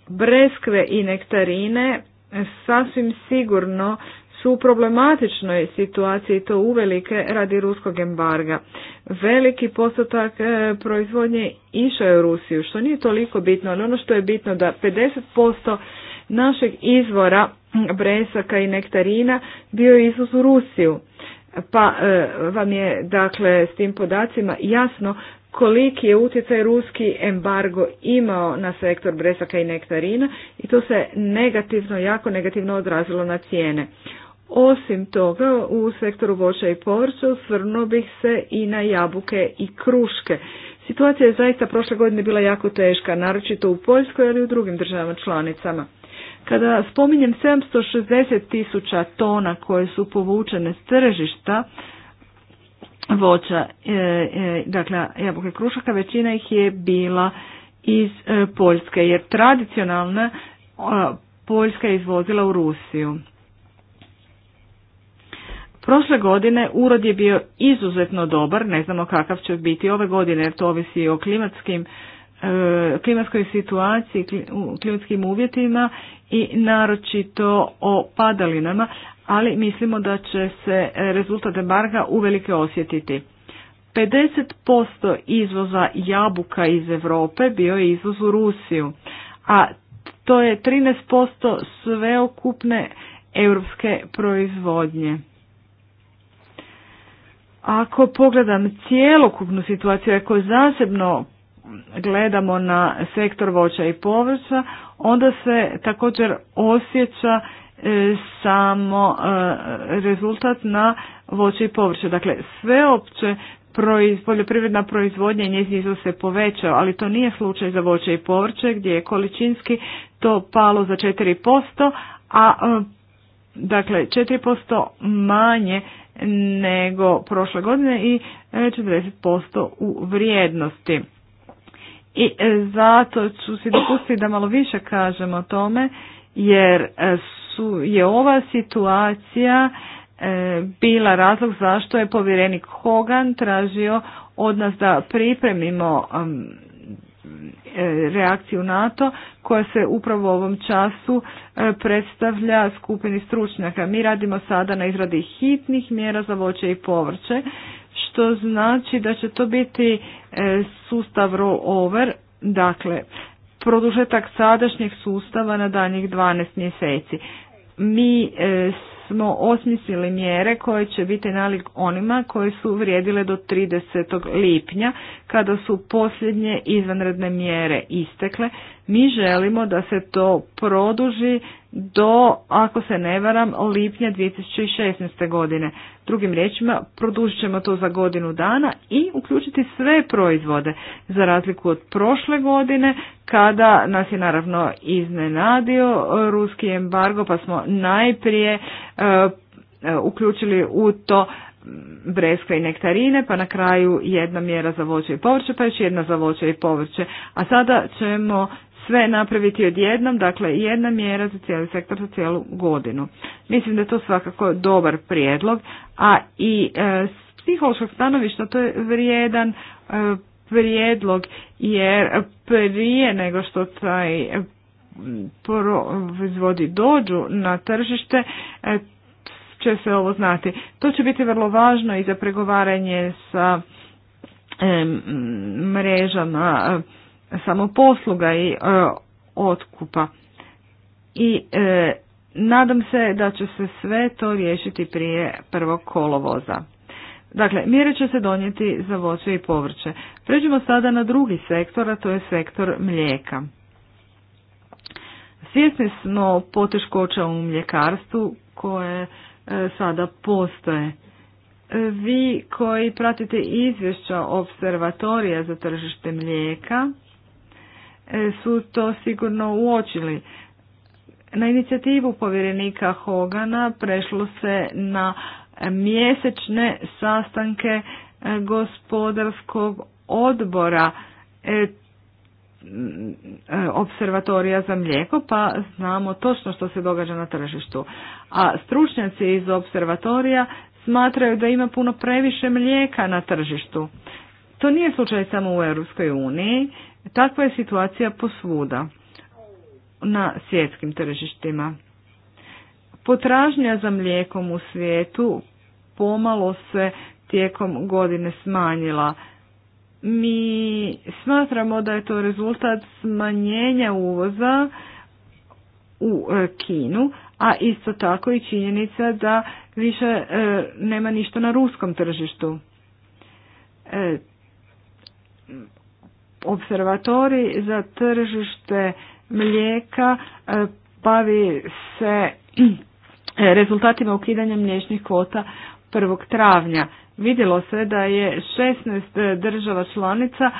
Breskve i nektarine E, sasvim sigurno su u problematičnoj situaciji to uvelike radi ruskog embarga. Veliki postotak e, proizvodnje išao je u Rusiju, što nije toliko bitno, ali ono što je bitno da 50% našeg izvora bresaka i nektarina bio je izvoz u Rusiju pa e, vam je dakle s tim podacima jasno koliki je utjecaj ruski embargo imao na sektor bresaka i nektarina i to se negativno, jako negativno odrazilo na cijene. Osim toga, u sektoru voća i povrća osvrnuo bih se i na jabuke i kruške. Situacija je zaista prošle godine bila jako teška, naročito u Poljskoj, ali i u drugim državama članicama. Kada spominjem 760 tisuća tona koje su povučene s tržišta, voća, e, e, dakle jabuke krušaka, većina ih je bila iz e, Poljske, jer tradicionalna Poljska je izvozila u Rusiju. Prošle godine urod je bio izuzetno dobar, ne znamo kakav će biti ove godine, jer to ovisi o klimatskim klimatskoj situaciji, klimatskim uvjetima i naročito o padalinama, ali mislimo da će se e, rezultat embarga uvelike osjetiti. 50% izvoza jabuka iz Europe bio je izvoz u Rusiju, a to je 13% sveokupne europske proizvodnje. Ako pogledam cijelokupnu situaciju, ako zasebno gledamo na sektor voća i povrća, onda se također osjeća e, samo e, rezultat na voće i povrće. Dakle, sveopće proiz, poljoprivredna proizvodnja i njezin se povećao, ali to nije slučaj za voće i povrće gdje je količinski to palo za 4%, a e, dakle 4% manje nego prošle godine i 40% u vrijednosti. I e, zato ću se dopustiti da malo više kažem o tome, jer e, su, je ova situacija e, bila razlog zašto je povjerenik Hogan tražio od nas da pripremimo um, reakciju NATO koja se upravo u ovom času predstavlja skupini stručnjaka. Mi radimo sada na izradi hitnih mjera za voće i povrće što znači da će to biti e, sustav rollover, dakle produžetak sadašnjeg sustava na danjih 12 mjeseci. Mi e, smo osmislili mjere koje će biti nalik onima koje su vrijedile do 30. lipnja kada su posljednje izvanredne mjere istekle. Mi želimo da se to produži do, ako se ne varam, lipnja 2016. godine. Drugim riječima, produžit ćemo to za godinu dana i uključiti sve proizvode, za razliku od prošle godine, kada nas je naravno iznenadio e, ruski embargo, pa smo najprije e, e, uključili u to breskve i nektarine, pa na kraju jedna mjera za voće i povrće, pa još jedna za voće i povrće. A sada ćemo sve napraviti odjednom, dakle jedna mjera za cijeli sektor za cijelu godinu. Mislim da je to svakako dobar prijedlog, a i e, s psihološkog stanovišta to je vrijedan e, prijedlog jer prije nego što taj proizvodi dođu na tržište e, će se ovo znati. To će biti vrlo važno i za pregovaranje sa mrežama samoposluga i e, otkupa. I e, nadam se da će se sve to riješiti prije prvog kolovoza. Dakle, mjere će se donijeti za voće i povrće. Pređemo sada na drugi sektor, a to je sektor mlijeka. Svjesni smo poteškoća u mljekarstvu koje e, sada postoje. Vi koji pratite izvješća observatorija za tržište mlijeka, E, su to sigurno uočili. Na inicijativu povjerenika Hogana prešlo se na mjesečne sastanke e, gospodarskog odbora e, observatorija za mlijeko, pa znamo točno što se događa na tržištu. A stručnjaci iz observatorija smatraju da ima puno previše mlijeka na tržištu. To nije slučaj samo u Europskoj uniji, Takva je situacija posvuda na svjetskim tržištima. Potražnja za mlijekom u svijetu pomalo se tijekom godine smanjila. Mi smatramo da je to rezultat smanjenja uvoza u e, Kinu, a isto tako i činjenica da više e, nema ništa na ruskom tržištu. E, Observatori za tržište mlijeka e, bavi se rezultatima ukidanja mliječnih kvota 1. travnja. Vidjelo se da je 16 e, država članica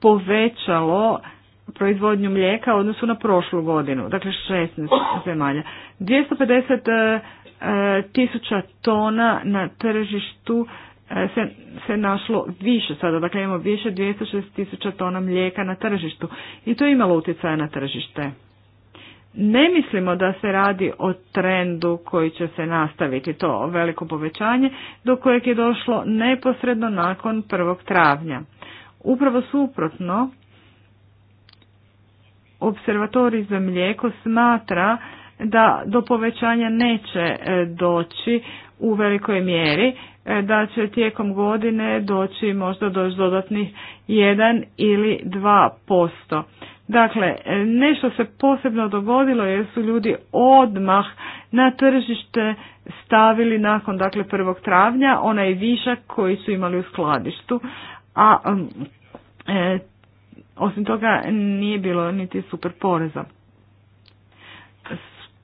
povećalo proizvodnju mlijeka u odnosu na prošlu godinu, dakle 16 zemalja. 250 e, tisuća tona na tržištu E, se, se našlo više sada, dakle imamo više 260 tisuća tona mlijeka na tržištu i to je imalo utjecaja na tržište. Ne mislimo da se radi o trendu koji će se nastaviti, to veliko povećanje do kojeg je došlo neposredno nakon 1. travnja. Upravo suprotno, observatori za mlijeko smatra da do povećanja neće e, doći u velikoj mjeri e, da će tijekom godine doći možda do dodatnih 1 ili 2%. Dakle, e, nešto se posebno dogodilo jer su ljudi odmah na tržište stavili nakon dakle 1. travnja onaj višak koji su imali u skladištu, a e, osim toga nije bilo niti super poreza.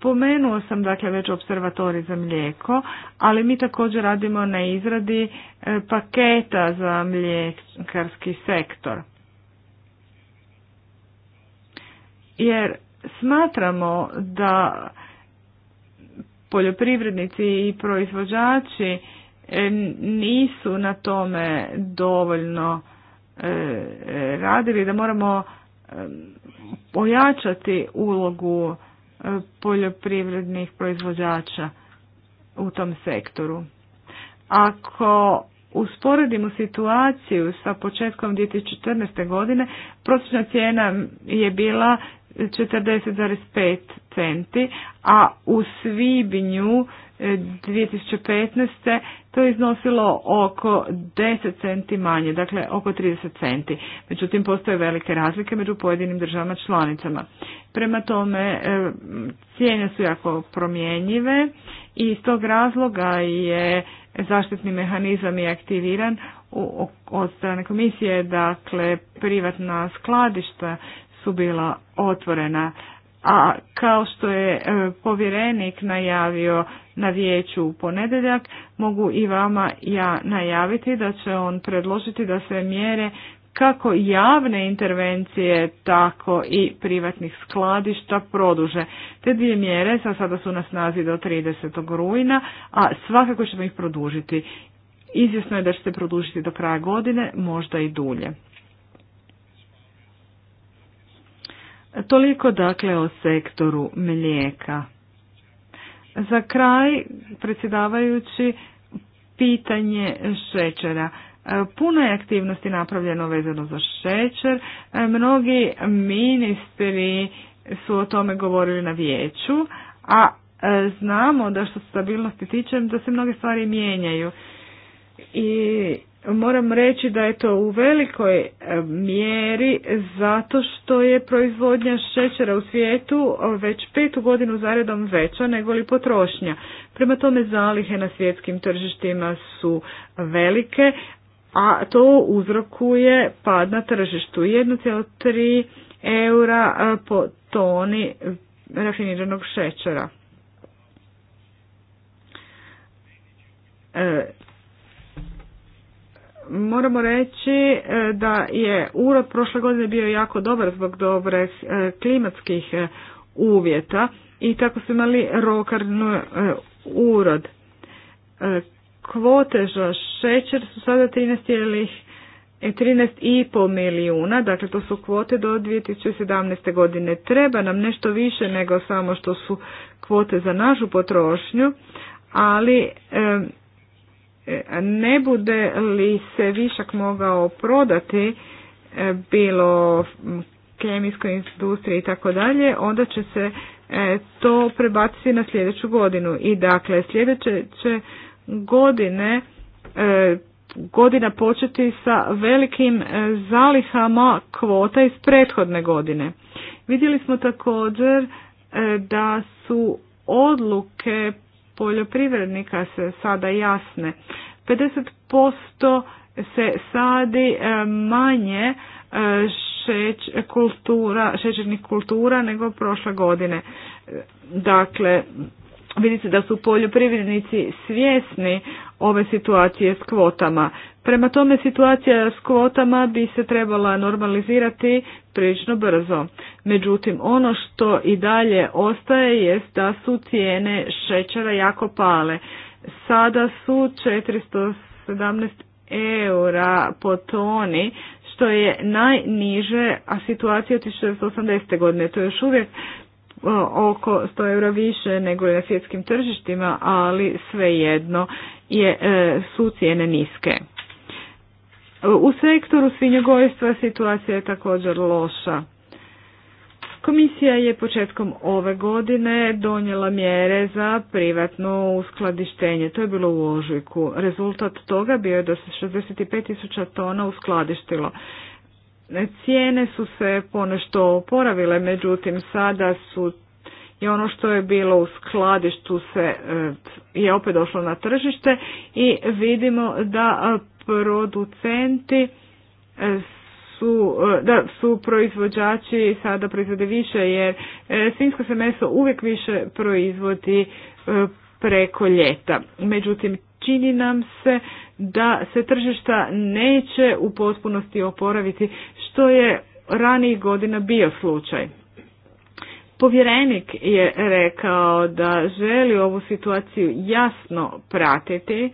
Pomenuo sam dakle već observatori za mlijeko, ali mi također radimo na izradi e, paketa za mlijekarski sektor. Jer smatramo da poljoprivrednici i proizvođači e, nisu na tome dovoljno e, radili, da moramo pojačati ulogu poljoprivrednih proizvođača u tom sektoru. Ako usporedimo situaciju sa početkom 2014. godine, prosječna cijena je bila 40,5 centi, a u svibnju 2015. to je iznosilo oko 10 centi manje, dakle oko 30 centi. Međutim, postoje velike razlike među pojedinim državama članicama. Prema tome, e, cijene su jako promjenjive i iz tog razloga je zaštitni mehanizam i aktiviran od strane komisije, dakle privatna skladišta su bila otvorena a kao što je e, povjerenik najavio na vijeću u ponedjeljak, mogu i vama ja najaviti da će on predložiti da se mjere kako javne intervencije, tako i privatnih skladišta produže. Te dvije mjere sa sada su na snazi do 30. rujna, a svakako ćemo ih produžiti. Izvjesno je da ćete se produžiti do kraja godine, možda i dulje. Toliko dakle o sektoru mlijeka. Za kraj, predsjedavajući, pitanje šećera. Puno je aktivnosti napravljeno vezano za šećer. Mnogi ministri su o tome govorili na vijeću, a e, znamo da što stabilnosti tiče da se mnoge stvari mijenjaju i moram reći da je to u velikoj e, mjeri zato što je proizvodnja šećera u svijetu e, već petu godinu zaredom veća nego li potrošnja. Prema tome zalihe na svjetskim tržištima su velike, a to uzrokuje pad na tržištu 1,3 eura e, po toni rafiniranog šećera moramo reći e, da je urod prošle godine bio jako dobar zbog dobrih e, klimatskih e, uvjeta i tako su imali rokarnu urod. Kvote za šećer su sada 13,5 milijuna, dakle to su kvote do 2017. godine. Treba nam nešto više nego samo što su kvote za našu potrošnju, ali ne bude li se višak mogao prodati e, bilo kemijskoj industriji i tako dalje, onda će se e, to prebaciti na sljedeću godinu. I dakle, sljedeće će godine e, godina početi sa velikim zalihama kvota iz prethodne godine. Vidjeli smo također da su odluke poljoprivrednika se sada jasne. 50% se sadi e, manje e, šeć, kultura, šećernih kultura nego prošle godine. Dakle, vidite da su poljoprivrednici svjesni ove situacije s kvotama. Prema tome situacija s kvotama bi se trebala normalizirati prilično brzo. Međutim, ono što i dalje ostaje jest da su cijene šećera jako pale. Sada su 417 eura po toni, što je najniže, a situacija od 1980. godine. To je još uvijek oko 100 eura više nego je na svjetskim tržištima, ali svejedno je, e, su cijene niske. U sektoru svinjogojstva situacija je također loša. Komisija je početkom ove godine donijela mjere za privatno uskladištenje. To je bilo u ožujku. Rezultat toga bio je da se 65 tisuća tona uskladištilo. Cijene su se ponešto oporavile, međutim sada su i ono što je bilo u skladištu se e, je opet došlo na tržište i vidimo da producenti e, su, e, da, su proizvođači sada proizvode više jer e, svinjsko se meso uvijek više proizvodi preko ljeta. Međutim, čini nam se da se tržišta neće u potpunosti oporaviti što je ranijih godina bio slučaj. Povjerenik je rekao da želi ovu situaciju jasno pratiti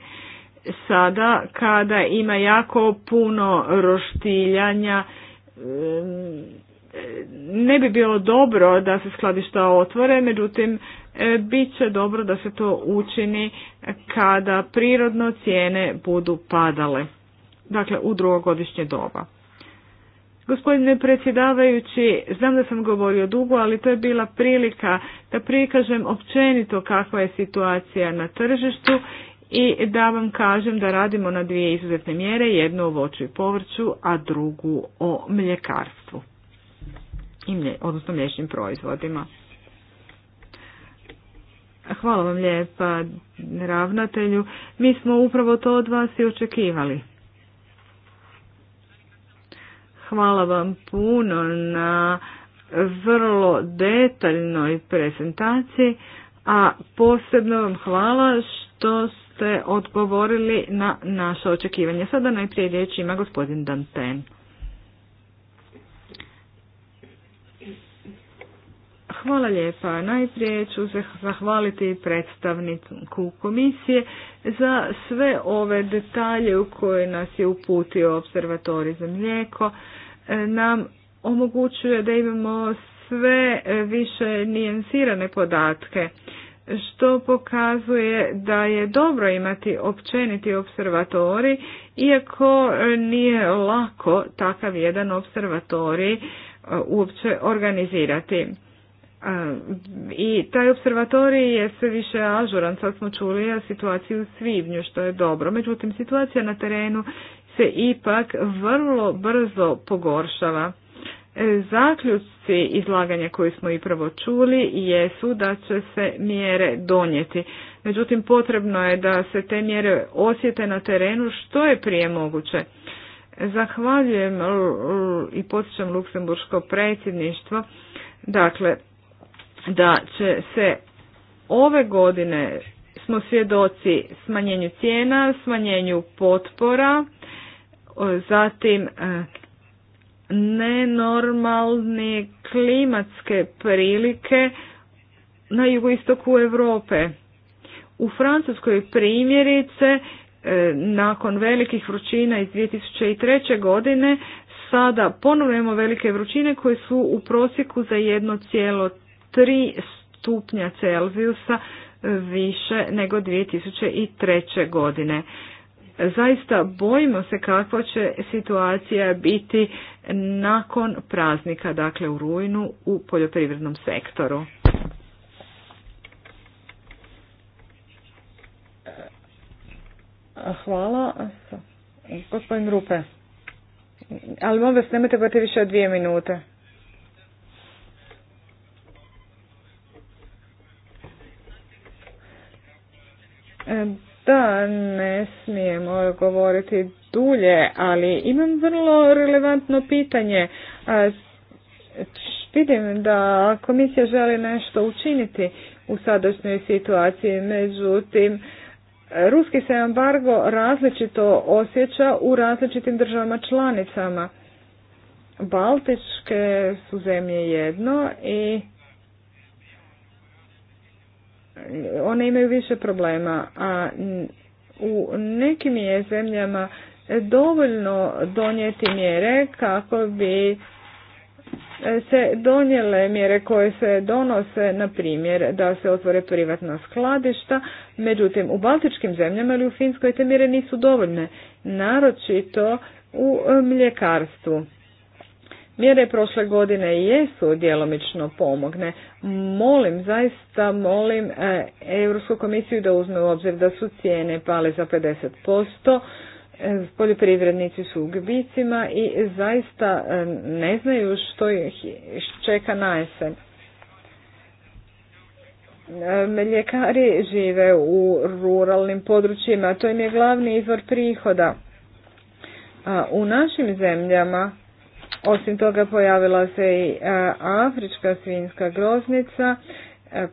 sada kada ima jako puno roštiljanja ne bi bilo dobro da se skladišta otvore, međutim e, bit će dobro da se to učini kada prirodno cijene budu padale, dakle u drugogodišnje doba. Gospodine predsjedavajući, znam da sam govorio dugo, ali to je bila prilika da prikažem općenito kakva je situacija na tržištu i da vam kažem da radimo na dvije izuzetne mjere, jednu o voću i povrću, a drugu o mljekarstvu, I odnosno mliječnim proizvodima. Hvala vam lijepa ravnatelju. Mi smo upravo to od vas i očekivali. Hvala vam puno na vrlo detaljnoj prezentaciji, a posebno vam hvala što ste odgovorili na naše očekivanje. Sada najprije riječ ima gospodin Danten. Hvala lijepa. Najprije ću se zahvaliti predstavniku komisije za sve ove detalje u koje nas je uputio observatori za mlijeko. E, nam omogućuje da imamo sve više nijansirane podatke što pokazuje da je dobro imati općeniti observatori, iako nije lako takav jedan observatori e, uopće organizirati. E, I taj observatori je sve više ažuran, sad smo čuli situaciju u svibnju, što je dobro. Međutim, situacija na terenu se ipak vrlo brzo pogoršava. E, Zaključ zaključci izlaganja koje smo i prvo čuli jesu da će se mjere donijeti. Međutim, potrebno je da se te mjere osjete na terenu što je prije moguće. Zahvaljujem i podsjećam Luksemburško predsjedništvo dakle, da će se ove godine smo svjedoci smanjenju cijena, smanjenju potpora, zatim e, nenormalne klimatske prilike na jugoistoku Europe. U Francuskoj primjerice e, nakon velikih vrućina iz 2003. godine sada ponovno velike vrućine koje su u prosjeku za 1,3 stupnja Celzijusa više nego 2003. godine zaista bojimo se kakva će situacija biti nakon praznika, dakle u rujnu u poljoprivrednom sektoru. Hvala. Gospodin Rupe. Ali molim vas, nemojte biti više od dvije minute. E da, ne smijemo e, govoriti dulje, ali imam vrlo relevantno pitanje. E, vidim da komisija želi nešto učiniti u sadašnjoj situaciji, međutim, ruski se embargo različito osjeća u različitim državama članicama. Baltičke su zemlje jedno i one imaju više problema, a u nekim je zemljama dovoljno donijeti mjere kako bi se donijele mjere koje se donose, na primjer, da se otvore privatna skladišta, međutim u baltičkim zemljama ili u Finskoj te mjere nisu dovoljne, naročito u mljekarstvu. Mjere prošle godine jesu djelomično pomogne. Molim, zaista molim e, Europsku komisiju da uzme u obzir da su cijene pale za 50%, e, poljoprivrednici su u gubicima i zaista e, ne znaju što ih čeka na jesen. Mljekari žive u ruralnim područjima, to im je glavni izvor prihoda. u našim zemljama osim toga pojavila se i e, afrička svinska groznica. E,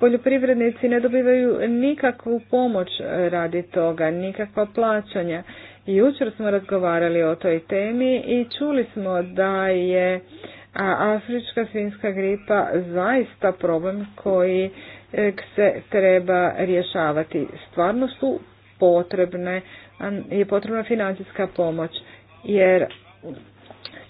poljoprivrednici ne dobivaju nikakvu pomoć radi toga, nikakva plaćanja. Jučer smo razgovarali o toj temi i čuli smo da je e, afrička svinska gripa zaista problem koji se treba rješavati. Stvarno su potrebne, je potrebna financijska pomoć jer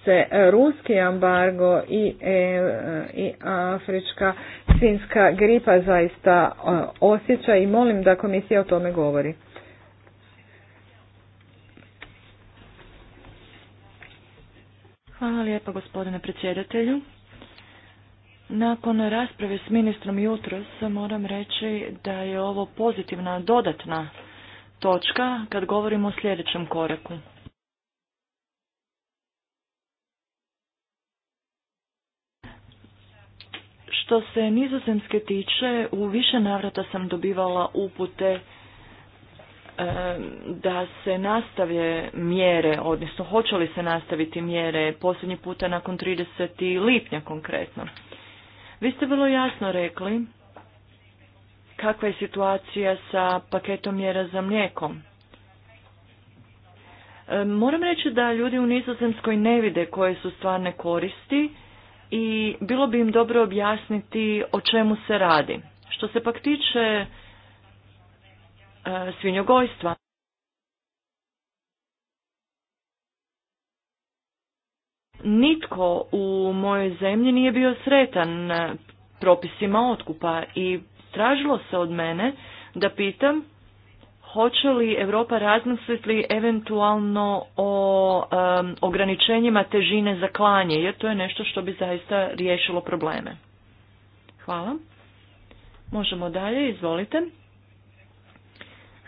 se e, ruski embargo i, e, e, i afrička svinska gripa zaista e, osjeća i molim da komisija o tome govori. Hvala lijepa gospodine predsjedatelju. Nakon rasprave s ministrom jutros moram reći da je ovo pozitivna dodatna točka kad govorimo o sljedećem koraku. Što se nizozemske tiče, u više navrata sam dobivala upute da se nastave mjere, odnosno hoće li se nastaviti mjere posljednji puta nakon 30. lipnja konkretno. Vi ste vrlo jasno rekli kakva je situacija sa paketom mjera za mlijekom. Moram reći da ljudi u Nizozemskoj ne vide koje su stvarne koristi i bilo bi im dobro objasniti o čemu se radi. Što se pak tiče e, svinjogojstva, nitko u mojoj zemlji nije bio sretan e, propisima otkupa i tražilo se od mene da pitam hoće li Europa razmisliti eventualno o ograničenjima težine za klanje, jer to je nešto što bi zaista riješilo probleme. Hvala. Možemo dalje, izvolite.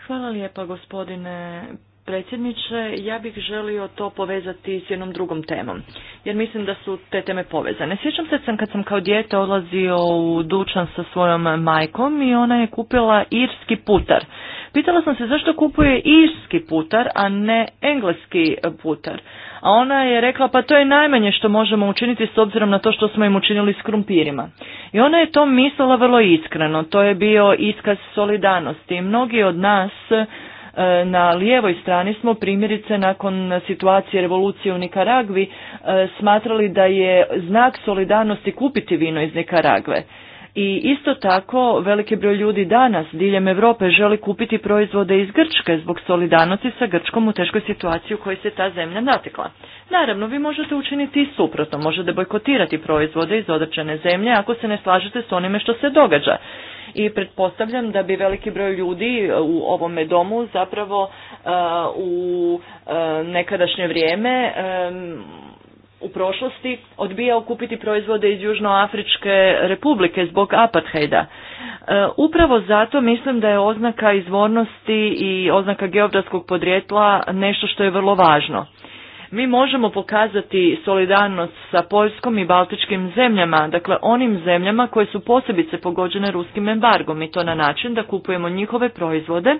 Hvala lijepa gospodine predsjedniče. Ja bih želio to povezati s jednom drugom temom, jer mislim da su te teme povezane. Sjećam se sam kad sam kao dijete odlazio u dućan sa svojom majkom i ona je kupila irski putar. Pitala sam se zašto kupuje irski putar, a ne engleski e, putar. A ona je rekla pa to je najmanje što možemo učiniti s obzirom na to što smo im učinili s krumpirima. I ona je to mislila vrlo iskreno, to je bio iskaz solidarnosti. Mnogi od nas e, na lijevoj strani smo primjerice nakon situacije revolucije u Nikaragvi e, smatrali da je znak solidarnosti kupiti vino iz Nikaragve. I isto tako veliki broj ljudi danas diljem Europe želi kupiti proizvode iz Grčke zbog solidarnosti sa Grčkom u teškoj situaciji u kojoj se ta zemlja natekla. Naravno, vi možete učiniti i suprotno, možete bojkotirati proizvode iz određene zemlje ako se ne slažete s onime što se događa. I pretpostavljam da bi veliki broj ljudi e, u ovome domu zapravo e, u e, nekadašnje vrijeme u prošlosti odbijao kupiti proizvode iz Južnoafričke republike zbog apartheida. E, upravo zato mislim da je oznaka izvornosti i oznaka geografskog podrijetla nešto što je vrlo važno. Mi možemo pokazati solidarnost sa Poljskom i Baltičkim zemljama, dakle onim zemljama koje su posebice pogođene ruskim embargom i to na način da kupujemo njihove proizvode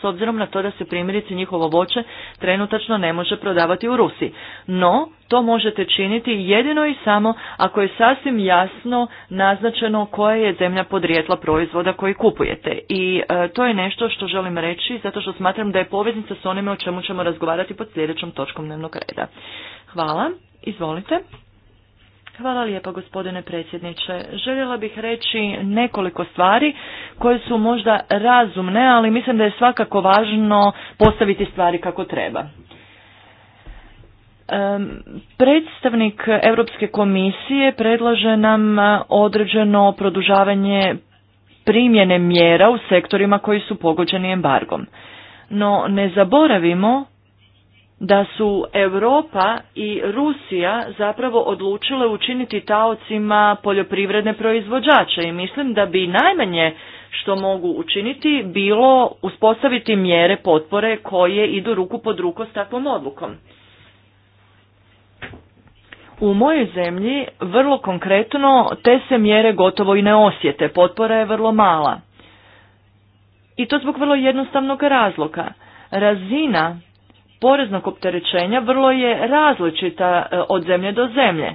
s obzirom na to da se primjerice njihovo voće trenutačno ne može prodavati u Rusiji. No, to možete činiti jedino i samo ako je sasvim jasno naznačeno koja je zemlja podrijetla proizvoda koji kupujete. I e, to je nešto što želim reći zato što smatram da je poveznica s onime o čemu ćemo razgovarati pod sljedećom točkom dnevnog reda. Hvala, izvolite. Hvala lijepa gospodine predsjedniče. Željela bih reći nekoliko stvari koje su možda razumne, ali mislim da je svakako važno postaviti stvari kako treba. Predstavnik Europske komisije predlaže nam određeno produžavanje primjene mjera u sektorima koji su pogođeni embargom. No ne zaboravimo da su Europa i Rusija zapravo odlučile učiniti taocima poljoprivredne proizvođače i mislim da bi najmanje što mogu učiniti bilo uspostaviti mjere potpore koje idu ruku pod ruku s takvom odlukom. U mojoj zemlji vrlo konkretno te se mjere gotovo i ne osjete, potpora je vrlo mala. I to zbog vrlo jednostavnog razloga. Razina poreznog opterećenja vrlo je različita e, od zemlje do zemlje.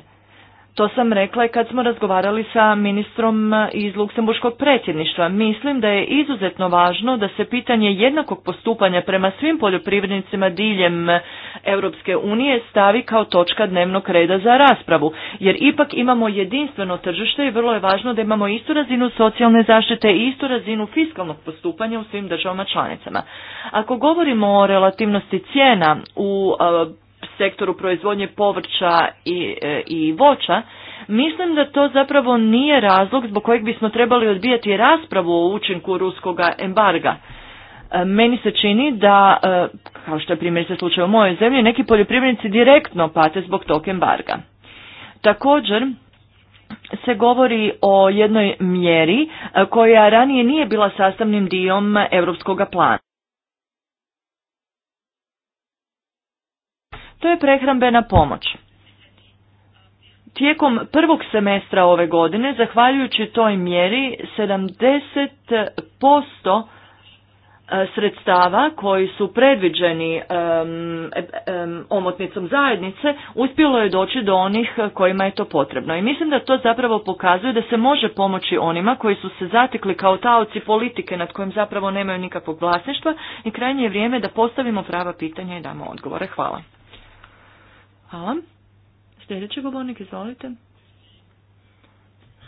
To sam rekla i kad smo razgovarali sa ministrom iz Luksemburškog predsjedništva. Mislim da je izuzetno važno da se pitanje jednakog postupanja prema svim poljoprivrednicima diljem Europske unije stavi kao točka dnevnog reda za raspravu. Jer ipak imamo jedinstveno tržište i vrlo je važno da imamo istu razinu socijalne zaštite i istu razinu fiskalnog postupanja u svim državama članicama. Ako govorimo o relativnosti cijena u e, sektoru proizvodnje povrća i, e, i voća, mislim da to zapravo nije razlog zbog kojeg bismo trebali odbijati raspravu o učinku ruskoga embarga. E, meni se čini da, e, kao što je se slučaj u mojoj zemlji, neki poljoprivrednici direktno pate zbog tog embarga. Također, se govori o jednoj mjeri koja ranije nije bila sastavnim diom europskog plana. To je prehrambena pomoć. Tijekom prvog semestra ove godine, zahvaljujući toj mjeri, 70% e, sredstava koji su predviđeni omotnicom zajednice uspjelo je doći do onih kojima je to potrebno. I mislim da to zapravo pokazuje da se može pomoći onima koji su se zatekli kao taoci politike nad kojim zapravo nemaju nikakvog vlasništva i krajnje je vrijeme da postavimo prava pitanja i damo odgovore. Hvala. Hvala. Sljedeći govornik, izvolite.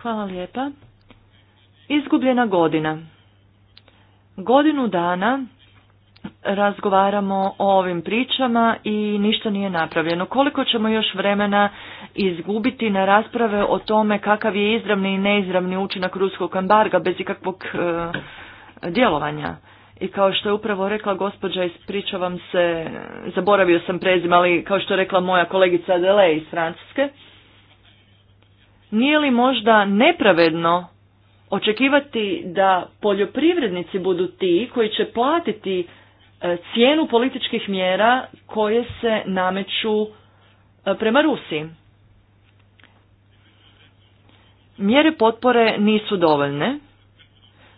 Hvala lijepa. Izgubljena godina. Godinu dana razgovaramo o ovim pričama i ništa nije napravljeno. Koliko ćemo još vremena izgubiti na rasprave o tome kakav je izravni i neizravni učinak ruskog embarga bez ikakvog e, djelovanja? i kao što je upravo rekla gospođa, ispričavam se, zaboravio sam prezim, ali kao što je rekla moja kolegica Adele iz Francuske, nije li možda nepravedno očekivati da poljoprivrednici budu ti koji će platiti e, cijenu političkih mjera koje se nameću e, prema Rusiji? Mjere potpore nisu dovoljne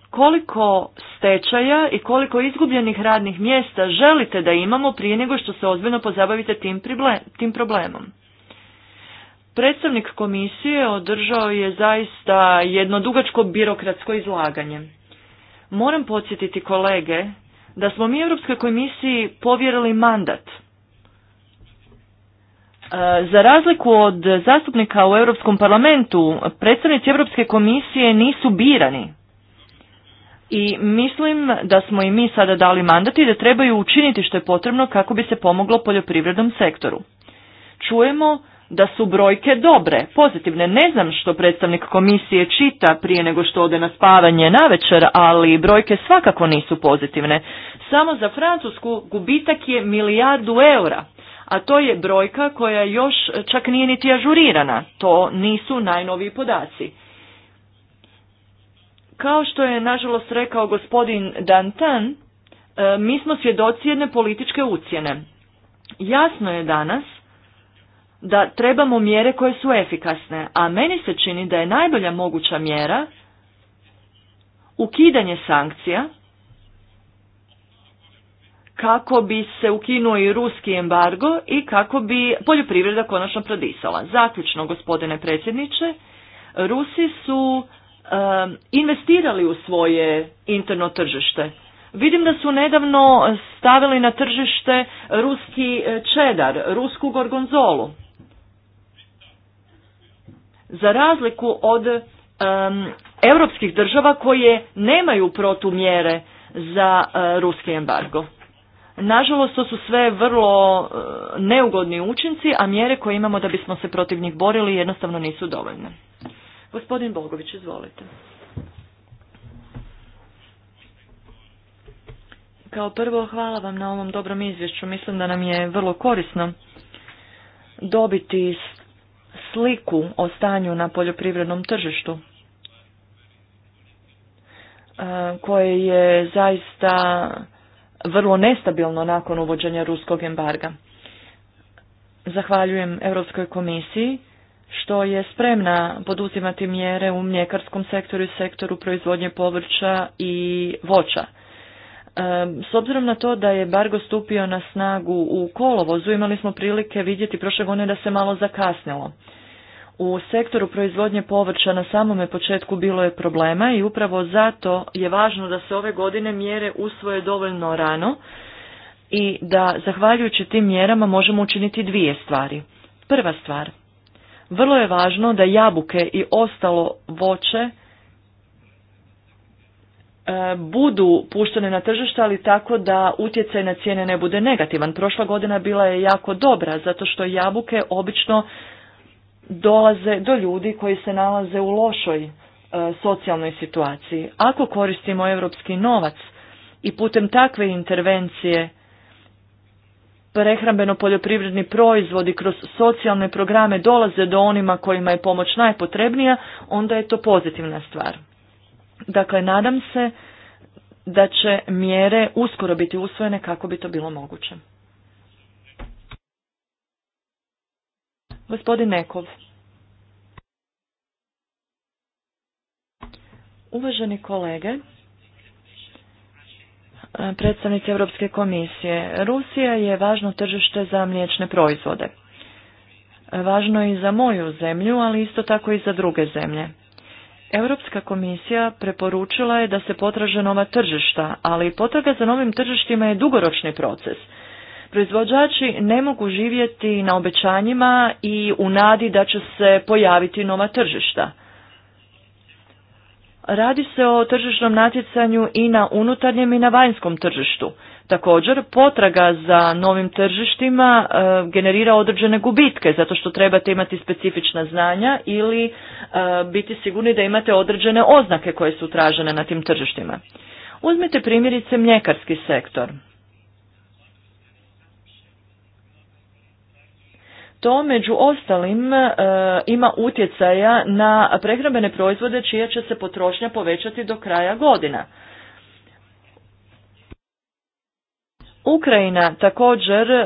koliko stečaja i koliko izgubljenih radnih mjesta želite da imamo prije nego što se ozbiljno pozabavite tim problemom. Predstavnik komisije održao je zaista jedno dugačko birokratsko izlaganje. Moram podsjetiti kolege da smo mi Europskoj komisiji povjerili mandat. E, za razliku od zastupnika u Europskom parlamentu, predstavnici Europske komisije nisu birani i mislim da smo i mi sada dali mandat i da trebaju učiniti što je potrebno kako bi se pomoglo poljoprivrednom sektoru. Čujemo da su brojke dobre, pozitivne. Ne znam što predstavnik komisije čita prije nego što ode na spavanje na večer, ali brojke svakako nisu pozitivne. Samo za Francusku gubitak je milijardu eura, a to je brojka koja još čak nije niti ažurirana. To nisu najnoviji podaci. Kao što je nažalost rekao gospodin Dantan, e, mi smo svjedoci jedne političke ucjene. Jasno je danas da trebamo mjere koje su efikasne, a meni se čini da je najbolja moguća mjera ukidanje sankcija kako bi se ukinuo i ruski embargo i kako bi poljoprivreda konačno prodisala. Zaključno, gospodine predsjedniče, Rusi su Um, investirali u svoje interno tržište. Vidim da su nedavno stavili na tržište ruski čedar, rusku gorgonzolu. Za razliku od um, europskih država koje nemaju protumjere za uh, ruski embargo. Nažalost, to su sve vrlo e, neugodni učinci, a mjere koje imamo da bismo se protiv njih borili jednostavno nisu dovoljne. Gospodin Bogović, izvolite. Kao prvo, hvala vam na ovom dobrom izvješću. Mislim da nam je vrlo korisno dobiti sliku o stanju na poljoprivrednom tržištu koje je zaista vrlo nestabilno nakon uvođenja ruskog embarga. Zahvaljujem Europskoj komisiji što je spremna poduzimati mjere u mljekarskom sektoru i sektoru proizvodnje povrća i voća. E, s obzirom na to da je Bargo stupio na snagu u kolovozu, imali smo prilike vidjeti prošle godine da se malo zakasnilo. U sektoru proizvodnje povrća na samome početku bilo je problema i upravo zato je važno da se ove godine mjere usvoje dovoljno rano i da zahvaljujući tim mjerama možemo učiniti dvije stvari. Prva stvar, vrlo je važno da jabuke i ostalo voće e, budu puštene na tržište, ali tako da utjecaj na cijene ne bude negativan. Prošla godina bila je jako dobra, zato što jabuke obično dolaze do ljudi koji se nalaze u lošoj e, socijalnoj situaciji. Ako koristimo europski novac i putem takve intervencije prehrambeno poljoprivredni proizvodi kroz socijalne programe dolaze do onima kojima je pomoć najpotrebnija, onda je to pozitivna stvar. Dakle, nadam se da će mjere uskoro biti usvojene kako bi to bilo moguće. Gospodin Nekov. Uvaženi kolege, E, predstavnici Europske komisije. Rusija je važno tržište za mliječne proizvode. Važno je i za moju zemlju, ali isto tako i za druge zemlje. Europska komisija preporučila je da se potraže nova tržišta, ali potraga za novim tržištima je dugoročni proces. Proizvođači ne mogu živjeti na obećanjima i u nadi da će se pojaviti nova tržišta radi se o tržišnom natjecanju i na unutarnjem i na vanjskom tržištu. Također, potraga za novim tržištima e, generira određene gubitke, zato što trebate imati specifična znanja ili e, biti sigurni da imate određene oznake koje su tražene na tim tržištima. Uzmite primjerice mljekarski sektor. To među ostalim e, ima utjecaja na prehrambene proizvode čija će se potrošnja povećati do kraja godina. Ukrajina također e,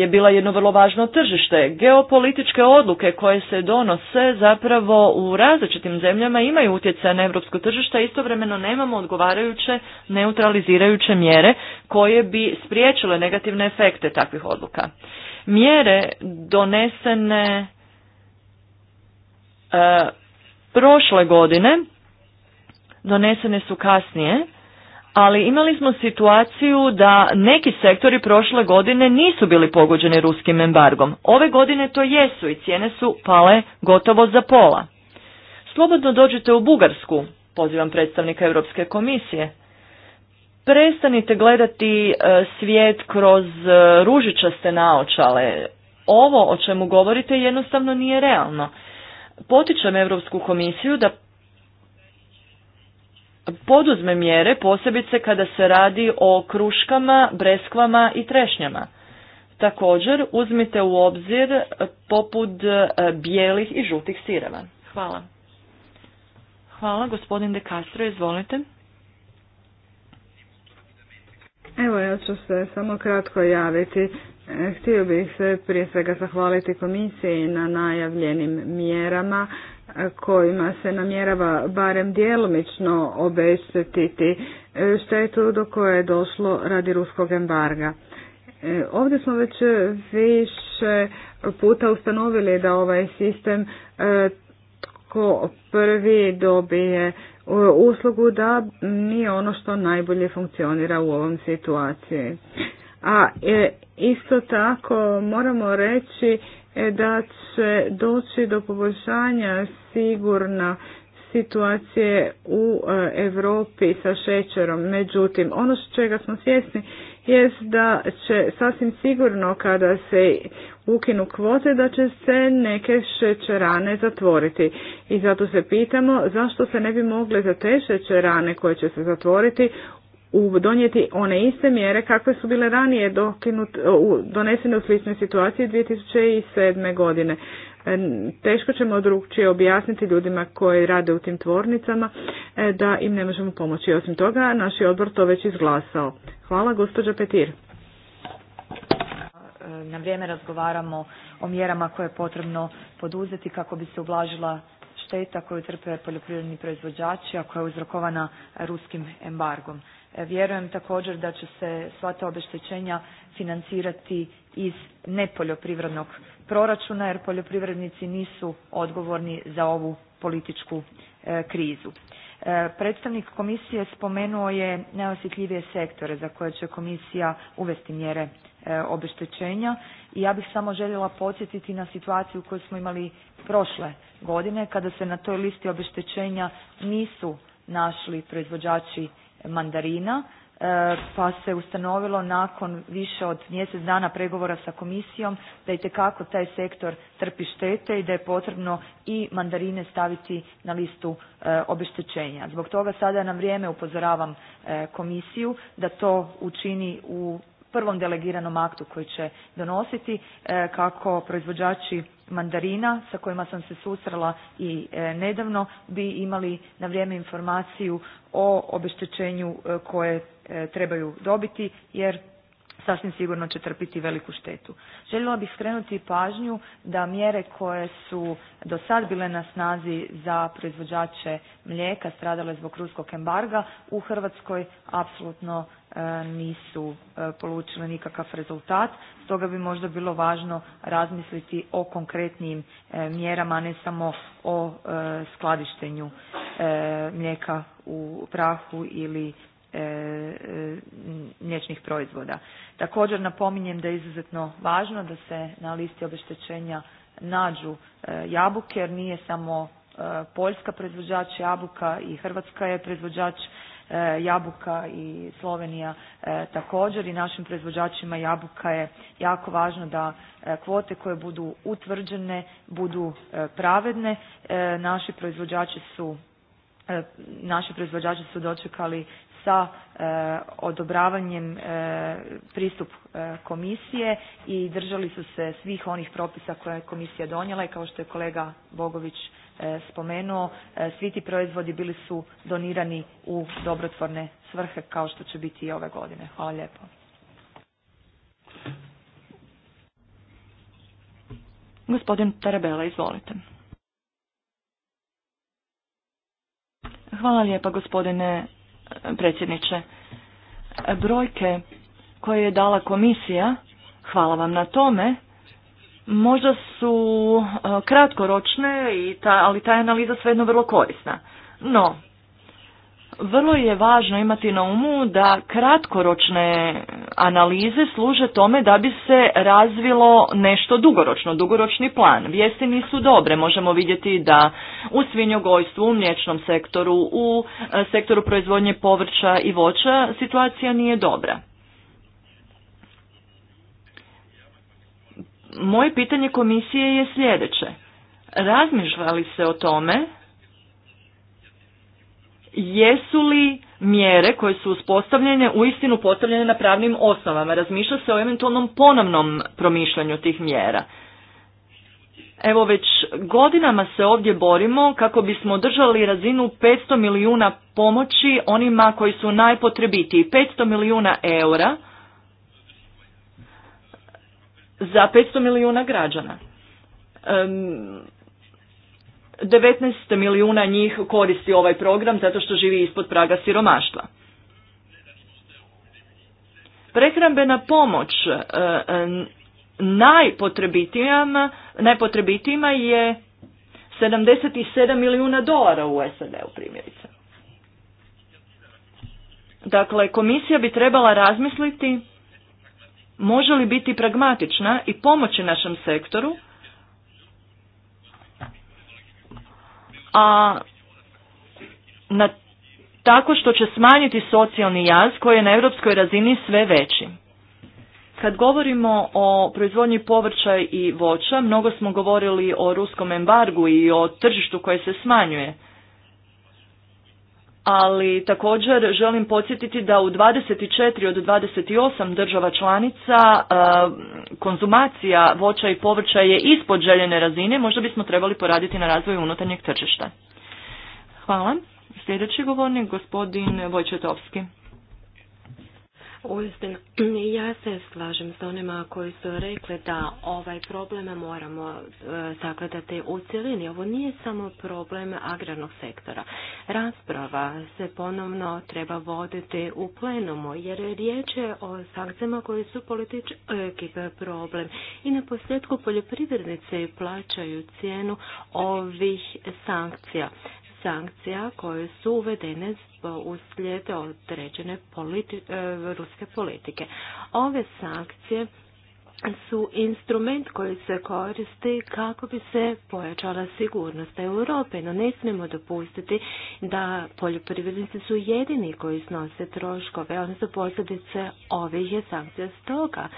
je bila jedno vrlo važno tržište. Geopolitičke odluke koje se donose zapravo u različitim zemljama imaju utjecaj na evropsko tržište, a istovremeno nemamo odgovarajuće neutralizirajuće mjere koje bi spriječile negativne efekte takvih odluka mjere donesene e, prošle godine, donesene su kasnije, ali imali smo situaciju da neki sektori prošle godine nisu bili pogođeni ruskim embargom. Ove godine to jesu i cijene su pale gotovo za pola. Slobodno dođete u Bugarsku, pozivam predstavnika Europske komisije prestanite gledati e, svijet kroz e, ružičaste naočale. Ovo o čemu govorite jednostavno nije realno. Potičem Europsku komisiju da poduzme mjere posebice kada se radi o kruškama, breskvama i trešnjama. Također uzmite u obzir poput e, bijelih i žutih sireva. Hvala. Hvala, gospodin De Castro, izvolite. Evo, ja ću se samo kratko javiti. E, htio bih se prije svega zahvaliti komisiji na najavljenim mjerama e, kojima se namjerava barem djelomično obeštetiti e, štetu do koje je došlo radi ruskog embarga. Ovdje smo već više puta ustanovili da ovaj sistem tko prvi dobije uslugu da nije ono što najbolje funkcionira u ovom situaciji. A e, isto tako moramo reći e, da će doći do poboljšanja sigurna situacije u e, Europi sa šećerom. Međutim, ono čega smo svjesni jest da će sasvim sigurno kada se ukinu kvote da će se neke šećerane zatvoriti. I zato se pitamo zašto se ne bi mogle za te šećerane koje će se zatvoriti donijeti one iste mjere kakve su bile ranije dokinut, donesene u sličnoj situaciji 2007. godine. E, teško ćemo drugčije objasniti ljudima koji rade u tim tvornicama e, da im ne možemo pomoći. Osim toga, naš je odbor to već izglasao. Hvala, gospođa Petir. Na vrijeme razgovaramo o mjerama koje je potrebno poduzeti kako bi se ublažila šteta koju trpe poljoprivredni proizvođači, a koja je uzrokovana ruskim embargom. E, vjerujem također da će se sva ta obeštećenja financirati iz nepoljoprivrednog proračuna jer poljoprivrednici nisu odgovorni za ovu političku e, krizu. E, predstavnik komisije spomenuo je najosjetljivije sektore za koje će komisija uvesti mjere e, obeštećenja i ja bih samo željela podsjetiti na situaciju koju smo imali prošle godine kada se na toj listi obeštećenja nisu našli proizvođači mandarina pa se ustanovilo nakon više od mjesec dana pregovora sa komisijom da itekako taj sektor trpi štete i da je potrebno i mandarine staviti na listu e, obeštećenja. Zbog toga sada na vrijeme upozoravam e, komisiju da to učini u prvom delegiranom aktu koji će donositi e, kako proizvođači mandarina sa kojima sam se susrela i e, nedavno bi imali na vrijeme informaciju o obeštećenju e, koje trebaju dobiti jer sasvim sigurno će trpiti veliku štetu. Željela bih skrenuti pažnju da mjere koje su do sad bile na snazi za proizvođače mlijeka stradale zbog ruskog embarga u Hrvatskoj apsolutno e, nisu e, polučile nikakav rezultat, stoga bi možda bilo važno razmisliti o konkretnim e, mjerama, a ne samo o skladištenju mlijeka u prahu ili E, e, mliječnih proizvoda. Također napominjem da je izuzetno važno da se na listi obeštećenja nađu e, jabuke jer nije samo Poljska proizvođač jabuka i Hrvatska je proizvođač jabuka i Slovenija također i našim proizvođačima jabuka je jako važno da kvote koje budu utvrđene budu pravedne. Naši proizvođači su naši proizvođači su dočekali sa e, odobravanjem e, pristup e, komisije i držali su se svih onih propisa koje je komisija donijela i kao što je kolega Bogović spomenuo, svi ti proizvodi bili su donirani u dobrotvorne svrhe kao što će biti i ove godine. Hvala lijepo. Gospodin Tarabela, izvolite. Hvala lijepa gospodine predsjedniče. Brojke koje je dala komisija, hvala vam na tome, možda su e, kratkoročne, ali ta je analiza svejedno vrlo korisna. No, vrlo je važno imati na umu da kratkoročne analize služe tome da bi se razvilo nešto dugoročno, dugoročni plan. Vijesti nisu dobre, možemo vidjeti da u svinjogojstvu, u mliječnom sektoru, u e, sektoru proizvodnje povrća i voća situacija nije dobra. Moje pitanje komisije je sljedeće. Razmišljali se o tome jesu li mjere koje su uspostavljene uistinu postavljene na pravnim osnovama. Razmišlja se o eventualnom ponovnom promišljanju tih mjera. Evo već godinama se ovdje borimo kako bismo držali razinu 500 milijuna pomoći onima koji su najpotrebitiji. 500 milijuna eura za 500 milijuna građana. 19 milijuna njih koristi ovaj program zato što živi ispod praga siromaštva. Prehrambena pomoć e, e, najpotrebitijima, najpotrebitijima je 77 milijuna dolara u SAD-u primjerice. Dakle, komisija bi trebala razmisliti može li biti pragmatična i pomoći našem sektoru a na tako što će smanjiti socijalni jaz koji je na europskoj razini sve veći. Kad govorimo o proizvodnji povrća i voća, mnogo smo govorili o ruskom embargu i o tržištu koje se smanjuje ali također želim podsjetiti da u 24 od 28 država članica e, konzumacija voća i povrća je ispod željene razine, možda bismo trebali poraditi na razvoju unutarnjeg tržišta. Hvala. Sljedeći govornik, gospodin Vojčetovski. Uistinu, ja se slažem s onima koji su rekli da ovaj problem moramo zagledati e, u cjelini. Ovo nije samo problem agrarnog sektora. Rasprava se ponovno treba voditi u plenumu, jer riječ je o sankcijama koji su politički e, problem. I na posljedku poljoprivrednice plaćaju cijenu ovih sankcija sankcija koje su uvedene uslijed određene politi e, ruske politike. Ove sankcije su instrument koji se koristi kako bi se pojačala sigurnost Europe, no ne smijemo dopustiti da poljoprivrednici su jedini koji snose troškove, odnosno posljedice ovih je sankcija stoga.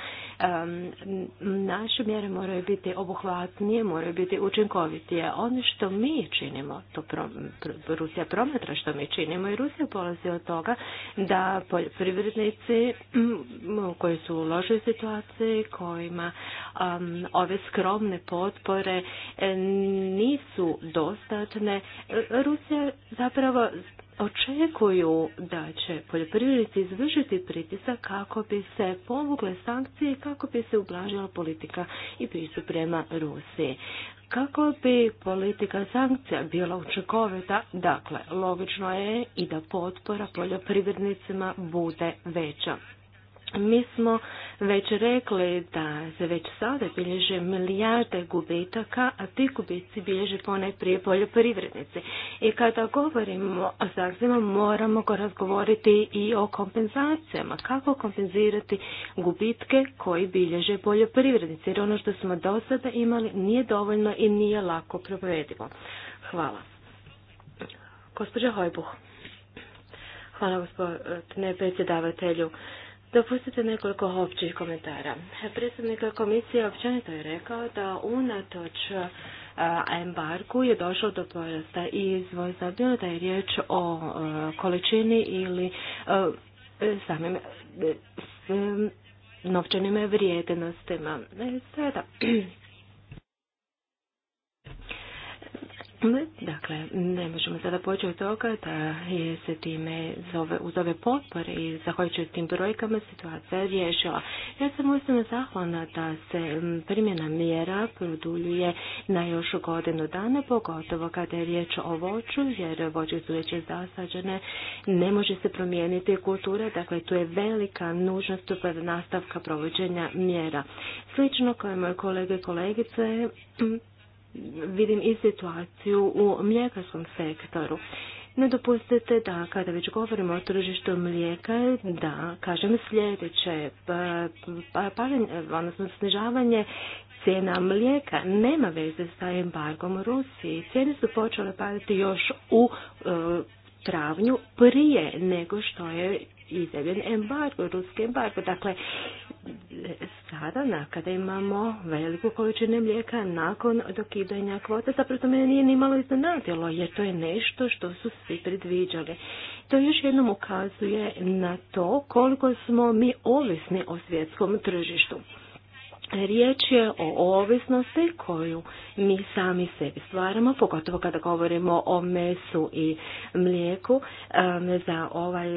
Naše mjere moraju biti obuhvatnije, moraju biti učinkovitije. Ono što mi činimo, to Rusija promatra što mi činimo i Rusija polazi od toga da poljoprivrednici mm, koji su u ložoj situaciji, kojima ove skromne potpore nisu dostatne, Rusija zapravo očekuju da će poljoprivrednici izvršiti pritisak kako bi se povugle sankcije i kako bi se ublažila politika i pristup prema Rusiji. Kako bi politika sankcija bila učinkovita, dakle, logično je i da potpora poljoprivrednicima bude veća. Mi smo već rekli da se već sada bilježe milijarde gubitaka, a ti gubici bilježe pone prije poljoprivrednice. I kada govorimo o zahtjevima, moramo ga razgovoriti i o kompenzacijama. Kako kompenzirati gubitke koji bilježe poljoprivrednici, jer ono što smo do sada imali nije dovoljno i nije lako provedivo. Hvala. Gospođa Hojbuh. Hvala gospodine predsjedavatelju. Dopustite nekoliko općih komentara. Predsjednik komisije općenito je rekao da unatoč e, Embarku je došlo do porasta izvoza, bilo da je riječ o e, količini ili e, samim novčanim vrijednostima. Sada, Dakle, dakle, ne možemo sada poći od toga da je se time uz ove potpore i zahvaljujući tim brojkama situacija riješila. Ja sam uistinu zahvalna da se primjena mjera produljuje na još godinu dana, pogotovo kada je riječ o voću, jer voće su već zasađene, ne može se promijeniti kultura, dakle tu je velika nužnost nastavka provođenja mjera. Slično kao i moje kolege i kolegice, vidim i situaciju u mljekarskom sektoru. Ne dopustite da kada već govorimo o tržištu mlijeka, da kažem sljedeće, pa, pa, pa odnosno snižavanje cijena mlijeka nema veze sa embargom u Rusiji. Cijene su počele padati još u e, travnju prije nego što je izjavljen embargo, ruski embargo. Dakle, Sada, kada imamo veliku količinu mlijeka nakon dokidanja kvota, zapravo to mene nije nimalo iznenadilo, jer to je nešto što su svi predviđali. To još jednom ukazuje na to koliko smo mi ovisni o svjetskom tržištu. Riječ je o ovisnosti koju mi sami sebi stvaramo, pogotovo kada govorimo o mesu i mlijeku. Za ovaj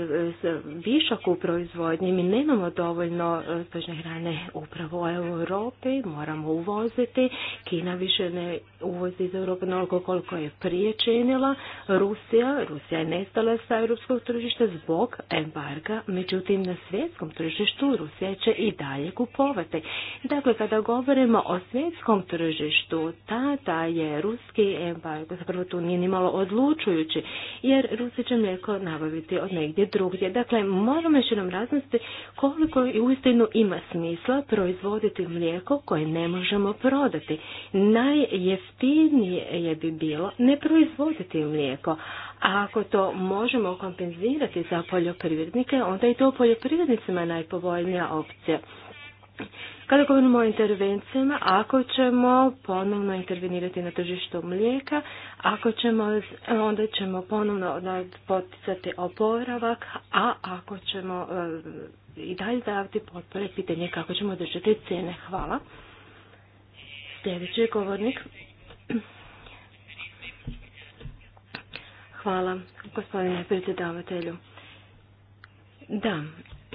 višak u proizvodnji mi nemamo dovoljno e, stočne hrane upravo u Europi, moramo uvoziti. Kina više ne uvozi iz Europe onoliko koliko je prije činila. Rusija, Rusija je nestala sa europskog tržišta zbog embarga, međutim na svjetskom tržištu Rusija će i dalje kupovati. Da dakle, Dakle, kada govorimo o svjetskom tržištu, tada je ruski embargo zapravo tu nije ni malo odlučujući, jer Rusi će mlijeko nabaviti od negdje drugdje. Dakle, moramo još nam razmisliti koliko i uistinu ima smisla proizvoditi mlijeko koje ne možemo prodati. Najjeftinije bi bilo ne proizvoditi mlijeko, a ako to možemo kompenzirati za poljoprivrednike, onda je to poljoprivrednicima najpovoljnija opcija. Kada govorimo o intervencijama, ako ćemo ponovno intervenirati na tržištu mlijeka, ako ćemo, onda ćemo ponovno poticati oporavak, a ako ćemo e, i dalje davati potpore, pitanje kako ćemo držati cijene. Hvala. Sljedeći je govornik. Hvala, gospodine predsjedavatelju. Da,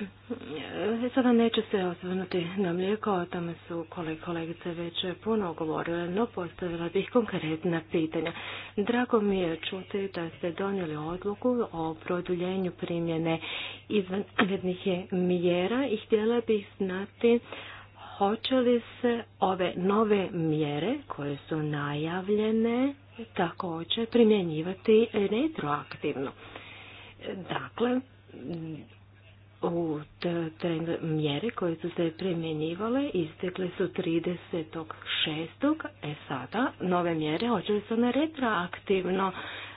E, sada neću se osvrnuti na mlijeko, o tome su kolegice već puno govorile, no postavila bih konkretna pitanja. Drago mi je čuti da ste donijeli odluku o produljenju primjene izvanrednih mjera i htjela bih znati hoće li se ove nove mjere koje su najavljene također primjenjivati retroaktivno. Dakle, u te mjere koje su se primjenjivale istekle su 36. E sada, nove mjere hoće se na retroaktivno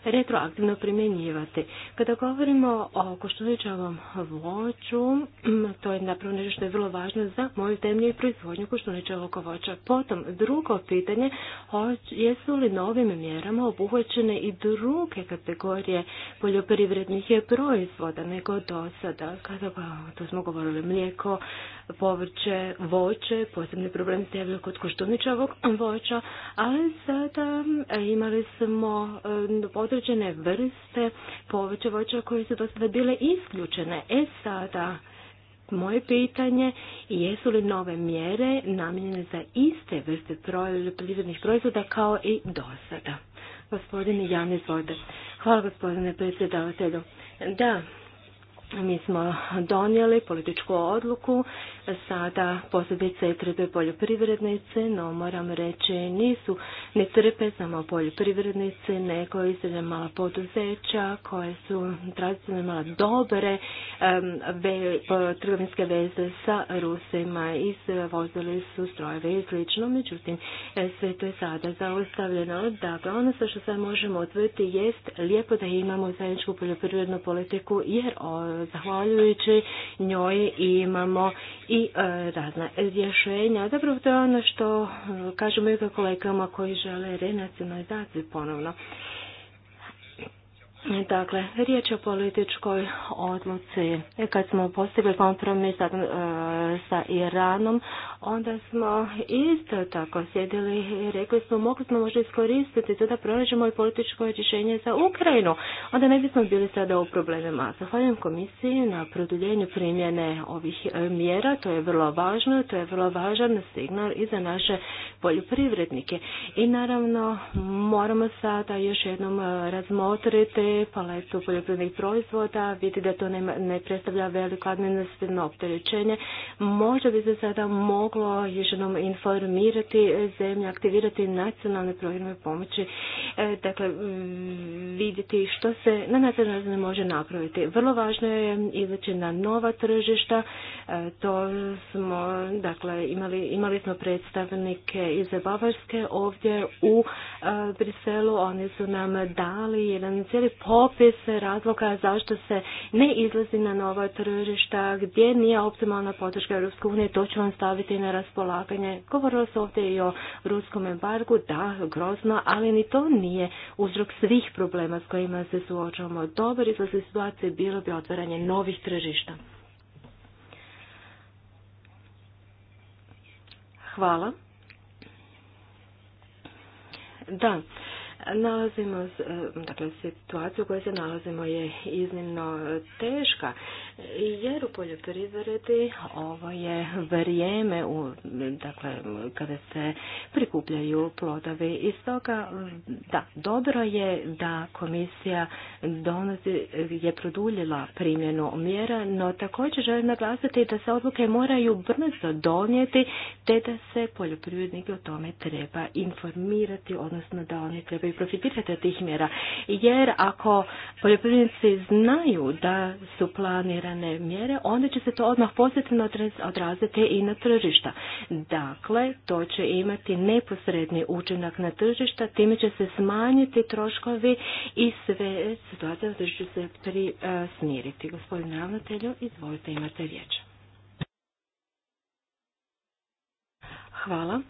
retroaktivno primjenjivati. Kada govorimo o koštuničavom voću, to je napravo nešto što je vrlo važno za moju zemlju i proizvodnju koštuničavog voća. Potom, drugo pitanje, jesu li novim mjerama obuhvaćene i druge kategorije poljoprivrednih proizvoda nego do sada, kada pa, to smo govorili mlijeko, povrće, voće, posebni problem se kod koštuničavog voća, ali sada e, imali smo e, određene vrste povrća voća koje su do sada bile isključene. E sada, moje pitanje jesu li nove mjere namijenjene za iste vrste poljoprivrednih proizvoda kao i dosada? sada? Gospodine Janis Hvala gospodine predsjedavatelju. Da, mi smo donijeli političku odluku, sada posljedice trpe poljoprivrednice, no moram reći nisu, ne trpe samo poljoprivrednice, nego i mala poduzeća koje su tradicionalno dobre trgovinske veze sa Rusima, vozili su strojeve i slično, međutim sve to je sada zaustavljeno. Dakle, ono što sad možemo utvrditi jest lijepo da imamo zajedničku poljoprivrednu politiku, jer zahvaljujući njoj imamo i e, razna rješenja. Zapravo to je ono što e, kažemo i kolegama koji žele renacionalizaciju ponovno. Dakle, riječ je o političkoj odluci. E, kad smo postigli kompromis e, sa, Iranom, onda smo isto tako sjedili i rekli smo mogli smo možda iskoristiti to da pronađemo i političko rješenje za Ukrajinu. Onda ne bismo bili sada u problemima. Zahvaljujem komisiji na produljenju primjene ovih e, mjera. To je vrlo važno. To je vrlo važan signal i za naše poljoprivrednike. I naravno moramo sada još jednom razmotriti pa paletu poljoprivrednih proizvoda, vidi da to ne, predstavlja veliko administrativno opterećenje. Možda bi se sada moglo još jednom informirati zemlje, aktivirati nacionalne programe pomoći, e, dakle vidjeti što se na nacionalnoj razini može napraviti. Vrlo važno je izaći na nova tržišta, e, to smo, dakle, imali, imali smo predstavnike iz Bavarske ovdje u e, Briselu, oni su nam dali jedan cijeli popis razloga zašto se ne izlazi na nova tržišta, gdje nije optimalna podrška Europske unije, to ću vam staviti na raspolaganje. Govorilo se ovdje i o ruskom embargu, da, grozno, ali ni to nije uzrok svih problema s kojima se suočavamo. Dobar izlaz situacije bilo bi otvaranje novih tržišta. Hvala. Da, nalazimo, e, dakle situacija u kojoj se nalazimo je iznimno teška jer u poljoprivredi ovo je vrijeme u, dakle, kada se prikupljaju plodovi i stoga da, dobro je da komisija donosi, je produljila primjenu mjera, no također želim naglasiti da se odluke moraju brzo donijeti te da se poljoprivrednike o tome treba informirati, odnosno da oni trebaju profitirati od tih mjera. Jer ako poljoprivrednici znaju da su planirani mjere, onda će se to odmah pozitivno odraziti i na tržišta. Dakle, to će imati neposredni učinak na tržišta, time će se smanjiti troškovi i sve situacije na se pri, e, smiriti. Gospodin ravnatelju, izvolite, imate riječ. Hvala.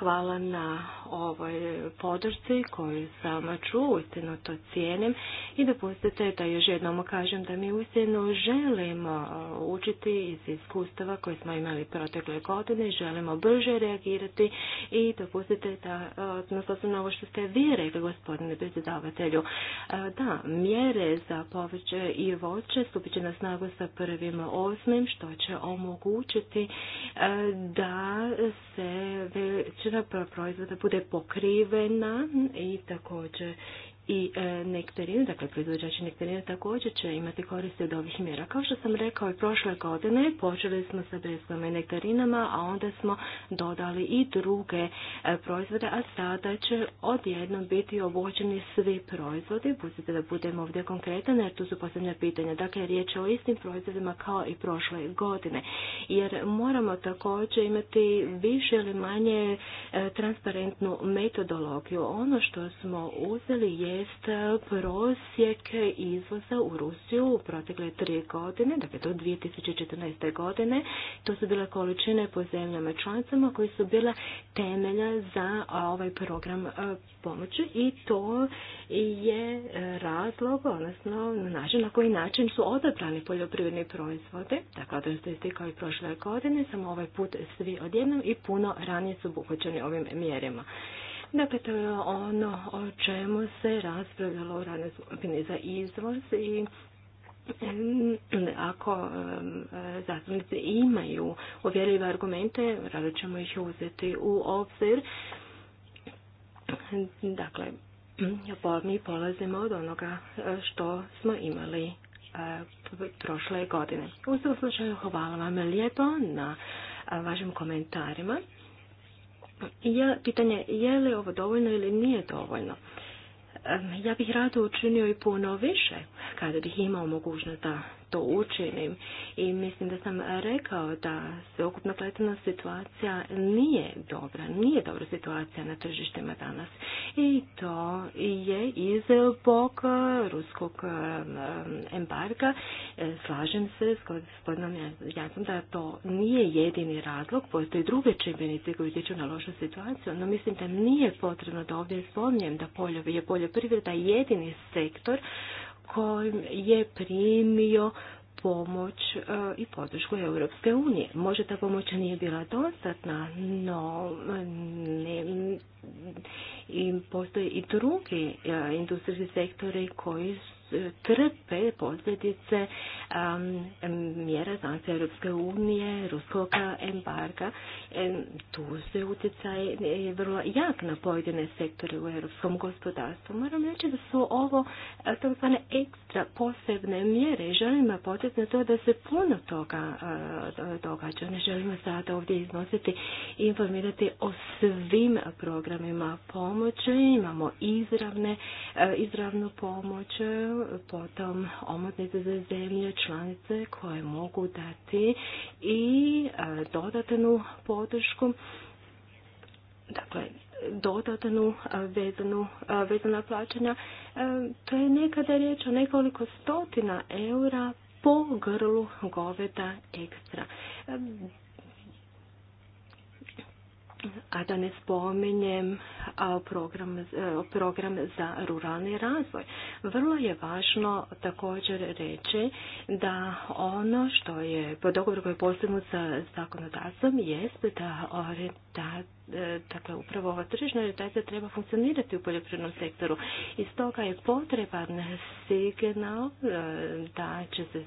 Hvala na ovoj podršci koju sam čuo, uistinu to cijenim i dopustite da još jednom kažem da mi uistinu želimo e, učiti iz iskustava koje smo imali protekle godine, želimo brže reagirati i dopustite da, e, odnosno na ovo što ste vi rekli gospodine predsjedavatelju, e, da, mjere za poveće i voće stupit će na snagu sa prvim osmim što će omogućiti da se čitava proizvoda bude pokrivena i također i e, nektarine, dakle proizvođači nektarina također će imati koriste od ovih mjera. Kao što sam rekao i prošle godine, počeli smo sa breskvama i nektarinama, a onda smo dodali i druge e, proizvode, a sada će odjednom biti obučeni svi proizvodi. Pustite da budemo ovdje konkretan, jer tu su posebne pitanja. Dakle, riječ je o istim proizvodima kao i prošle godine. Jer moramo također imati više ili manje e, transparentnu metodologiju. Ono što smo uzeli je jest prosjek izvoza u Rusiju u protekle tri godine, dakle do 2014. godine. To su bile količine po zemljama članicama koji su bila temelja za ovaj program pomoći i to je e, razlog, odnosno način na koji način su odabrani poljoprivredni proizvode, dakle da su isti kao i prošle godine, samo ovaj put svi odjednom i puno ranije su obuhvaćeni ovim mjerama. Dakle, to je ono o čemu se raspravljalo u radnoj skupini za izvoz i ako zastupnici imaju uvjerljive argumente, rado ćemo ih uzeti u obzir. Dakle, mi polazimo od onoga e, što smo imali e, prošle godine. U svom slučaju hvala vam lijepo na e, vašim komentarima. Ja, pitanje je li ovo dovoljno ili nije dovoljno. Ja bih rado učinio i puno više kada bih imao mogućnost da to učinim. I mislim da sam rekao da se ukupno situacija nije dobra, nije dobra situacija na tržištima danas. I to je iz ruskog um, embarga. E, slažem se s gospodinom Jancom da to nije jedini razlog, postoje druge čimbenice koji utječu na lošu situaciju, no mislim da nije potrebno da ovdje spominjem da poljovi je poljoprivreda jedini sektor kojim je primio pomoć e, i podršku Europske unije. Možda ta pomoć nije bila dostatna, no i postoje i drugi e, industrijski sektori koji trpe posljedice um, mjera sankcija Europske unije, ruskog embarga. Tu se utjecaj je vrlo jak na pojedine sektore u europskom gospodarstvu. Moram reći da su ovo eh, tzv. ekstra posebne mjere i želimo poticati na to da se puno toga eh, događa. Ne želimo sada ovdje iznositi i informirati o svim programima pomoći. Imamo izravne, eh, izravnu pomoć, potom omotnice za zemlje članice koje mogu dati i e, dodatnu podršku. Dakle, dodatnu e, vezanu, e, vezana plaćanja. To je nekada riječ o nekoliko stotina eura po grlu goveda ekstra a da ne spominjem program, e, program za ruralni razvoj. Vrlo je važno također reći da ono što je po dogovoru koji je sa zakonodavstvom jest da e, dakle upravo ova tržišna orientacija treba funkcionirati u poljoprivrednom sektoru i toga je potreban signal e, da će se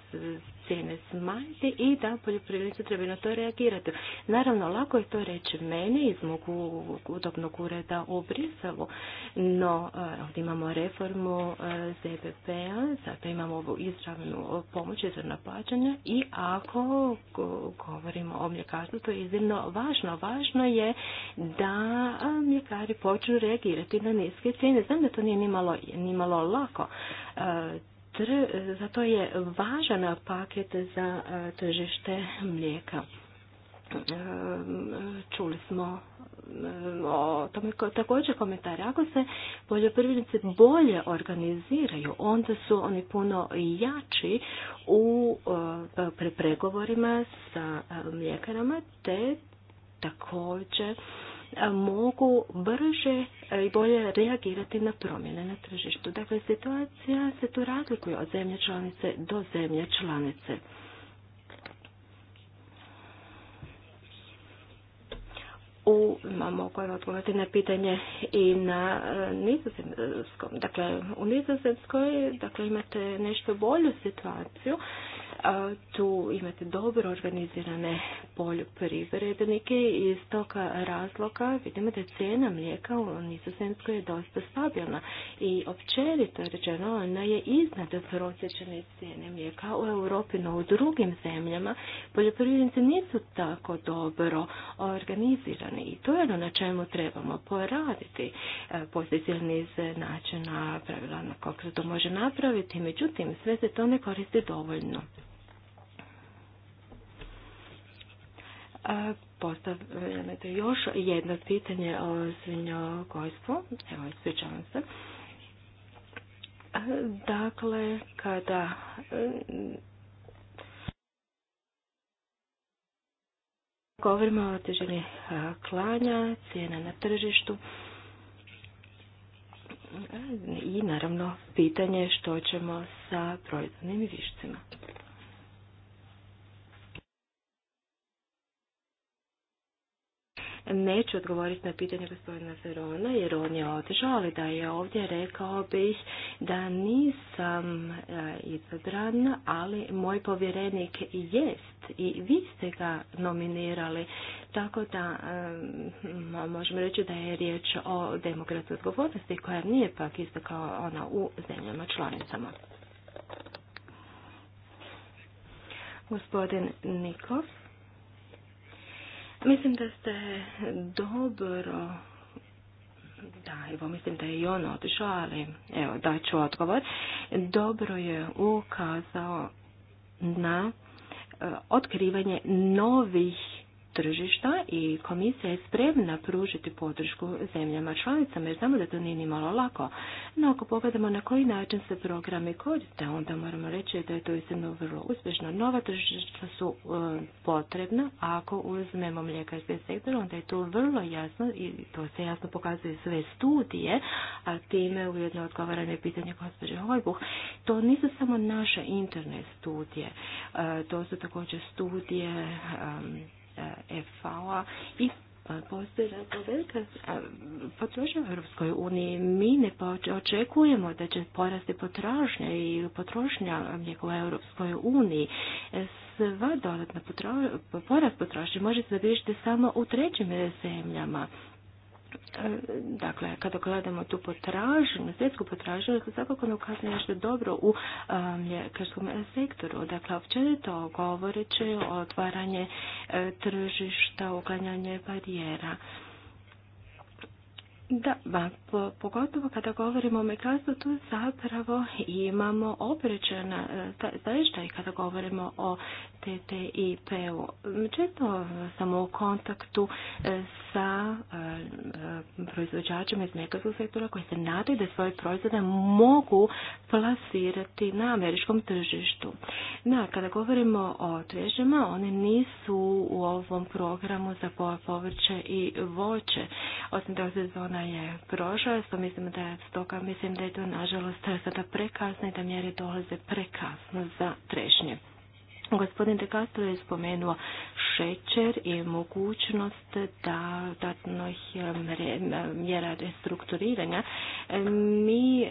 cijene smanjiti i da poljoprivrednici trebaju na to reagirati. Naravno, lako je to reći meni iz mog udobnog ureda u Brisavu, no eh, ovdje imamo reformu eh, zbp a zato imamo ovu izravnu pomoć, izravna plaćanja i ako govorimo o mljekarstvu, to je iznimno važno. Važno je da eh, mljekari počnu reagirati na niske cijene. Znam da to nije nimalo, nimalo lako zato je važan paket za e, tržište mlijeka. E, čuli smo e, o tome također komentar. Ako se poljoprivrednici bolje organiziraju, onda su oni puno jači u prepregovorima sa mljekarama, te također mogu brže i bolje reagirati na promjene na tržištu. Dakle, situacija se tu razlikuje od zemlje članice do zemlje članice. u, mogu odgovoriti na pitanje i na e, nizozemskom. Dakle, u nizozemskoj dakle, imate nešto bolju situaciju tu imate dobro organizirane poljoprivrednike i iz toga razloga vidimo da cijena mlijeka u Nizozemskoj je dosta stabilna i općenito rečeno ona je iznad prosječene cijene mlijeka u Europi, no u drugim zemljama poljoprivrednici nisu tako dobro organizirani i to je ono na čemu trebamo poraditi. E, pozicijalni iz načina pravila na kako se to može napraviti, međutim sve se to ne koristi dovoljno. to još jedno pitanje o svinjogojstvu. Evo, ispričavam se. Dakle, kada mm, govorimo o težini klanja, cijena na tržištu i naravno pitanje što ćemo sa proizvodnim višcima. Neću odgovoriti na pitanje gospodina Verona jer on je otišao, ali da je ovdje rekao bih da nisam e, izabran, ali moj povjerenik jest i vi ste ga nominirali. Tako da e, možemo reći da je riječ o demokratskoj odgovornosti koja nije pak isto kao ona u zemljama članicama. Gospodin Nikov. Mislim da ste dobro da, evo mislim da je i on otišao, ali evo daću odgovor. Dobro je ukazao na e, otkrivanje novih tržišta i komisija je spremna pružiti podršku zemljama članicama jer znamo da to nije ni malo lako. No ako pogledamo na koji način se programi koriste, onda moramo reći da je to iznimno vrlo uspješno. Nova tržišta su e, potrebna, a ako uzmemo mljekarski sektor, onda je to vrlo jasno i to se jasno pokazuje sve studije, a time ujedno odgovarane pitanje gospođe Hojbuh. To nisu samo naše interne studije, e, to su također studije Eh, Fa a i eh, postoji velika eh, potrošnja u Europskoj uniji. Mi ne očekujemo da će porasti potrošnja i potrošnja mlijeka u Europskoj uniji. Sva dodatna porast potrošnje može se samo u trećim zemljama dakle, kada gledamo tu potražnju, svjetsku potražnju, to svakako ne ukazuje nešto dobro u mljekarskom um, sektoru. Dakle, općenito govoreći o otvaranje e, tržišta, uklanjanje barijera. Da, po, pogotovo kada govorimo o mekazdu, tu zapravo imamo oprećena e, zaještaj i kada govorimo o TTIP-u. Često sam u kontaktu e, sa e, proizvođačima iz mekaznog sektora koji se nadaju da svoje proizvode mogu plasirati na američkom tržištu. Da, kada govorimo o trežima, one nisu u ovom programu za povrće i voće. Osim da se zona je prošao, pa što mislim da je stoga, mislim da je to nažalost sada prekasno i da mjere dolaze prekasno za trešnje. Gospodin De Castro je spomenuo šećer i mogućnost da mjera restrukturiranja. Mi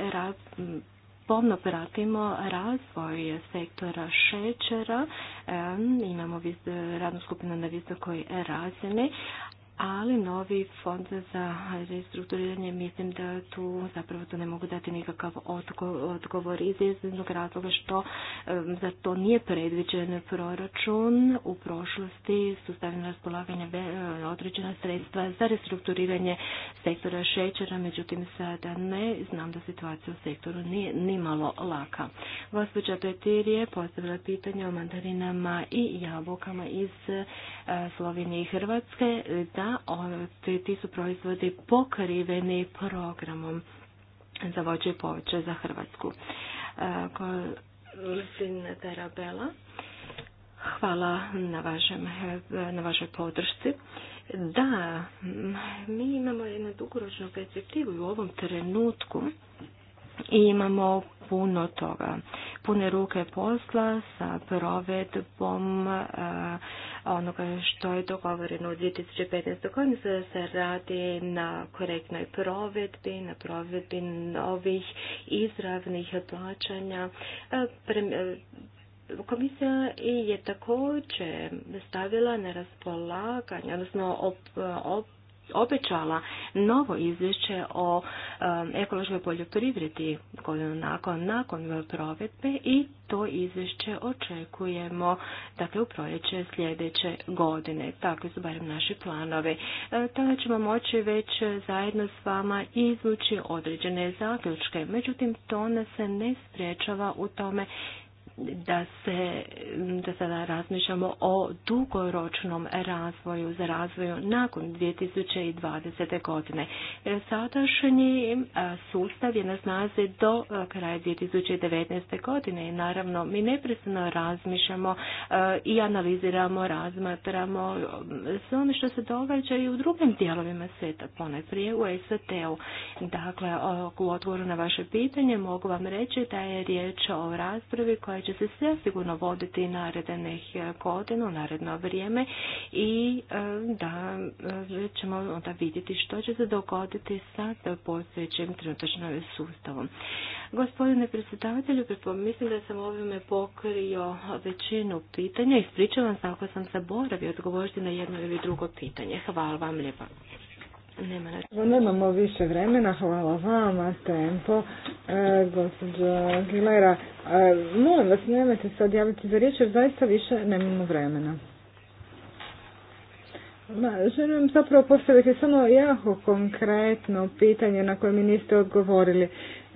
pomno pratimo razvoj sektora šećera, imamo radnu skupinu na visokoj razini, ali novi fond za restrukturiranje mislim da tu zapravo to ne mogu dati nikakav odgovor iz jednog razloga što za to nije predviđen proračun. U prošlosti su stavljene raspolaganje određena sredstva za restrukturiranje sektora šećera, međutim sada ne. Znam da situacija u sektoru nije nimalo laka. Gospođa Petir je postavila pitanje o mandarinama i jabukama iz e, Slovenije i Hrvatske. Da, ti su proizvodi pokriveni programom za voće i povrće za Hrvatsku. Lucina e, Tarabela, hvala na, na vašoj podršci. Da, mi imamo jednu dugoročnu perspektivu u ovom trenutku i imamo puno toga. Pune ruke posla sa provedbom eh, onoga što je dogovoreno u 2015. godini se radi na korektnoj provedbi, na provedbi novih izravnih plaćanja. Eh, eh, komisija je također stavila na raspolaganje, odnosno op obećala novo izvješće o um, ekološkoj poljoprivredi godinu nakon, nakon provedbe i to izvješće očekujemo dakle, u proljeće sljedeće godine. Tako su barem naši planovi. E, tada ćemo moći već zajedno s vama izvući određene zaključke. Međutim, to nas ne sprečava u tome da se da sada razmišljamo o dugoročnom razvoju za razvoju nakon 2020. godine. E, Sadašnji sustav je na snazi do kraja 2019. godine i naravno mi neprestano razmišljamo i analiziramo, razmatramo sve ono što se događa i u drugim dijelovima svijeta, ponajprije u SAT-u. Dakle, u odgovoru na vaše pitanje mogu vam reći da je riječ o raspravi koja će će se sve sigurno voditi narednih godina, u naredno vrijeme i e, da e, ćemo onda vidjeti što će se dogoditi sa postojećim trenutačnim sustavom. Gospodine predsjedavatelju, mislim da sam ovime pokrio većinu pitanja. Ispričavam se ako sam zaboravio odgovoriti na jedno ili drugo pitanje. Hvala vam lijepa. Nema Nemamo više vremena, hvala vama, tempo, e, gospođo Aguilera. E, molim vas, nemojte se odjaviti za riječ, jer zaista više nemamo vremena. Ma, želim zapravo postaviti samo jako konkretno pitanje na koje mi niste odgovorili.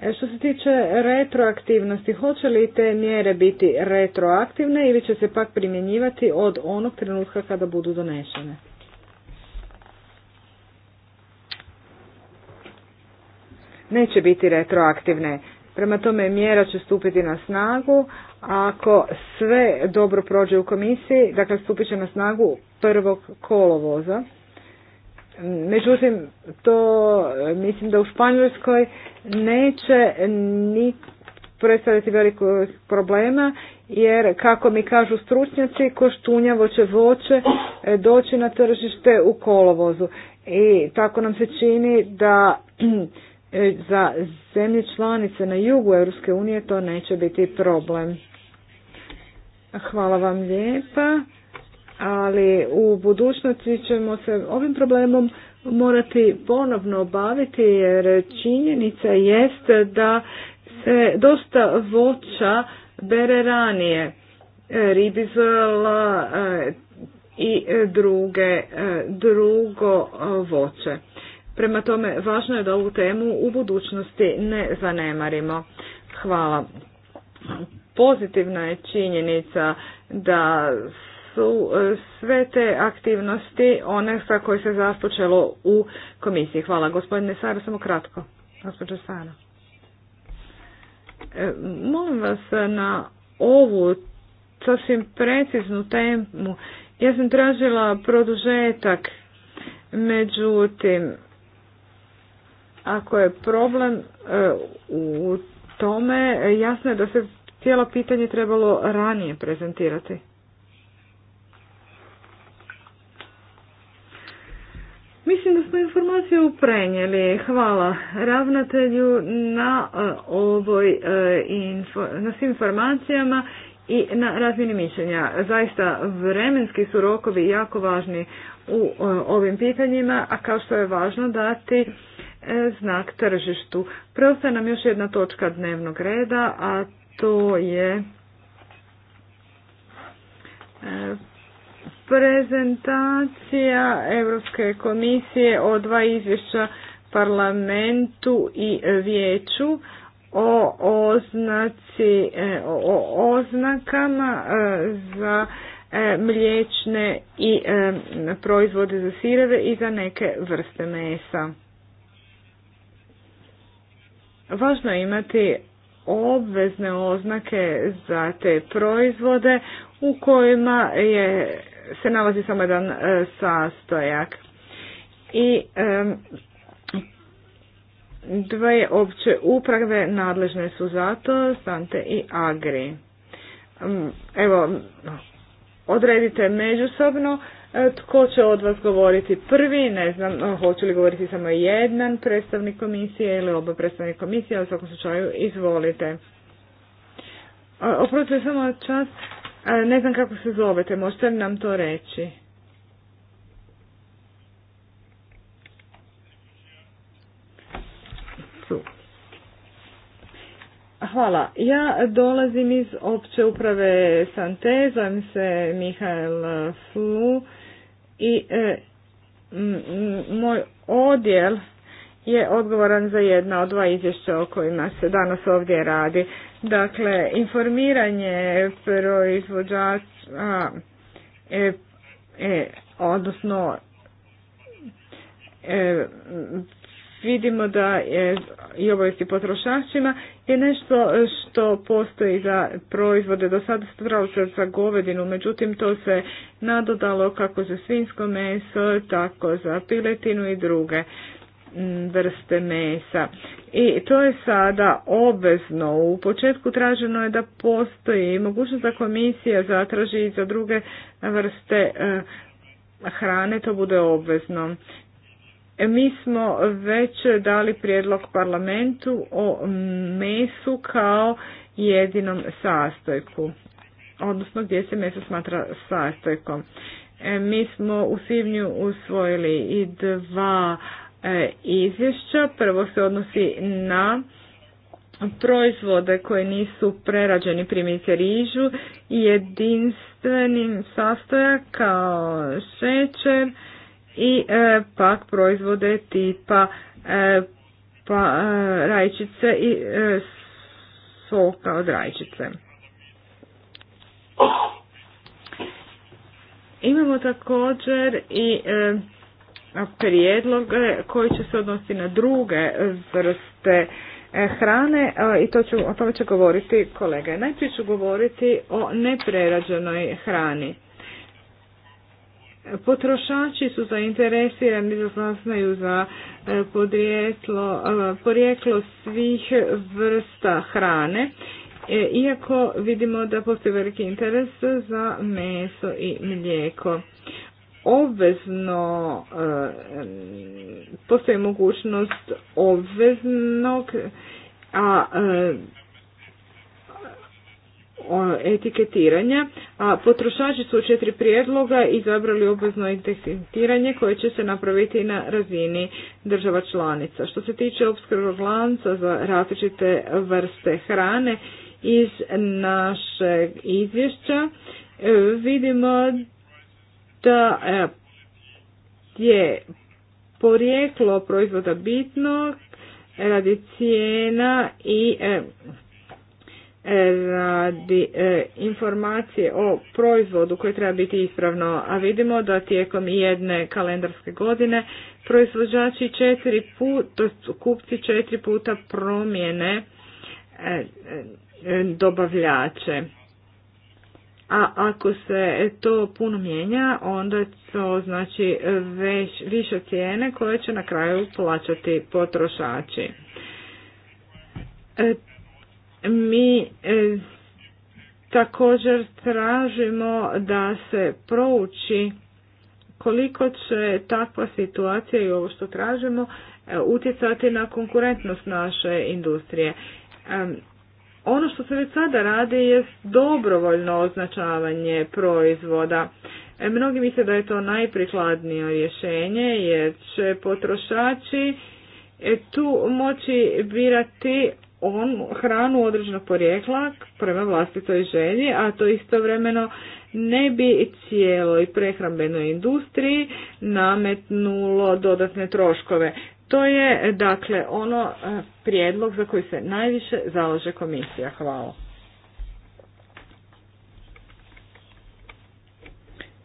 E, što se tiče retroaktivnosti, hoće li te mjere biti retroaktivne ili će se pak primjenjivati od onog trenutka kada budu donešene? neće biti retroaktivne. Prema tome mjera će stupiti na snagu ako sve dobro prođe u komisiji, dakle stupit će na snagu prvog kolovoza. Međutim, to mislim da u Španjolskoj neće ni predstavljati velikog problema, jer kako mi kažu stručnjaci, koštunjavo će voće e, doći na tržište u kolovozu. I tako nam se čini da E, za zemlje članice na jugu Europske unije to neće biti problem. Hvala vam lijepa, ali u budućnosti ćemo se ovim problemom morati ponovno baviti jer činjenica jest da se dosta voća bere ranije, e, ribizola e, i druge, drugo voće. Prema tome, važno je da ovu temu u budućnosti ne zanemarimo. Hvala. Pozitivna je činjenica da su e, sve te aktivnosti one sa koje se započelo u komisiji. Hvala. Gospodine Sara, samo kratko. Gospodine Sara. E, molim vas na ovu sasvim preciznu temu. Ja sam tražila produžetak, međutim, ako je problem e, u tome, jasno je da se cijelo pitanje trebalo ranije prezentirati. Mislim da smo informaciju uprenjeli. Hvala ravnatelju na e, ovoj e, na svim informacijama i na razmjeni mišljenja. Zaista vremenski su rokovi jako važni u ovim pitanjima, a kao što je važno dati znak tržištu. Preostaje nam još jedna točka dnevnog reda, a to je e, prezentacija Europske komisije o dva izvješća parlamentu i vijeću o oznaci e, o oznakama e, za mliječne i proizvode za sireve i za neke vrste mesa. Važno je imati obvezne oznake za te proizvode u kojima je, se nalazi samo jedan e, sastojak. I e, dve opće uprave nadležne su za to, Sante i Agri. Evo, odredite međusobno E, tko će od vas govoriti prvi? Ne znam, hoće li govoriti samo jedan predstavnik komisije ili oba predstavnika komisije, ali u svakom slučaju izvolite. E, oprostite samo čas, e, ne znam kako se zovete, možete li nam to reći? Hvala. Ja dolazim iz opće uprave Sante, zovem se Mihael Flu i e, moj odjel je odgovoran za jedna od dva izvješća o kojima se danas ovdje radi. Dakle, informiranje proizvođača, e, e, odnosno e, vidimo da je i obavijesti potrošačima je nešto e, što postoji za proizvode. Do sada se trebalo za govedinu, međutim to se nadodalo kako za svinsko meso, tako za piletinu i druge vrste mesa. I to je sada obvezno. U početku traženo je da postoji mogućnost da komisija zatraži i za druge vrste e, hrane, to bude obvezno. Mi smo već dali prijedlog parlamentu o mesu kao jedinom sastojku, odnosno gdje se meso smatra sastojkom. E, mi smo u svibnju usvojili i dva e, izvješća. Prvo se odnosi na proizvode koje nisu prerađeni primjerice rižu i jedinstvenim sastojak kao šećer, i e, pak proizvode tipa e, pa, e, rajčice i soka od rajčice. Imamo također i prijedlog koji će se odnosi na druge vrste hrane i to ću, o tome će govoriti kolega. Najprije ću govoriti o neprerađenoj hrani. Potrošači su zainteresirani da za e, e, porijeklo svih vrsta hrane, e, iako vidimo da postoji veliki interes za meso i mlijeko. Obvezno postoji mogućnost obveznog a etiketiranja, a potrošači su u četiri prijedloga izabrali obvezno etiketiranje koje će se napraviti na razini država članica. Što se tiče opskrbnog lanca za različite vrste hrane iz našeg izvješća, e, vidimo da e, je porijeklo proizvoda bitno radi cijena i e, E, radi e, informacije o proizvodu koji treba biti ispravno, a vidimo da tijekom jedne kalendarske godine proizvođači četiri puta, kupci četiri puta promjene e, dobavljače. A ako se to puno mijenja, onda to znači već više cijene koje će na kraju plaćati potrošači. Mi e, također tražimo da se prouči koliko će takva situacija i ovo što tražimo e, utjecati na konkurentnost naše industrije. E, ono što se već sada radi je dobrovoljno označavanje proizvoda. Mnogi misle da je to najprikladnije rješenje jer će potrošači tu moći birati on hranu određenog porijekla prema vlastitoj želji, a to istovremeno ne bi cijeloj prehrambenoj industriji nametnulo dodatne troškove. To je dakle ono e, prijedlog za koji se najviše zalaže komisija. Hvala.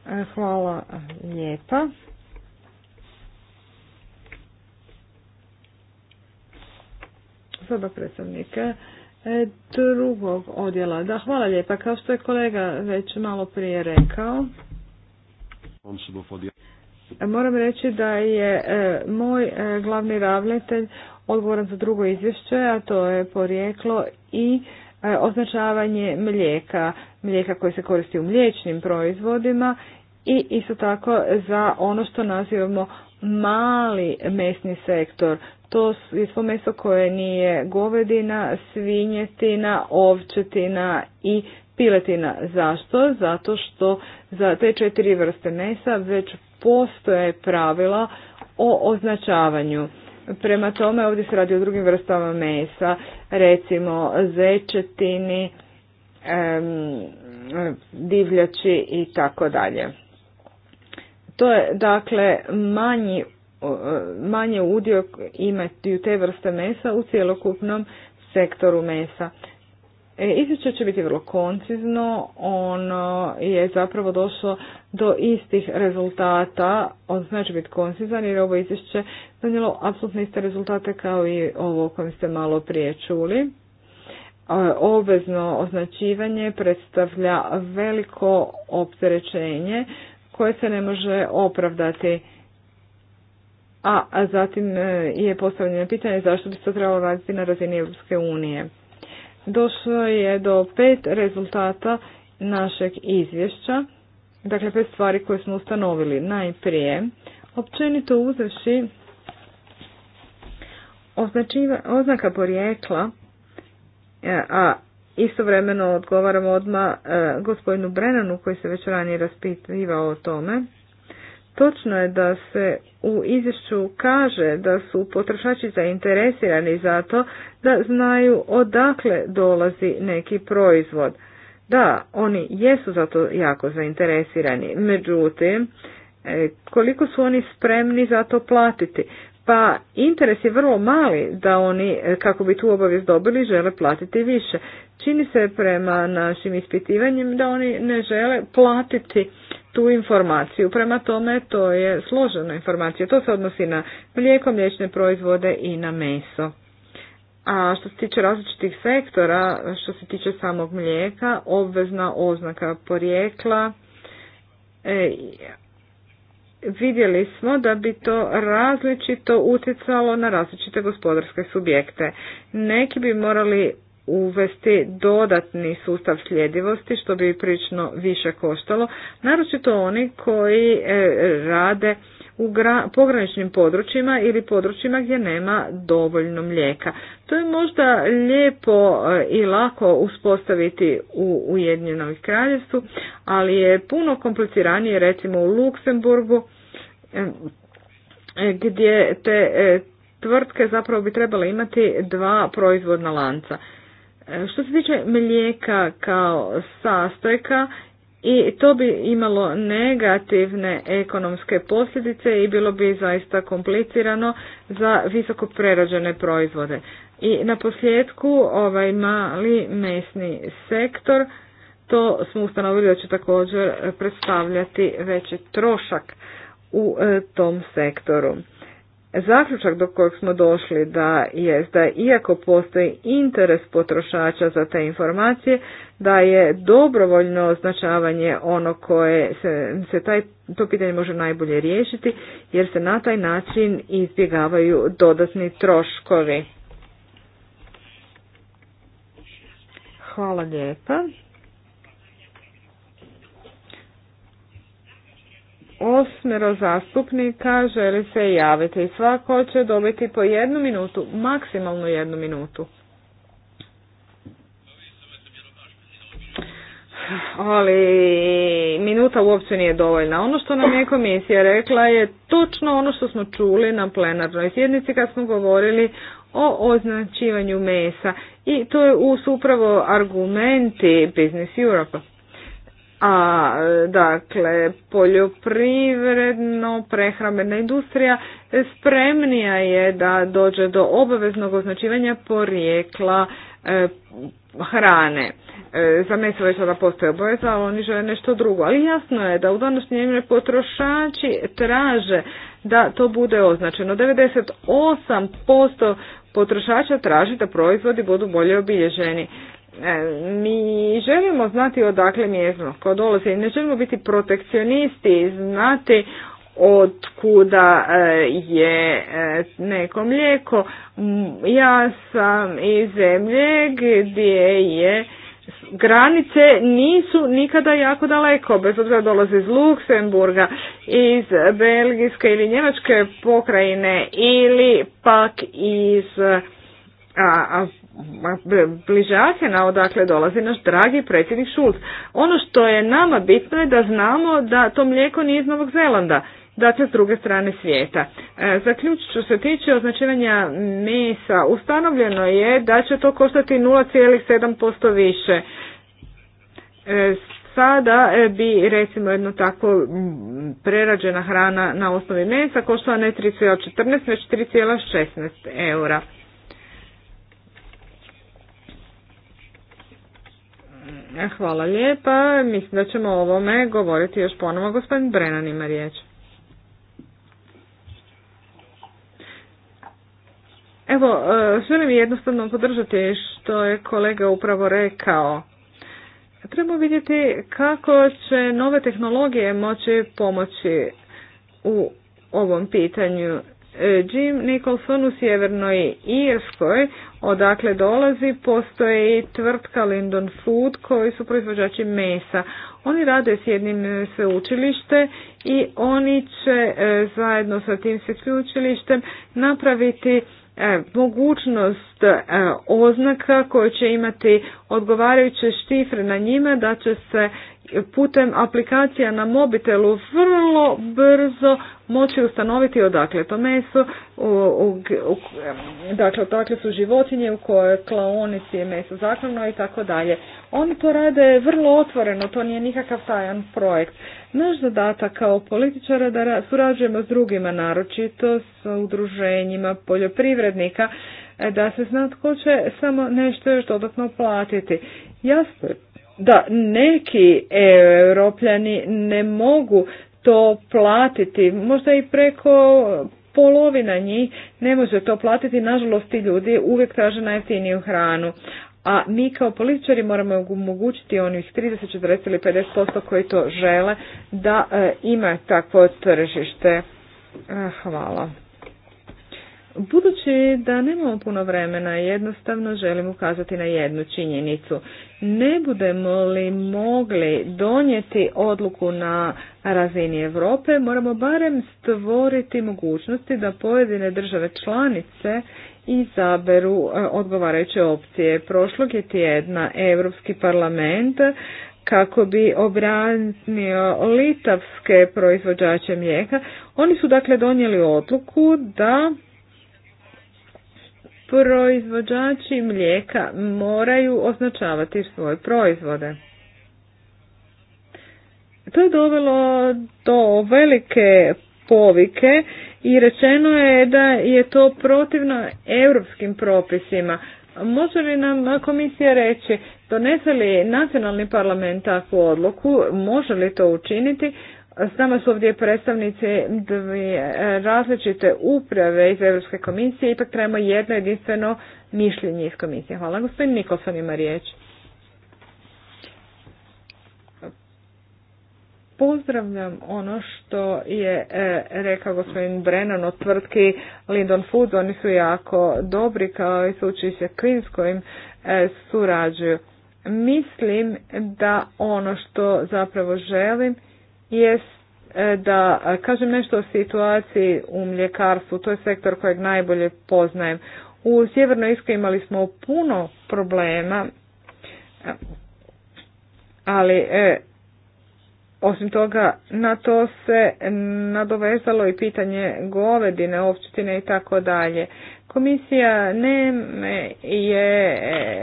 E, hvala lijepa. osoba predstavnika e, drugog odjela. Da, hvala lijepa. Kao što je kolega već malo prije rekao, moram reći da je e, moj e, glavni ravnatelj odgovoran za drugo izvješće, a to je porijeklo i označavanje mlijeka, mlijeka koje se koristi u mliječnim proizvodima i isto tako za ono što nazivamo mali mesni sektor to je meso koje nije govedina, svinjetina, ovčetina i piletina. Zašto? Zato što za te četiri vrste mesa već postoje pravila o označavanju. Prema tome ovdje se radi o drugim vrstama mesa, recimo zečetini, divljači i tako dalje. To je dakle manji manje udio imati u te vrste mesa u cjelokupnom sektoru mesa. E, izvješće će biti vrlo koncizno, ono je zapravo došlo do istih rezultata, on znači biti koncizan jer ovo izvješće donijelo apsolutno iste rezultate kao i ovo o kojem ste malo prije čuli. E, obvezno označivanje predstavlja veliko opterećenje koje se ne može opravdati a, a zatim e, je postavljeno pitanje zašto bi se to trebalo raditi na razini Europske unije. Došlo je do pet rezultata našeg izvješća, dakle pet stvari koje smo ustanovili. Najprije, općenito uzevši oznaka porijekla, e, a istovremeno odgovaramo odmah e, gospodinu Brennanu koji se već ranije raspitivao o tome, Točno je da se u izvješću kaže da su potrošači zainteresirani za to da znaju odakle dolazi neki proizvod. Da, oni jesu za to jako zainteresirani, međutim, e, koliko su oni spremni za to platiti? pa interes je vrlo mali da oni, e, kako bi tu obavijest dobili, žele platiti više. Čini se prema našim ispitivanjem da oni ne žele platiti tu informaciju. Prema tome to je složena informacija. To se odnosi na mlijeko, mliječne proizvode i na meso. A što se tiče različitih sektora, što se tiče samog mlijeka, obvezna oznaka porijekla, e, vidjeli smo da bi to različito utjecalo na različite gospodarske subjekte. Neki bi morali uvesti dodatni sustav sljedivosti što bi prično više koštalo, naročito oni koji e, rade u pograničnim područjima ili područjima gdje nema dovoljno mlijeka. To je možda lijepo e, i lako uspostaviti u Ujedinjenom kraljevstvu, ali je puno kompliciranije recimo u Luksemburgu e, gdje te e, tvrtke zapravo bi trebale imati dva proizvodna lanca. Što se tiče mlijeka kao sastojka i to bi imalo negativne ekonomske posljedice i bilo bi zaista komplicirano za visoko prerađene proizvode. I na posljedku ovaj mali mesni sektor, to smo ustanovili da će također predstavljati veći trošak u e, tom sektoru. Zaključak do kojeg smo došli da je da iako postoji interes potrošača za te informacije, da je dobrovoljno označavanje ono koje se, se taj, to pitanje može najbolje riješiti jer se na taj način izbjegavaju dodatni troškovi. Hvala lijepa. osmero zastupnika želi se javiti. Svako će dobiti po jednu minutu, maksimalno jednu minutu. ali minuta uopće nije dovoljna. Ono što nam je komisija rekla je točno ono što smo čuli na plenarnoj sjednici kad smo govorili o označivanju mesa i to je upravo argumenti Business Europe a dakle poljoprivredno prehrambena industrija spremnija je da dođe do obaveznog označivanja porijekla e, hrane. E, za meso već sada postoje obaveza, ali oni žele nešto drugo. Ali jasno je da u današnjem potrošači traže da to bude označeno. 98% potrošača traži da proizvodi budu bolje obilježeni. E, mi želimo znati odakle mjezno ko dolazi, ne želimo biti protekcionisti, znati od kuda e, je e, neko mlijeko. Ja sam iz zemlje gdje je granice nisu nikada jako daleko, bez obzira dolaze iz Luksemburga, iz Belgijske ili Njemačke pokrajine ili pak iz a, bliže na odakle dolazi naš dragi predsjednik Šulc. Ono što je nama bitno je da znamo da to mlijeko nije iz Novog Zelanda, da s druge strane svijeta. E, Za ključ ću se tiče označivanja mesa. Ustanovljeno je da će to koštati 0,7% više. E, sada e, bi recimo jedno tako prerađena hrana na osnovi mesa koštala ne 3,14 već 3,16 eura. Hvala lijepa. Mislim da ćemo o ovome govoriti još ponovo. Gospodin Brennan ima riječ. Evo, e, želim jednostavno podržati što je kolega upravo rekao. Treba vidjeti kako će nove tehnologije moći pomoći u ovom pitanju. E, Jim Nicholson u Sjevernoj Irskoj odakle dolazi. Postoje i tvrtka Lindon Food koji su proizvođači mesa. Oni rade s jednim e, sveučilište i oni će e, zajedno sa tim sveučilištem napraviti e, mogućnost oznaka koje će imati odgovarajuće štifre na njima da će se putem aplikacija na mobitelu vrlo brzo moći ustanoviti odakle to meso, u, u, dakle odakle su životinje u kojoj klaonici je meso zaklano i tako dalje. Oni to rade vrlo otvoreno, to nije nikakav tajan projekt. Naš zadatak kao političara da surađujemo s drugima, naročito s udruženjima poljoprivrednika, e, da se zna tko će samo nešto još dodatno platiti. Jasno je da neki europljani ne mogu to platiti, možda i preko polovina njih ne može to platiti, nažalost ti ljudi uvijek traže najjeftiniju hranu. A mi kao političari moramo omogućiti onih 30, 40 ili 50% koji to žele da e, ima takvo tržište. E, hvala. Budući da nemamo puno vremena, jednostavno želim ukazati na jednu činjenicu. Ne budemo li mogli donijeti odluku na razini Europe, moramo barem stvoriti mogućnosti da pojedine države članice izaberu e, odgovarajuće opcije. Prošlog je tjedna Europski parlament kako bi obranio litavske proizvođače mlijeka. Oni su dakle donijeli odluku da proizvođači mlijeka moraju označavati svoje proizvode. To je dovelo do velike povike i rečeno je da je to protivno europskim propisima. Može li nam komisija reći, donese li nacionalni parlament takvu odluku, može li to učiniti, s nama su ovdje predstavnici e, različite uprave iz Europske komisije, ipak trebamo jedno jedinstveno mišljenje iz komisije. Hvala. Gospodin Nikolson ima riječ. Pozdravljam ono što je e, rekao gospodin Brennan od tvrtki Lindon Foods. Oni su jako dobri kao i suči se Klin s kojim e, surađuju. Mislim da ono što zapravo želim jest e, da kažem nešto o situaciji u mljekarstvu, to je sektor kojeg najbolje poznajem. U Sjevernoj Iskoj imali smo puno problema, ali e, osim toga na to se nadovezalo i pitanje govedine, ovčetine i tako dalje. Komisija ne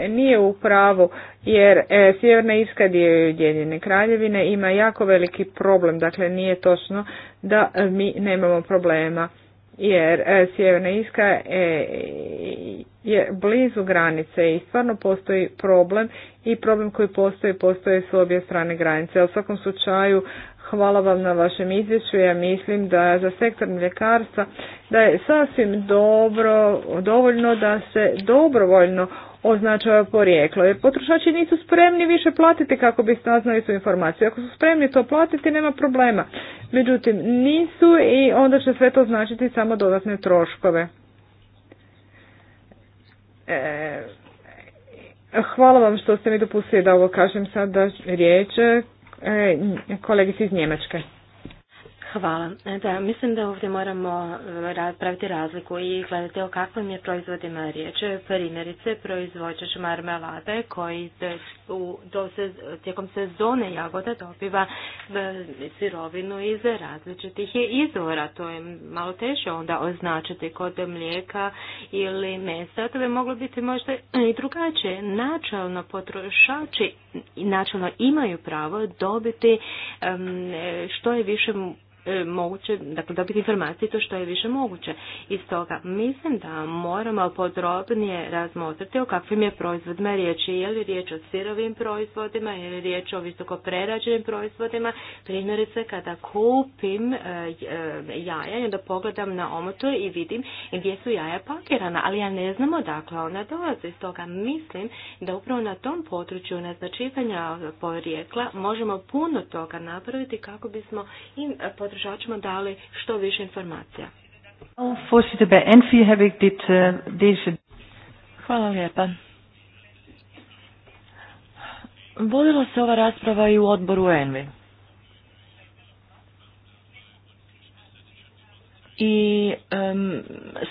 nije u pravu jer e, Sjeverna Iska dio Ujedinjene kraljevine ima jako veliki problem, dakle nije točno da mi nemamo problema jer e, Sjeverna Irska e, je blizu granice i stvarno postoji problem i problem koji postoji, postoje s obje strane granice. U svakom slučaju Hvala vam na vašem izvješću. Ja mislim da za sektor mljekarstva da je sasvim dobro, dovoljno da se dobrovoljno označava porijeklo. Jer potrošači nisu spremni više platiti kako bi saznali tu informaciju. Ako su spremni to platiti nema problema. Međutim, nisu i onda će sve to značiti samo dodatne troškove. E, hvala vam što ste mi dopustili da ovo kažem sad da riječ E, kolegici iz Njemačke. Hvala. E, da, mislim da ovdje moramo e, praviti razliku i gledati o kakvim je proizvodima riječ. Primjerice, proizvođač marmelade koji u, do se, tijekom sezone jagoda dobiva e, sirovinu iz različitih izvora. To je malo teže onda označiti kod mlijeka ili mesa. To bi moglo biti možda i drugačije. Načalno potrošači načalno imaju pravo dobiti što je više E, moguće, dakle dobiti informacije to što je više moguće. Iz toga mislim da moramo podrobnije razmotriti o kakvim je proizvodima riječ. Je li riječ o sirovim proizvodima, je li riječ o visoko prerađenim proizvodima. Primjerice kada kupim e, e, jaja onda pogledam na omotu i vidim gdje su jaja pakirana, ali ja ne znam odakle ona dolaze. Iz toga mislim da upravo na tom području naznačivanja porijekla možemo puno toga napraviti kako bismo im potrošačima dali što više informacija. Hvala lijepa. Vodila se ova rasprava i u odboru Envi. i um,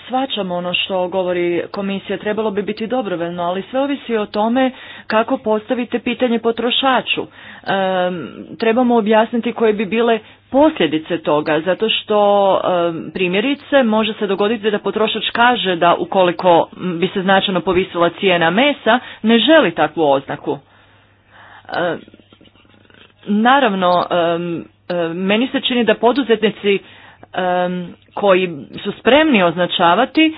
svačamo ono što govori komisija, trebalo bi biti dobrovoljno, ali sve ovisi o tome kako postavite pitanje potrošaču. trebamo objasniti koje bi bile posljedice toga, zato što primjerice može se dogoditi da potrošač kaže da ukoliko bi se značajno povisila cijena mesa, ne želi takvu oznaku. Naravno, meni se čini da poduzetnici koji su spremni označavati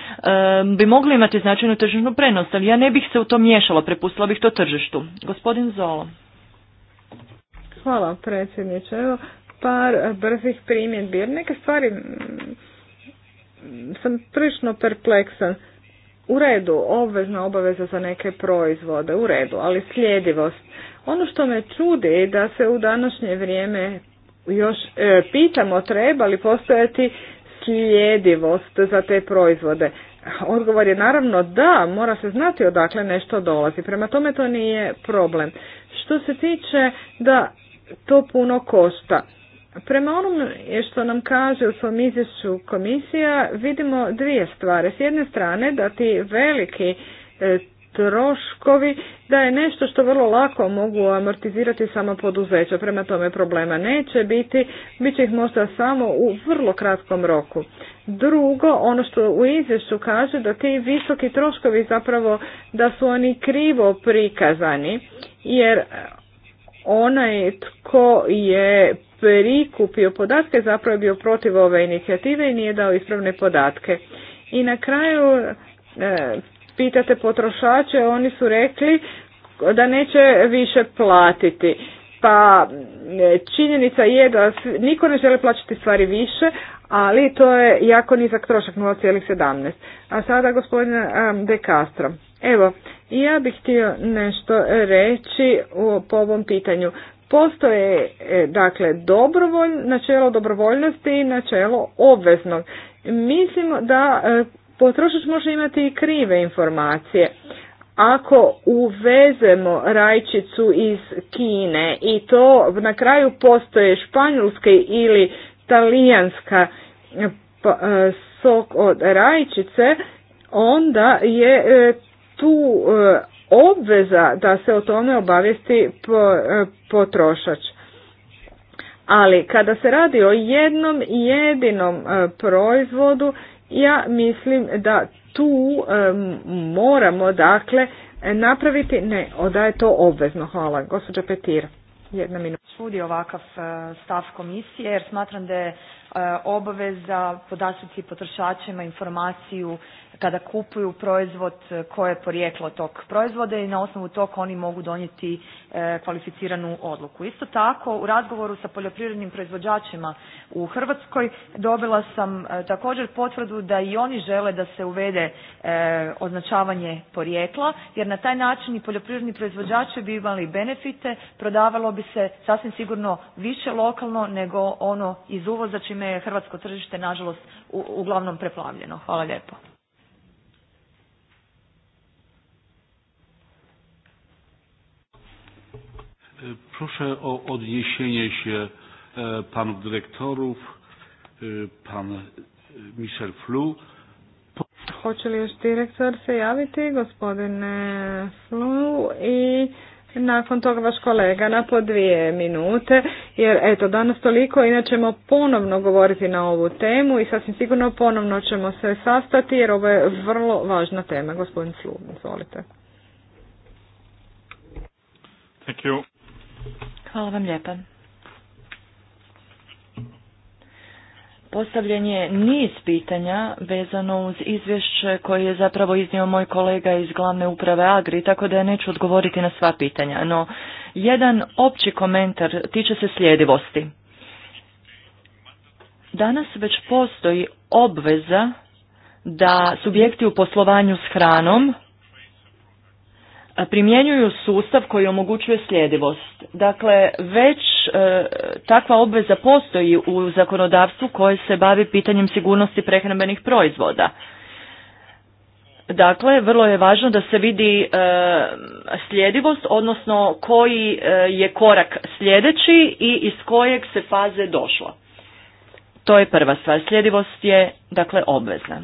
bi mogli imati značajnu tržišnu prenost, ali ja ne bih se u to miješala, prepustila bih to tržištu. Gospodin Zolo. Hvala predsjedniče. Evo par brzih primjedbi. Jer neke stvari sam prilično perpleksan. U redu, obvezna obaveza za neke proizvode, u redu, ali sljedivost. Ono što me čudi je da se u današnje vrijeme još e, pitamo treba li postojati sljedivost za te proizvode. Odgovor je naravno da, mora se znati odakle nešto dolazi. Prema tome to nije problem. Što se tiče da to puno košta. Prema onom što nam kaže u svom izvješću komisija vidimo dvije stvari. S jedne strane da ti veliki e, troškovi da je nešto što vrlo lako mogu amortizirati samo poduzeća. Prema tome problema neće biti, bit će ih možda samo u vrlo kratkom roku. Drugo, ono što u izvješću kaže da ti visoki troškovi zapravo da su oni krivo prikazani jer onaj tko je prikupio podatke zapravo je bio protiv ove inicijative i nije dao ispravne podatke. I na kraju e, pitate potrošače, oni su rekli da neće više platiti. Pa e, činjenica je da niko ne žele plaćati stvari više, ali to je jako nizak trošak 0,17. A sada gospodin e, De Castro. Evo, ja bih htio nešto reći po ovom pitanju. Postoje e, dakle dobrovolj, načelo dobrovoljnosti i načelo obveznog. Mislim da potrošač može imati i krive informacije. Ako uvezemo rajčicu iz Kine i to na kraju postoje španjolske ili talijanska eh, pa, eh, sok od rajčice, onda je eh, tu obveza da se o tome obavijesti potrošač. Ali kada se radi o jednom jedinom proizvodu ja mislim da tu moramo dakle napraviti, ne, da je to obvezno. Hvala. Gospođa Petir, jedna minuta. Čudi ovakav e, stav komisije jer smatram da je e, obaveza podastiti potrošačima informaciju kada kupuju proizvod e, koje je porijeklo tog proizvoda i na osnovu tog oni mogu donijeti e, kvalificiranu odluku. Isto tako u razgovoru sa poljoprivrednim proizvođačima u Hrvatskoj dobila sam e, također potvrdu da i oni žele da se uvede označavanje porijekla jer na taj način i poljoprivredni proizvođači bi imali benefite, prodavalo bi se sasvim sigurno više lokalno nego ono iz uvoza čime je hrvatsko tržište nažalost uglavnom preplavljeno. Hvala lijepo. E, proszę o odniesienie się e, panów dyrektorów, e, pan Michel Flu. Hoće li još direktor se javiti, gospodine Flu, i nakon toga vaš kolega na po dvije minute, jer eto danas toliko, inače ćemo ponovno govoriti na ovu temu i sasvim sigurno ponovno ćemo se sastati jer ovo je vrlo važna tema. Gospodin Flu, izvolite. Thank you. Hvala vam lijepa. Postavljen je niz pitanja vezano uz izvješće koje je zapravo iznio moj kolega iz glavne uprave Agri, tako da ja neću odgovoriti na sva pitanja. No, jedan opći komentar tiče se sljedivosti. Danas već postoji obveza da subjekti u poslovanju s hranom primjenjuju sustav koji omogućuje sljedivost. Dakle, već e, takva obveza postoji u zakonodavstvu koje se bavi pitanjem sigurnosti prehrambenih proizvoda. Dakle, vrlo je važno da se vidi e, sljedivost, odnosno koji e, je korak sljedeći i iz kojeg se faze došlo. To je prva stvar. Sljedivost je, dakle, obvezna.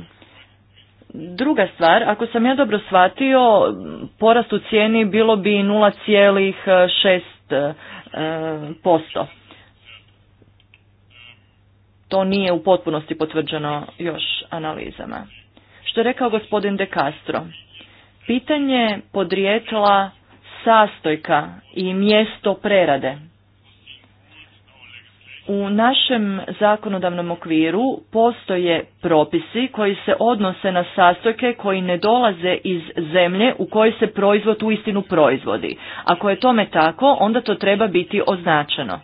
Druga stvar, ako sam ja dobro shvatio, porast u cijeni bilo bi 0,6%. E, to nije u potpunosti potvrđeno još analizama. Što je rekao gospodin De Castro, pitanje podrijetla sastojka i mjesto prerade – u našem zakonodavnom okviru postoje propisi koji se odnose na sastojke koji ne dolaze iz zemlje u kojoj se proizvod uistinu proizvodi. Ako je tome tako, onda to treba biti označeno.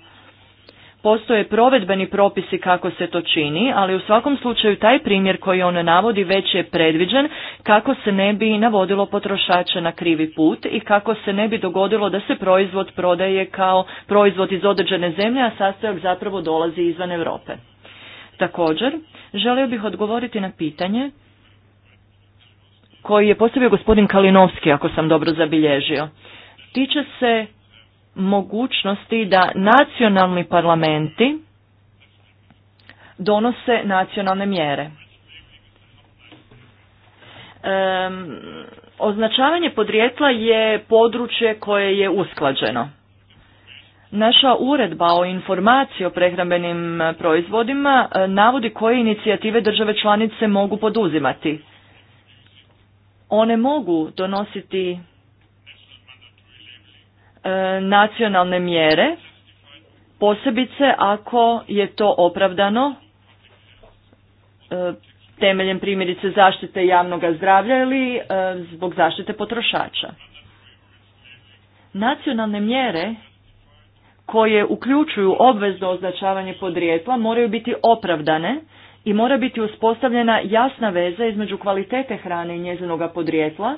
Postoje provedbeni propisi kako se to čini, ali u svakom slučaju taj primjer koji on navodi već je predviđen kako se ne bi navodilo potrošače na krivi put i kako se ne bi dogodilo da se proizvod prodaje kao proizvod iz određene zemlje, a sastojak zapravo dolazi izvan Europe. Također, želio bih odgovoriti na pitanje koji je postavio gospodin Kalinovski, ako sam dobro zabilježio. Tiče se mogućnosti da nacionalni parlamenti donose nacionalne mjere. označavanje podrijetla je područje koje je usklađeno. Naša uredba o informaciji o prehrambenim proizvodima e, navodi koje inicijative države članice mogu poduzimati. One mogu donositi E, nacionalne mjere, posebice ako je to opravdano e, temeljem primjerice zaštite javnog zdravlja ili e, zbog zaštite potrošača. Nacionalne mjere koje uključuju obvezno označavanje podrijetla moraju biti opravdane i mora biti uspostavljena jasna veza između kvalitete hrane i njezinoga podrijetla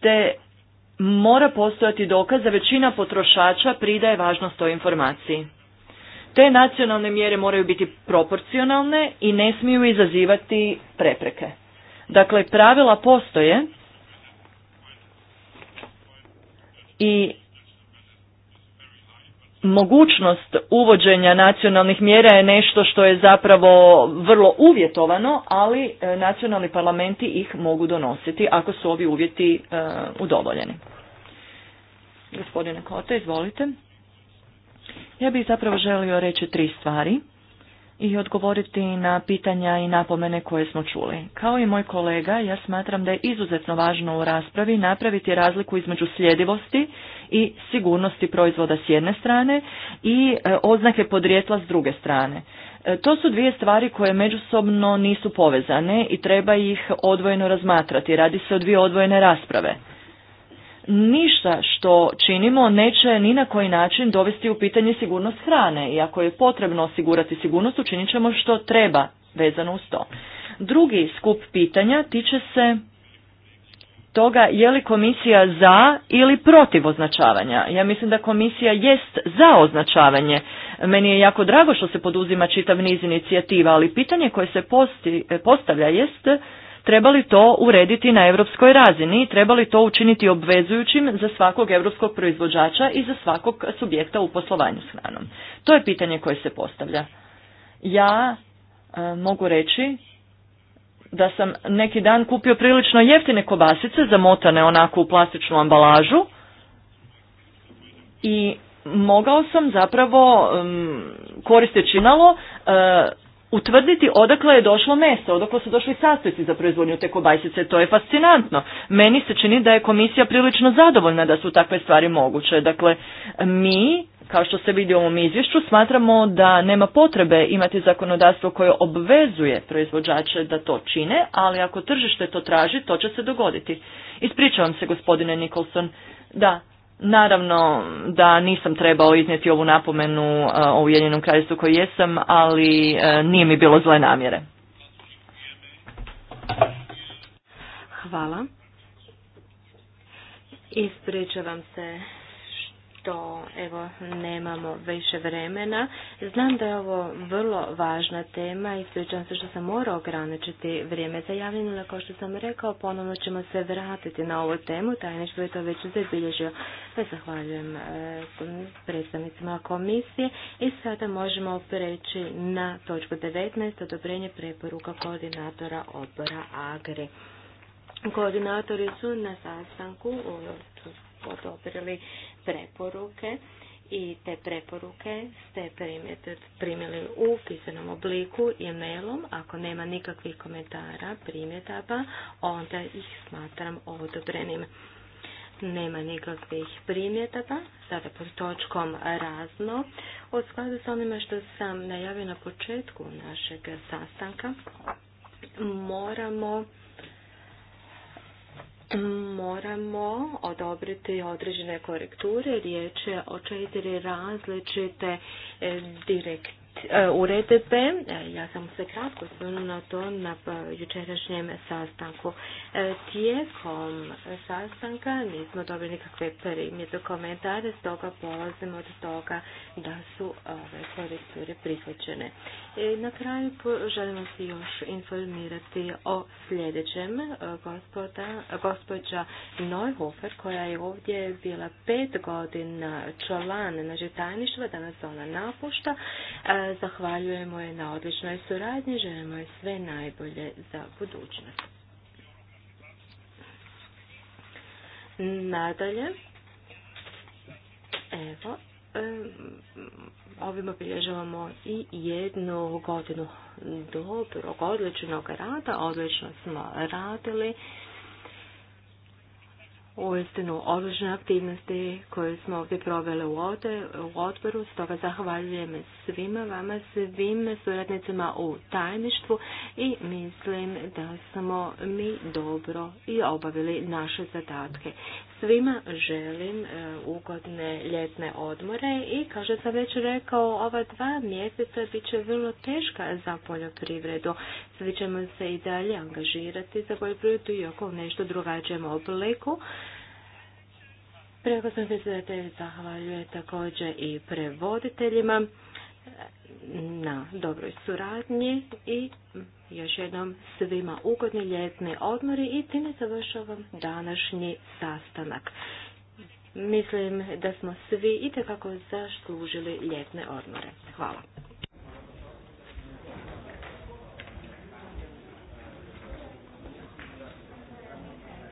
te mora postojati dokaz da većina potrošača pridaje važnost toj informaciji. Te nacionalne mjere moraju biti proporcionalne i ne smiju izazivati prepreke. Dakle, pravila postoje i mogućnost uvođenja nacionalnih mjera je nešto što je zapravo vrlo uvjetovano, ali e, nacionalni parlamenti ih mogu donositi ako su ovi uvjeti e, udovoljeni. Gospodine Kote, izvolite. Ja bih zapravo želio reći tri stvari i odgovoriti na pitanja i napomene koje smo čuli. Kao i moj kolega, ja smatram da je izuzetno važno u raspravi napraviti razliku između sljedivosti i sigurnosti proizvoda s jedne strane i e, oznake podrijetla s druge strane. E, to su dvije stvari koje međusobno nisu povezane i treba ih odvojeno razmatrati. Radi se o dvije odvojene rasprave. Ništa što činimo neće ni na koji način dovesti u pitanje sigurnost hrane i ako je potrebno osigurati sigurnost učinit ćemo što treba vezano uz to. Drugi skup pitanja tiče se toga je li komisija za ili protiv označavanja. Ja mislim da komisija jest za označavanje. Meni je jako drago što se poduzima čitav niz inicijativa, ali pitanje koje se postavlja jest treba li to urediti na europskoj razini i treba li to učiniti obvezujućim za svakog europskog proizvođača i za svakog subjekta u poslovanju s hranom. To je pitanje koje se postavlja. Ja e, mogu reći da sam neki dan kupio prilično jeftine kobasice, zamotane onako u plastičnu ambalažu i mogao sam zapravo koristeći nalo eh, utvrditi odakle je došlo meso, odakle su došli sastojci za proizvodnju te kobasice. To je fascinantno. Meni se čini da je komisija prilično zadovoljna da su takve stvari moguće. Dakle, mi kao što se vidi u ovom izvješću, smatramo da nema potrebe imati zakonodavstvo koje obvezuje proizvođače da to čine, ali ako tržište to traži, to će se dogoditi. Ispričavam se, gospodine Nicholson, Da, Naravno da nisam trebao iznijeti ovu napomenu eh, o Ujedinjenom kraljestvu koji jesam, ali eh, nije mi bilo zle namjere. Hvala. Ispričavam se što evo nemamo više vremena. Znam da je ovo vrlo važna tema i ispričavam se što sam morao ograničiti vrijeme za javljanje, ali kao što sam rekao, ponovno ćemo se vratiti na ovu temu, tajništvo je to već zabilježio. Pa zahvaljujem e, predstavnicima komisije i sada možemo preći na točku 19, odobrenje preporuka koordinatora odbora Agre. Koordinatori su na sastanku ono odobrili preporuke i te preporuke ste primili u pisanom obliku i mailom. Ako nema nikakvih komentara, primjetaba, onda ih smatram odobrenim. Nema nikakvih primjetaba. Sada pod točkom razno. U skladu s onima što sam najavila na početku našeg sastanka, moramo moramo odobriti određene korekture. Riječ je o četiri različite eh, direktive uredbe. E, ja sam se kratko osvrnula na to na e, jučerašnjem sastanku. E, tijekom sastanka nismo dobili nikakve primjede komentare, stoga polazimo od toga da su ove korekture prihvaćene. I na kraju želimo se još informirati o sljedećem. Gospoda, gospođa Neuhofer, koja je ovdje bila pet godina član na da danas ona napušta, Zahvaljujemo je na odličnoj suradnji, želimo je sve najbolje za budućnost. Nadalje, evo, ovim obilježavamo i jednu godinu dobrog, odličnog rada, odlično smo radili uistinu odlične aktivnosti koje smo ovdje proveli u, u odboru. Stoga zahvaljujem svima vama, svim suradnicima u tajništvu i mislim da smo mi dobro i obavili naše zadatke. Svima želim e, ugodne ljetne odmore i, kao što sam već rekao, ova dva mjeseca bit će vrlo teška za poljoprivredu. Svi ćemo se i dalje angažirati za poljoprivredu i oko nešto drugačijem obliku. Preko sam se zahvaljuje također i prevoditeljima e, na dobroj suradnji i još jednom svima ugodni ljetni odmori i time završavam današnji sastanak. Mislim da smo svi itekako zaslužili ljetne odmore. Hvala.